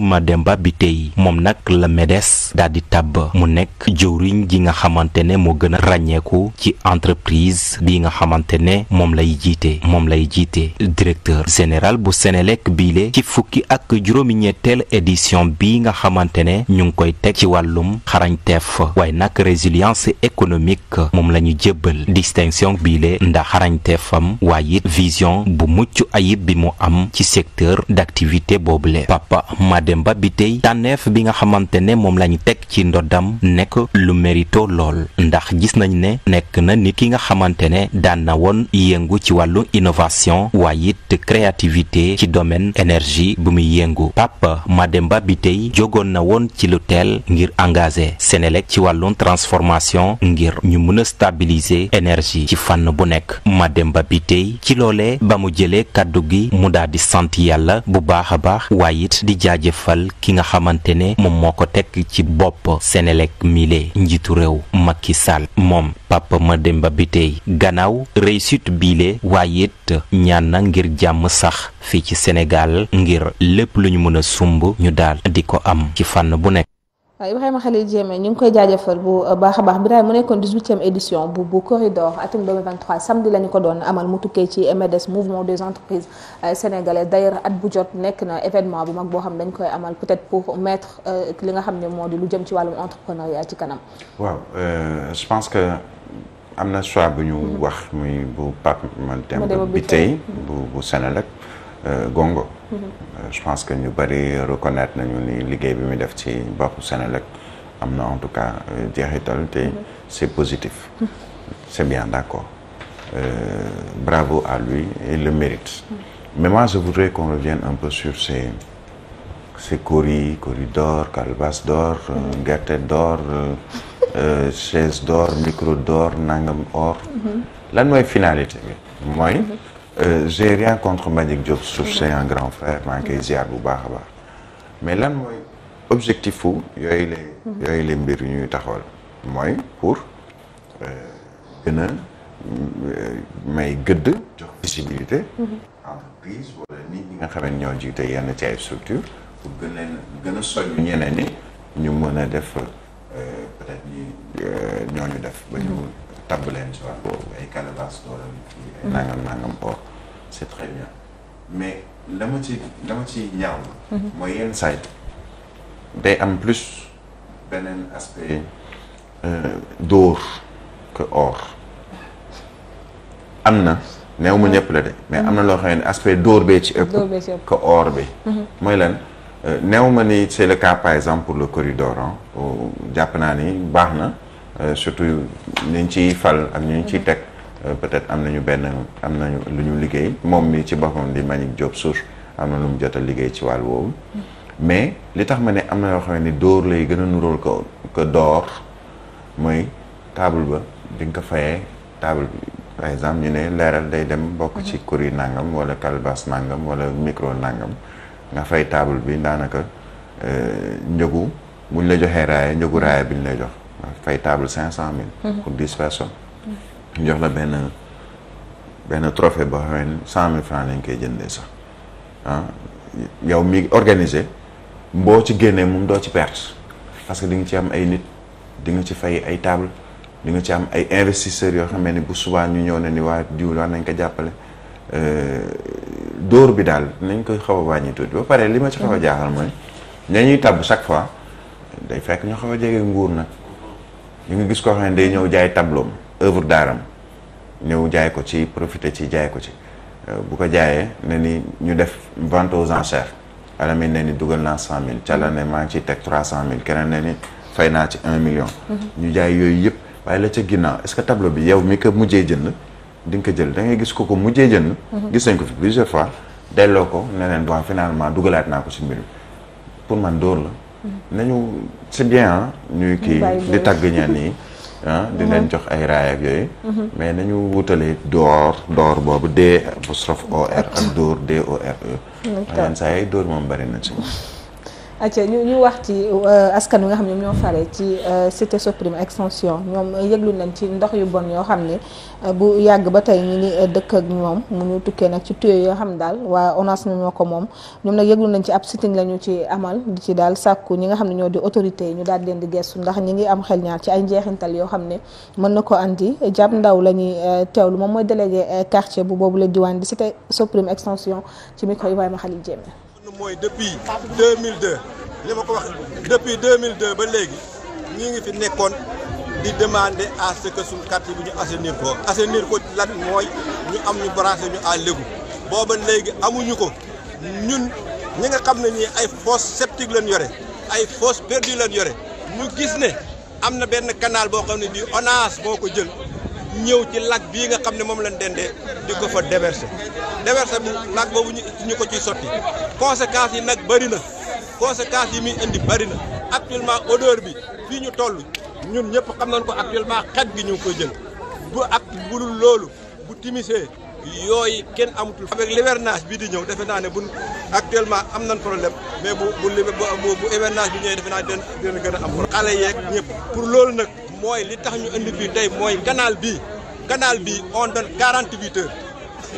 bi tey moom nag la MEDES daal di tàbb mu nekk jëwriñ ji nga xamante ne moo gën a ràññeeku ci entreprise bi nga xamante ne moom lay jiite moom lay jiite directeur général bu Sénélec biile ci fukki ak juróomi ñetteel édition bi nga xamante ne ñu ngi koy teg ci wàllum xarañteef waaye nag résilience économique moom ñu jébbal distinction biile ndax xarañteefam waaye it vision bu mucc ayib bi mu am ci secteur d'activité boobule Papa Mademba Bitèye tànneef bi nga xamante ne moom lañu teg ci ndoddam nekk lu mérito lool ndax gis nañ ne nekk na nit ki nga xamante ne daan na woon yëngu ci wàllu innovation waaye it créativité ci domaine énergie bu muy yëngu Papa Mademba tey jogoon na woon ci lu teel ngir engagé Senelec ci wàllum transformation ngir ñu mën a rentabiliser énergie ci fànn bu nekk ma bi tey ci loolee ba mu jëlee kàddu gi mu daal di sant yàlla bu baax a baax waaye di jaajëfal ki nga xamante ne moom moo ko teg ci bopp Senelec mile njiitu réew ki Sall moom ma Papa bi tey gannaaw réussite biile waaye ñaan na ngir jàmm sax fii ci Sénégal ngir lépp lu ñu mën a sumb ñu daal ko am ci fànn bu nekk
waaw Ibrahima Khalil Diémé ñu ngi koy jaajëfal bu baax a baax Birahim mu nekkoon 18e édition bu bu corridor atum samedi la ñu ko doon amal mu tukkee ci MEDES mouvement des entreprises euh, sénégalaises d'ailleurs at bu jot nekk na événement bu mag boo xam dañ koy amal peut-être pour mettre euh, li nga xam ne moo di lu jëm ci wàllum entrepreneuriat ci kanam.
waaw euh, je pense que am na choix bu ñu mm-hmm. wax muy bu Pape Mademba Bitèye bu bu Senelec Euh, Gongo. Mhm. Euh, je pense que ñu bëri reconnaître nañu ni liggéey bi muy def ci boppu Senelec am na en tout cas euh, jeexital te mhm. c'est positif. Mhm. c'est bien d'accord euh, bravo à lui il le mérite. mais moi je voudrais qu'on revienne un peu sur ces ces cori corridor calebasse d'or euh, d'or chaise d'or micro d'or nangam or. lan mooy finalité bi Euh, j'ai rien contre Mbagnick Diop suuf c'est un grand frère maa ngi ziar bu baax a baax mais lan mooy objectif yooyu la mhm. yooyu la mbir ñuy taxawal mooy pour euh, gën euh, may gëdd jox visibilité
mhm. entreprise
wala nit ñi nga xam ne ñoo jiite yenn ci ay structure pour gën leen gën a ñeneen ni ñu mën a def peut-être def ba ñu mhm. tabb leen ci wàll boobu ay calebasses ay mm-hmm. nangam nangam or mais la ma ci la ci ñaaw mm-hmm. mooy yenn saay day am plus
beneen aspect
euh, d'or que or am na neew mu ñëpp la de mais am na loo xam ne aspect d'or bee ci ëpp que or bi mm-hmm. mooy lan euh, neew ma ni c'est le cas par exemple pour le corridor jàpp naa ni baax na Euh, surtout ñu ñu ciy fal ak ñu ñu ciy teg euh, peut-être am nañu benn am nañu lu ñu liggéey moom mi ci boppam di Manick Diop Source am na lu jot a liggéey ci wàll woowu. mais li tax ma ne am na yoo xam ne dóor lay gën a nurool ko ko door mooy table ba di ko fayee table bi par exemple ñu ne leeral day dem bokk ci kuri mhm. nangam wala kalbas nangam wala micro nangam nga fay table bi daanaka euh, njëgu muñ la joxee raaya njëgu raaya ñu lay jox. fay table cinq cent mil mhm. pour dix jox la benn benn trophée boo xamee ni cent mille francs lañ koy jëndee sax ah yow mi organisé boo ci génnee mu doo ci perte parce que di nga ci am ay nit di nga ci fay ay table di nga ci am ay investisseurs yoo xamee ni bu subaan ñu ñëw ne ni waa diw la nañ ko jàppale euh, dóor bi daal nañ koy xaw a wàññi tuuti ba pare li ma ci xaw jaaxal mooy ña ñuy tàbb chaque fois day fekk ñu xaw a jege nguur nag ñu ngi gis ko xam ne day ñëw jaay tableau œuvre daaram ñëw jaay ko ci profité ci jaay ko ci euh, bu ko jaayee ne ni ñu def vente aux enchères alamin ne ni dugal naa cent mille cala ne maa ngi ciy teg trois cent mille keneen ne ni fay naa ci un million mhm. ñu jaay yooyu yëpp waaye la ca ginnaaw est que tableau bi yow mi ko mujjee jënd di ko jël da ngay gis ko ko mujjee jënd mhm. gis nañ ko fi plusieurs fois delloo ko ne leen bon finalement dugalaat naa ko ci mbir pour man dóor nañu c'est bien ñuy kii di tàgg ñenn yi ah di mhm. jox ay raay yooyu mhm. mais nañu wutale door door boobu D apostrophe O ak dóor D O R e. saa yi dóor moom bari na ci moom
acca ñu ñu wax ci euh, askan wi nga xam ne ñoo fare ci euh, cité Soprim extension ñoom yëglu nañ ci ndox yu bon yoo xam ne euh, bu yàgg ba tey ñu ngi dëkk ak ñoom mu ñu tukkee nag ci tuyaux yoo xam daal waa ONAS na ñoo ko moom ñoom nag yëglu nañ ci ab sitting la ñu ci amal di ci daal sàkku ñi nga xam ne ñoo di autorité yi ñu daal leen di gestu ndax ñi ngi am xel ñaar ci ay njeexintal yoo xam ne mën na ko andi jàpp ndaw la ñuy teewlu moom mooy délégué quartier bu boobu la diwaan di cité Soprim extension ci micro Ibrahima Khalil Diémé mooy
depuis 2002 li ma ko wax depuis 2002 ba léegi ñi ngi fi nekkoon di demander à ce que suñu quartier bi ñu assainir ko assainir ko lan mooy ñu am ñu branché ñu à l'égout booba léegi amuñu ko ñun ñi nga xam ne ñii ay fosse septique yore ay fosse perdue lañ yore ñu gis ne am na benn canal boo xam ne bii ONAS moo ko jël ñëw ci lac bii nga xam ne moom lañ dendee di ko fa déverser déverser bi lac boobu ñu ñu ko ci sotti conséquences yi nag bëri na conséquences yi muy indi bëri na actuellement odeur bi fii ñu toll ñun ñëpp xam nañ ko actuellement xet gi ñu ngi koy jël bu ak bu dul loolu bu timisee yooyu kenn amatul. avec l'hivernage bi di ñëw defe naa ne bu actuellement am nañ problème mais bu bu bu hivernage bi ñëwee defe naa den den gën a am. xale yeeg ñëpp pour loolu nag. mooy li tax ñu indi fii tey mooy canal bii canal bii on donne 48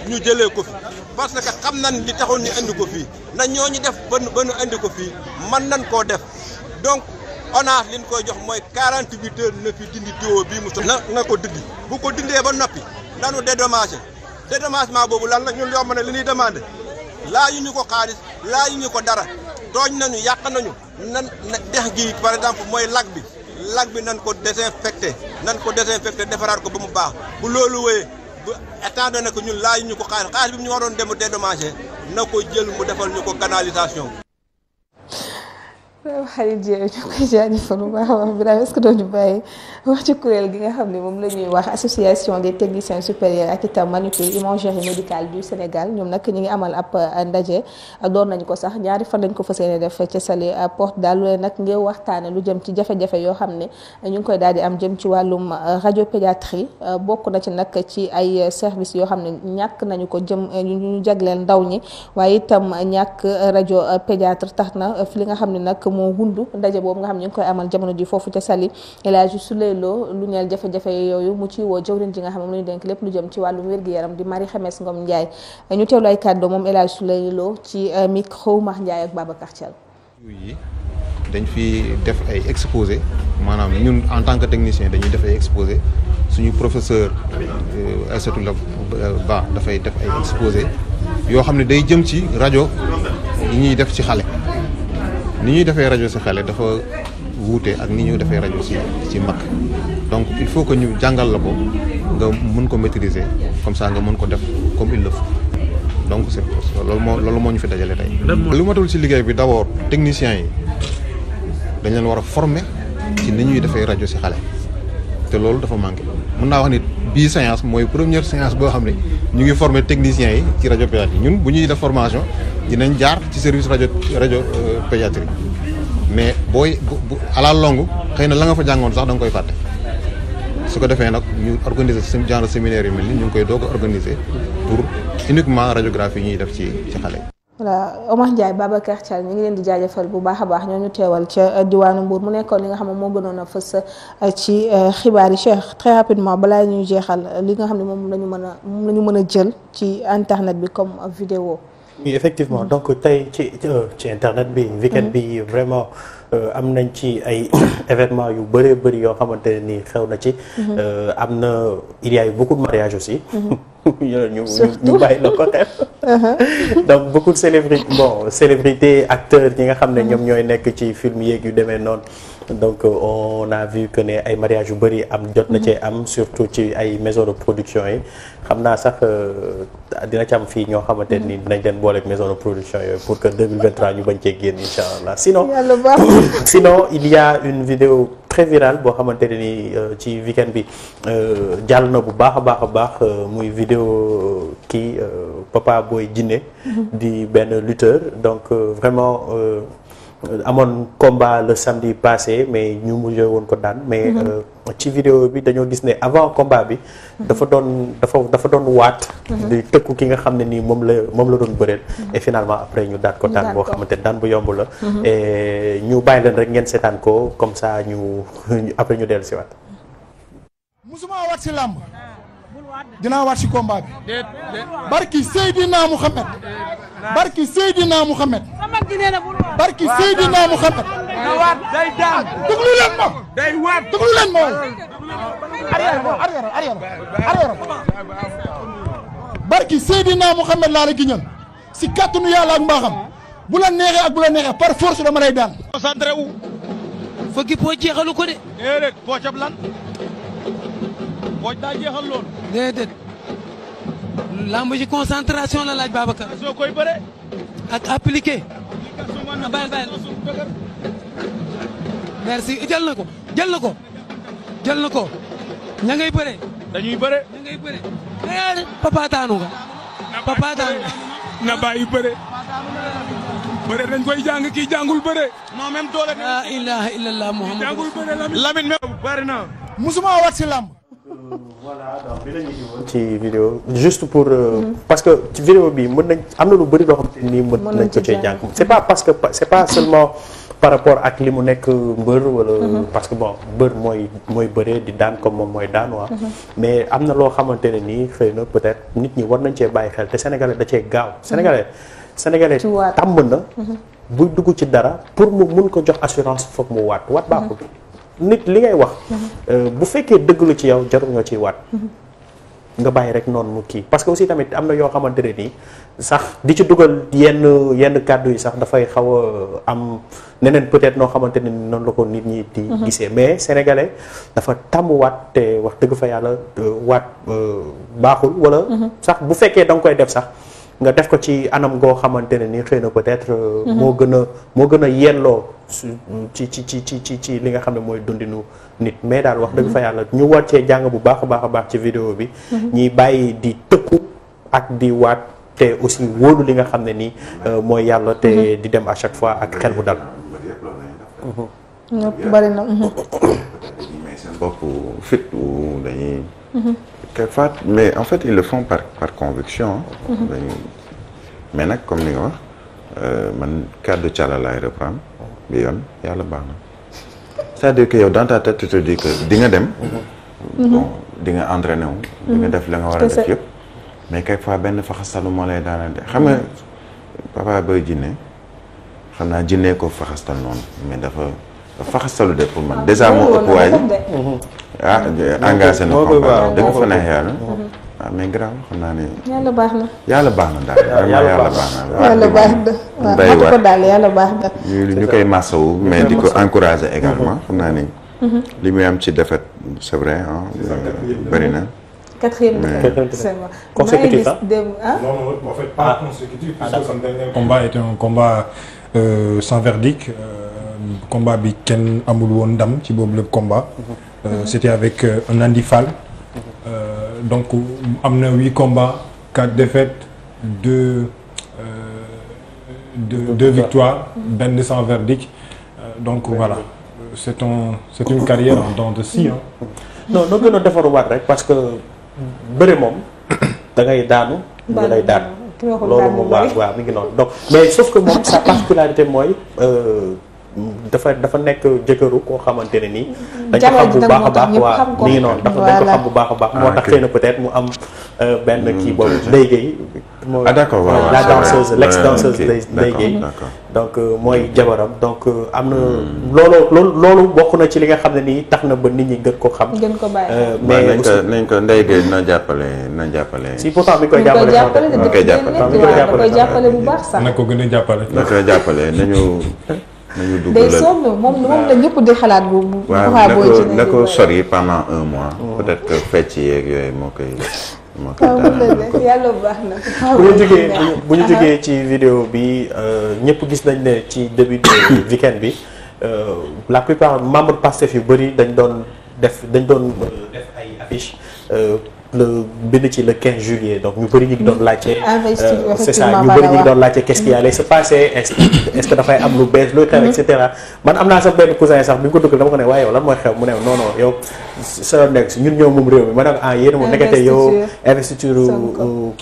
ñu jëlee ko fi parce que xam nañ li taxoon ñu indi ko fii na ñooñu def ba nu ba ko fii man nañ koo def donc ONAS li ñu koy jox mooy 48 heures na fi dindi tuyau bii mu na na ko dindi bu ko dindee ba noppi nanu dédommagé dédommagement boobu lan la ñun yomb na li ñuy demandé laa yu ñu ko xaalis laa yu ñu ko dara tooñ nañu yàq nañu nan dex gi par exemple mooy lag bi lac bi nan ko désinfecté nan ko désinfecté defaraat ko ba mu baax bu loolu wéyee bu étant donné que ñun laaj ñu ko xaalis xaalis bi mu ñu waroon dem dédommagé na ko jël mu defal ñu ko canalisation
waaw xarit Dieng bu baax wax ci kuréel gi nga xam ne moom la ñuy wax association des techniciens supérieurs ak itam manipule imagerie médicale du Sénégal ñoom nag ñu ngi amal ab euh, ndaje doon nañ ko sax ñaari fan lañ ko fas yéene def ca Saly euh, Porte daal loole nag ngir waxtaane lu jëm ci jafe-jafe yoo xam ne ñu ngi koy daal di am jëm ci wàllum euh, radiopédiatrie bokk na ci nag ci ay services yoo xam ne ñàkk nañu ko jëm ñu jagleel ndaw ñi waaye itam ñàkk radiopédiatre tax na li nga xam ne nag moo wundu ndaje boobu nga xam ñu ngi koy amal jamono ji foofu ca Saly El su Souleye Lo lu ñeel jafe-jafe yooyu mu ci woo jëwrin ji nga xam ne la ñu denk lu jëm ci wàllum wér yaram di Marie Khemesse Ngom Ndiaye ñu teewlu ay kàddu moom El Hadji Souleye Lo ci euh, micro Max Ndiaye ak Babacar Thiel
yi dañ fi def ay exposé maanaam ñun en tant que technicien dañuy def ay exposé suñu professeur euh, Aïssatou la euh, dafay def ay yoo xam ne day jëm ci rajo ñuy def ci xale ni ñuy defee rajo si xale dafa wuute ak ni ñuy defee rajo si si mag donc il faut que ñu jàngal la ko nga mën ko maîtriser comme ça nga mën ko def comme il le donc c'est loolu moo loolu moo ñu fi dajale tey. lu matul si liggéey bi d'abord techniciens yi dañ leen war a ci ni ñuy defee rajo si xale te loolu dafa manqué. mën naa wax ni bii séance mooy première séance boo xam ne ñu ngi former technicien yi ci rajo pédiatrie ñun bu ñuy def formation dinañ jaar ci service rajo rajo euh, pédiatrie mais booy bu à la longue xëy na la nga fa jàngoon sax da nga koy fàtte su ko defee nag ñu organiser seen genre séminaire yu mel ni ñu ngi koy doog a organiser pour uniquement radiographie yi ñuy def ci ci xale
voilà Omar Ndiaye Babacar Thial ñu ngi leen di jaajëfal bu baax a baax ñoo ñu teewal ca euh, diwaanu Mbour mu nekkoon li nga xam ne moo gënoon a fës euh, ci euh, xibaar yi Cheikh très rapidement balaa ñuy jeexal li nga xam ne moom la ñu mën a moom la ñu mën a jël ci internet bi comme vidéo
oui effectivement donc tey ci ci internet bi weekend bi mm-hmm. vraiment am nañ ci ay événement yu bëree bëri yoo xamante ne nii xew na ci mm-hmm. am na il y a eu beaucoup de aussi mm-hmm. ñu ñu bàyyi la ko def Uh-huh. donc beaucoup de célébrités bon célébrités acteurs yi nga xam ne ñoom ñooy nekk ci film yeeg yu demee noonu donc on a vu que ne ay mariage yu bëri am jot na cee am surtout ci ay maison de production yi xam naa sax euh, dina ci am fii ñoo xamante ni mm-hmm. dinañ leen booleeg maison de production yooyu pour que 2023 ñu bañ cee génn incha allah sinon sinon il y une vidéo très viral boo xamante ne ni euh, ci weekend bi euh, jàll na bu baax a baax a baax euh, muy vidéo kii Papa Boy Djiné mhm. di benn lutteur donc vraiment amoon combat le samedi passé mais ñu mujjee woon ko daan mais. Mhm. ci vidéo bi dañoo gis ne avant combat bi. dafa doon dafa dafa doon waat. di tëkku ki nga xam ne nii moom la moom la doon bëreel. et finalement après ñu daan ko daan boo xamante ne daan bu yomb la. Mhm. et ñu bàyyi leen rek ngeen seetaan ko comme ça ñu après ñu dellu si waat.
musuma waat si làmb. dinaa waat si combat
bi barki Seydina Mouhamed barki Seydina
Mouhamed barki Seydina Mouhamed déglu leen ma déglu leen barki
Seydina Mouhamed laa la giñal si kàttanu yàlla ak mbaaxam bu la neexee ak bu la neexee par
force dama lay daan concentré wu fëggi poo jeexalu ko de Mbodj daa jeexal loolu. déedéet lamb ji concentration la laaj Babacar. soo koy bëre. ak appliqué. ko ah, jël ko jël na ko ña ngay bëre. dañuy bëre. ña ngay bëre. papa taanu nga. papa taanu na bàyyi bëre. bëre dañ koy jàng kii jàngul bëre. non même doole. la ilaha illallah muhammad. jàngul bëre Lamine. Lamine même. si lamb. Euh,
voilà donc bi la ñu ñëwoon ci vidéo juste pour. Euh, mhm. parce que ci vidéo bi mën nañ am na lu bëri loo xam te ni mën nañ ko cee jàng. c' est pas parce que c' est pas mhm. seulement par rapport ak li mu nekk mbër wala. Mhm. parce que bon mbër mooy mooy bëree di daan comme moom mooy daan waa. mais am na loo xamante ne nii xëy na peut-être nit ñi war nañ cee bàyyi xel te sénégalais da cee gaaw. sénégalais sénégalais tàmm na. bu dugg ci dara pour mu mun ko jox assurance foog mu waat waat baaxul. nit li ngay wax. Euh, bu fekkee dëgg lu ci yow jarul nga ciy waat. nga bàyyi rek noonu mu kii parce que aussi tamit am na yoo xamante ne nii sax di ci dugal yenn yenn kàddu yi sax dafay xaw a euh, am neneen peut-être noo xamante ne ni noonu la ko nit ñi di mhm. gisee mais sénégalais dafa tàmm waat te wax dëgg fa yàlla euh, waat baaxul wala mhm. sax bu fekkee danga koy def sax nga def ko ci anam goo xamante ne ni xëy na peut-être. moo gën a moo gën a yelloo ci ci ci ci ci li nga xam ne mooy dundinu nit mais daal wax dëgg fa yàlla ñu war cee jàng bu baax a baax a baax ci vidéo bi. ñuy bàyyi di tëkku ak di waat te aussi wóolu li nga xam ne nii mooy yàlla te di dem à chaque fois ak xel bu dal.
ñëpp
Kefat mais en fait ils le font par par conviction. Mhm. mais nag comme ni nga wax euh, man cadre Thiala laay reprendre bi yoon yàlla baax na cest dire que yow dans ta tête tu que di nga dem. Mhm. bon di nga entraîné wu. di nga mhm. def la nga war a def yëpp. mais fois benn faxastalu moo lay daaneel de xam nga papa bay jinne xam naa jinne ko faxastal noonu mais dafa faxastalu de pour man déjà moo ah, ëpp waay.
ah, ah
engagé na combat dëgg fa neex yàlla. waaw mais grave xam naa ne. yàlla baax na. yàlla baax na daal yàlla baax na yàlla baax
na waaw ko daal yàlla baax na.
ñu ñu koy masawu mais di ko encouragé également mm-hmm. xam naa ne. Mm-hmm. li muy am ci défaite c'est vrai ah. Euh, bëri na.
quatrième défaite consécutif ah non non
en fait pas ah. consécutif. Ah, parce que son dernier
combat était un combat euh, sans verdict euh, combat bi kenn amul woon ndam ci boobu lépp combat. Mm-hmm. Euh, c'était avec euh, un Andy euh, donc am na huit combats quatre défaites deux deux, deux victoires benn sans verdict donc voilà c'est un c'est une carrière en dents de scie
non gën a defaruwaat rek parce que bëri moom da ngay daanu da ngay daan
loolu moom
waaw waaw mi ngi noonu donc mais sauf que moom sa particularité mooy dafa dafa nekk jëkkëru koo xamante ne nii. Mm-hmm. dañ ko xam bu baax a baax waa ah, nii noonu dafa bu baax baax. moo tax xëy na peut-être mu am euh, benn mm-hmm. kii boobu Ndeye Gueye.
ah d'accord waaw la danseuse l'ex danseuse Ndeye Gueye
donc euh, mooy mm-hmm. jabaram donc euh, am na. looloo loolu loolu bokk na ci li nga xam ne nii tax na ba nit ñi gën ko xam. gën ko mais
aussi nañ ko nañ ko na jàppale na jàppale. si pourtant mi koy jàppale mi koy jàppale mi koy jàppale bu baax sax. na ko gën a jàppale. na ko jàppale nañu. day sonn moom moom la ñëpp di
xalaat bu bu waaw boo ci na ko
sori pendant
un mois oh. peut-être fecc yooyu moo koy moo
koy
dara yàlla baax na bu ñu jógee bu ñu jógee
ci vidéo bi euh, ñëpp gis nañ ne ci début de week-end bi euh, la plupart membre Pastef yu bëri dañ doon def dañ doon euh, def ay affiche le bind ci le 15 juillet donc ñu bëri ñu ngi doon laajte. Mm. Euh, c'est ça ñu bëri ñu doon laajte qu'est-ce qui mm. allait est est dafay am lu bees luy xew et mm. man am naa sax benn cousin sax bi ñu ko duggal dama ko ne waaye yow lan mooy xew mu ne non non yow sa nekk ñun ñoo moom réew mi ma ne ko ah yéen moom nekkate yow investiture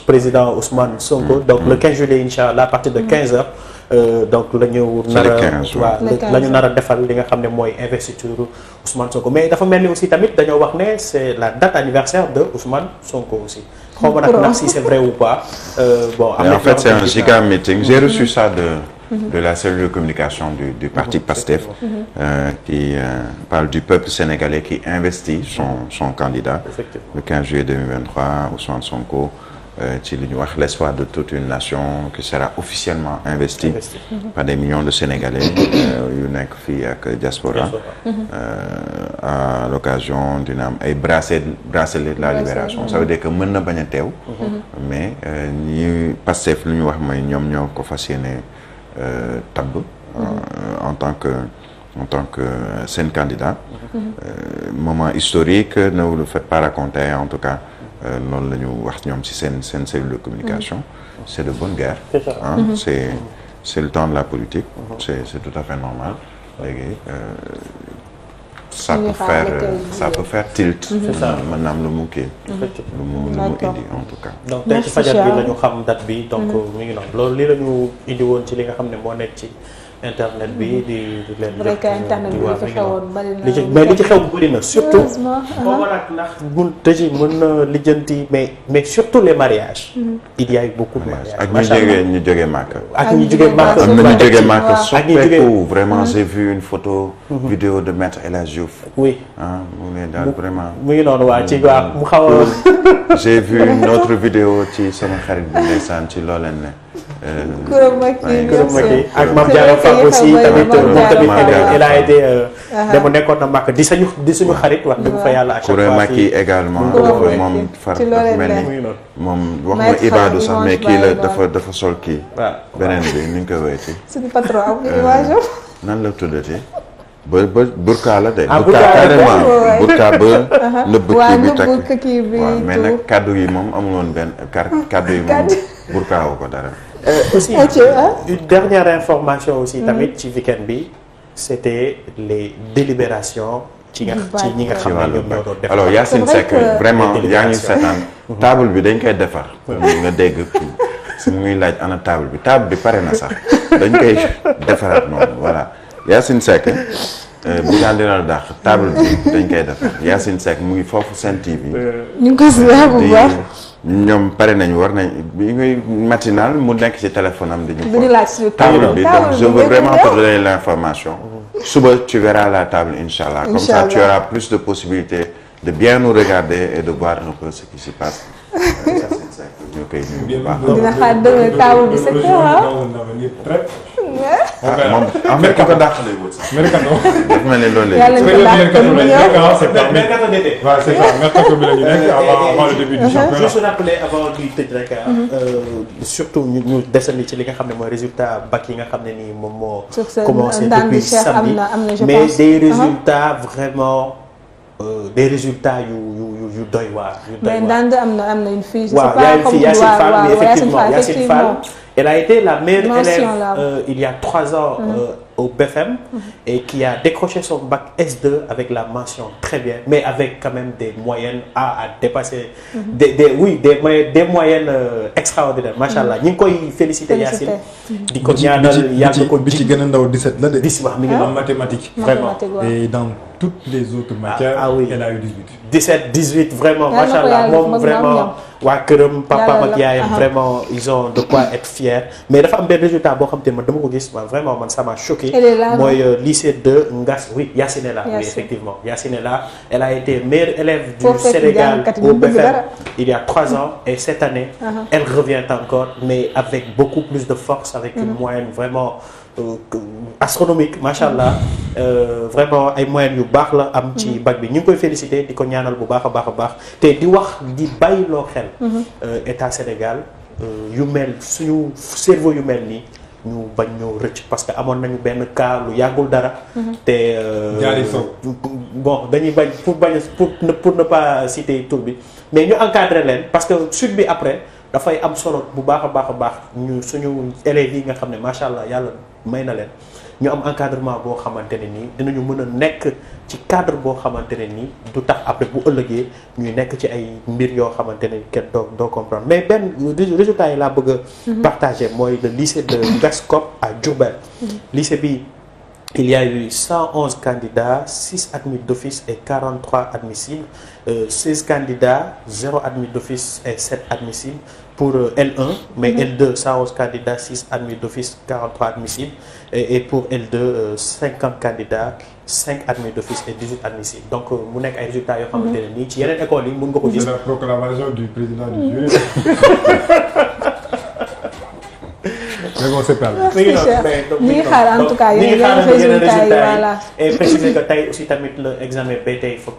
président Ousmane Sonko donc le 15 juillet allah à de 15 heures. Euh, donc la ñu nar a la ñu nar a defal li nga xam ne mooy investiture Ousmane Sonko mais dafa mel ni aussi tamit dañoo wax ne c'est la date anniversaire de Ousmane Sonko aussi xaw ma nag ndax si c'est vrai ou pas euh, bon mais en fait c'est un giga meeting j'ai mhm. reçu ça
de mhm. de la cellule de communication du du parti mhm. PASTEF euh, qui euh, parle du peuple sénégalais qui investit son son candidat le 15 juillet 2023 Sonko Euh, ci li ñu wax l'espoir de toute une nation qui sera officiellement investie investi. par des millions de Sénégalais euh, yu nekk fii ak diaspora euh, à l'occasion dina am ay bracelet bracelet de la libération ça veut dire que mën na bañ a teew mhm. mais ñi Pastef lu ñu wax mooy ñoom ñoo ko fas yéene tabb
mhm.
en tant que en tant que seen candidat
mhm.
moment historique ne vous le faites pas raconter en tout cas Euh, noonu la ñu wax ñoom ci seen seen cellule de communication. Mhm. c'est de bonne guerre. c'est ça ah c'est le temps de la politique. Mhm. c'est tout à fait normal léegi. Euh, ça peut faire euh, ça peut faire tilt. c'est ça maanaam lu mu kii. lu mu lu mu indi en tout cas. donc tey ci fajar bi la ñu
xam date bi donc mi ngi noonu loolu li ñu indi woon ci li nga xam ne moo nekk ci. internet bi di di leen jox internet bi li ci xewoon
bari na mais li ci xew bari na surtout
boobu nag uh-huh. ndax gun tëji mën na lijjanti mais mais surtout les mariages mm-hmm. il y
a eu beaucoup de mariages ak ñu jógee ñu jógee màkk ak ñu jógee màkk am na ñu jógee màkk surtout vraiment mm-hmm. j'ai vu
une photo mm-hmm. vidéo de maître El Hadji Diouf oui ah mu ngi daal vraiment
mu ngi noonu waa ci waa mu xaw a
j'ai vu une autre vidéo ci sama xarit bi
ndeysaan ci looleen
ne Eh,
Koura Macky ak Mame Diarra
a été dama euh, nekkoon na màkk di sañu di suñu xarit wax fa yàlla également
moom far
mel ni
moom wax ma ibaadu sax mais kii la dafa
dafa sol kii beneen bi ni nga koy wéyati
suñu patron am euh, image
nan la tuddati ba ba burka la de. ah burka carrément burka ba. nëbb kii bi takk
mais nag
kaddu yi moom amul woon benn kar yi moom burkaawu ko dara. Euh, aussi ah, une dernière information aussi mm-hmm. tamit ci weekend bi c'était les délibérations ci ci ñi nga xam ne ñoom ñoo doon defar alors Yacine
Seck vraiment yaa ngi seetaan mm-hmm. table bi dañ koy defar nga dégg su muy laaj ana bi table bi pare na sax dañ koy defaraat noonu voilà Yacine Seck euh, bu daan dina la dàq table bi dañ koy defar Yacine Seck mu ngi foofu Sen TV
ñu ngi ko si bu baax
ñoom pare nañ war nañ bi ngay na mu nekk ci téléphone am dañu ñu table bi donc je veux vraiment te suba tu verras la table inch'Allah comme ça tu auras plus de possibilités de bien nous regarder et de voir nu peu ce qui se passe ñu koy nuyu
bu baax table bi c'est très
moom en fait ko dàq lay wut sax. mercato dafa mel ni loolu la eh, uh-huh. mm-hmm. eh,
mercato bi la ñu nekk avant le début du championnat. juste rappeler avant di tëj rek. surtout ñu ñu desandi ci li nga xam ne mooy résultat bac yi nga xam ne nii moom moo. commencé depuis samedi mais des uh-huh. résultats vraiment. Euh, des résultats yu yu yu doy waar. yu doy waar mais
Ndande am na am na une fille. je sais pas comme waaw y' a une fille Yacine Fall mais effectivement Yacine Fall.
Elle a été la meilleure élève euh, il y a trois ans. Mm. Euh, au BFM mhm. et qui a décroché son bac S2 avec la mention très bien, mais avec quand même des moyennes à, à dépasser. Mhm. Des, des, oui, des, des moyennes euh, extraordinaires. macha allah mhm. ñu ngi koy féliciter Yacine. di ko ñaanal ko bi ci gën a ndaw 17 la de. 10 wax mi ngi en ah. mathématiques. vraiment dans toutes les autres ah, matières. ah, ah oui elle a eu 18. 17 18 vraiment macha allah moom vraiment. waa këram papaam ak yaayam vraiment ils ont de quoi être fiers mais dafa am benn résultat boo xam te ne man dama Mbacké mooy euh, lycée de Ngas oui Yacine effectivement Yacine la elle a été meilleure élève du Sénégal au BFM il y a trois ans et cette année uh-huh. elle revient encore mais avec beaucoup plus de force avec une uh-huh. moyenne vraiment euh, astronomique macha allah uh-huh. euh, vraiment ay moyens yu baax la am ci bac bi ñu ngi koy féliciter di ko ñaanal bu baax a baax a baax te di wax di bàyyiloo xel état Sénégal yu mel suñu cerveau yu mel nii ñu bañ ñoo rëcc parce que amoon nañu benn cas lu yàggul dara. te euh, bon dañuy bañ pour bañ pour ne pour ne pas citer tur bi mais ñu encadrer leen parce que suite bi après dafay am solo bu baax a baax a baax ñu suñu élèves yi nga xam ne macha allah yàlla may na leen. ñu am encadrement boo xamante ne nii dinañu mën a nekk ci cadre boo xamante ne nii du tax après bu ëllëgee ñuy nekk ci ay mbir yoo xamante ne kenn doo doo comprendre mais benn résultat yi laa bëgg a mhm. mooy le lycée de Vescop à Diourbel mhm. lycée bi il y a eu 111 candidats 6 admis d'office et 43 admissibles euh, 16 candidats 0 admis d'office et 7 admissibles pour euh, L1, mais mm -hmm. L2, 111 candidats, 6 admis d'office, 43 admissibles. Et, et pour L2, 50 euh, candidats, 5 admis d'office et 18 admissibles. Donc, euh, mu nekk ay résultats yoo xamante ne nii ci yeneen école yi mën nga ko gis. C'est la proclamation du président du jury. mais bon c'est perdu. mi ngi xaar en tout cas yeneen résultats yi voilà. et préciser que tey aussi tamit le examen BTI mhm. foog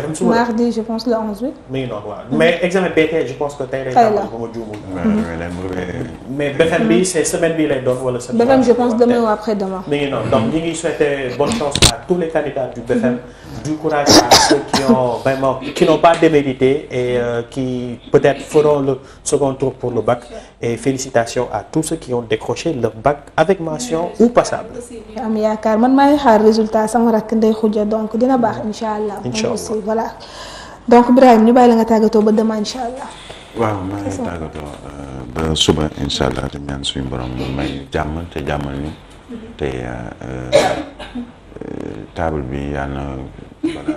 BFM suba
mardi je pense le 11 bi.
mi ngi noonu examen PT e, je pense que tey rek. xëy na ba ma juumul. mais BFM bi c'est semaine bi lay doon wala semaine. BFM je pense demain
ou
mi ngi donc ñi ngi souhaiter bonne chance à tous les candidats du BFM. Mm-hmm. du courage à ceux qui vraiment qui n'ont pas démérité et euh, qui peut-être feront le second tour pour le bac et félicitations à tous ceux qui ont décroché le bac avec mention mm-hmm. ou passable.
yaakaar man maa ngi xaar résultat sama rakk Ndeye Khoudia donc dina baax mm-hmm. incha allah. allah voilà donc Ibrahima ñu bàyyi la nga tàggatoo ba demain incha allah.
waaw maa tàggatoo euh, ba suba incha allah di ñaan suñu borom mu may jàmm te jàmmal ñu te euh, euh, table bi yaa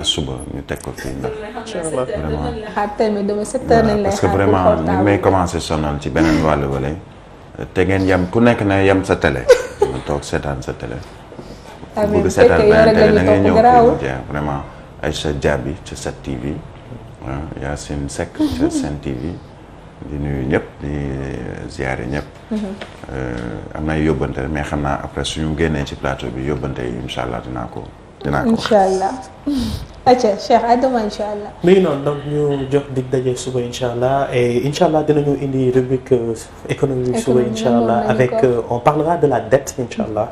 suba ñu teg ko fii ndax.
parce que vraiment
ni may commencé sonal ci beneen wàllu wale te ngeen yam ku nekk na yem sa télé. ma toog seetaan sa télé.
amiin bu fekkee yore nga da ngay ñëw
vraiment Aïcha Diaby ci 7TV. waaw ah, Yacine Seck ci Sen TV. di nuyu ñëpp di ziare ñëpp. Mm-hmm. Euh, am na ay yóbbante mais xam naa après suñu génnee ci plateau bi yóbbante yi allah dinaa ko. dinaa ko
incha allah. acca Cheikh Adama incha allah.
léegi noonu donc ñu jox dig daje suba incha allah et incha allah dinañu indi rubrique euh, économique suba incha allah avec euh, on parlera de la dette incha allah.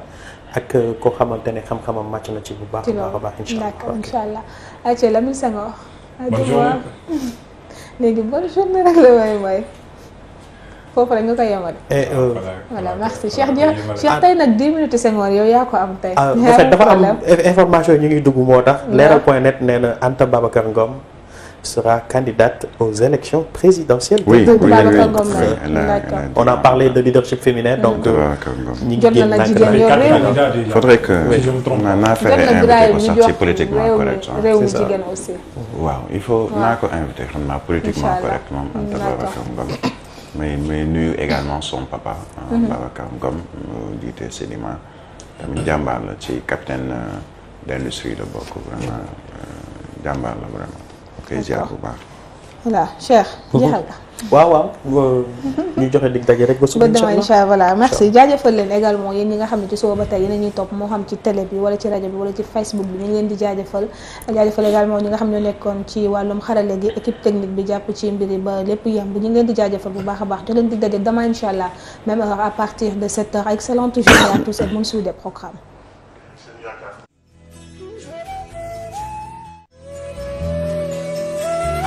ak koo xamante ne xam màcc na ci bu baax a baax a baax.
incha allah d'accord allah. léegi bonne journée rek la may may foofu rek nga koy yemale. Eh, oh. voilà merci Cheikh Dia ah. Cheikh tey nag 10 minutes Senghor yow yaa ko am tey. ñaareel ah, dafa am
information ñu ngi dugg moo tax. leeral point net nee na baba Babacar ngoom sera candidate aux élections présidentielles. on a parlé de leadership féminin
donc. ñu ngi génn nag
il faudrait que naa fexe invité ko sax ci politiquement correct. il faut naa politiquement correct moom mais mais également son papa. Mm-hmm. Babacar Ngom jiite Sedima tamit capitaine euh, d'industrie la bokk vraiment euh,
jàmbaar la vraiment. koy ziar bu baax.
voilà Cheikh. jeexal nga.
waaw waaw ñu joxe dig daje rek ba suba incha allah
ba demain merci jaajëfal leen également yéen ñi nga xam ne ci suba ba tey yéen a ñuy topp moo wala ci rajo bi wala ci Facebook di jaajëfal jaajëfal également ñi nga xam ne nekkoon ci wàllum xarale gi équipe technique bi jàpp ci mbiri ba lépp yem bi ñu ngi di jaajafal bu baax a baax jox leen dig daje demain incha allah même heure à partir de 7 heures excellente journée à tous et bonne suite des programmes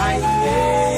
I am.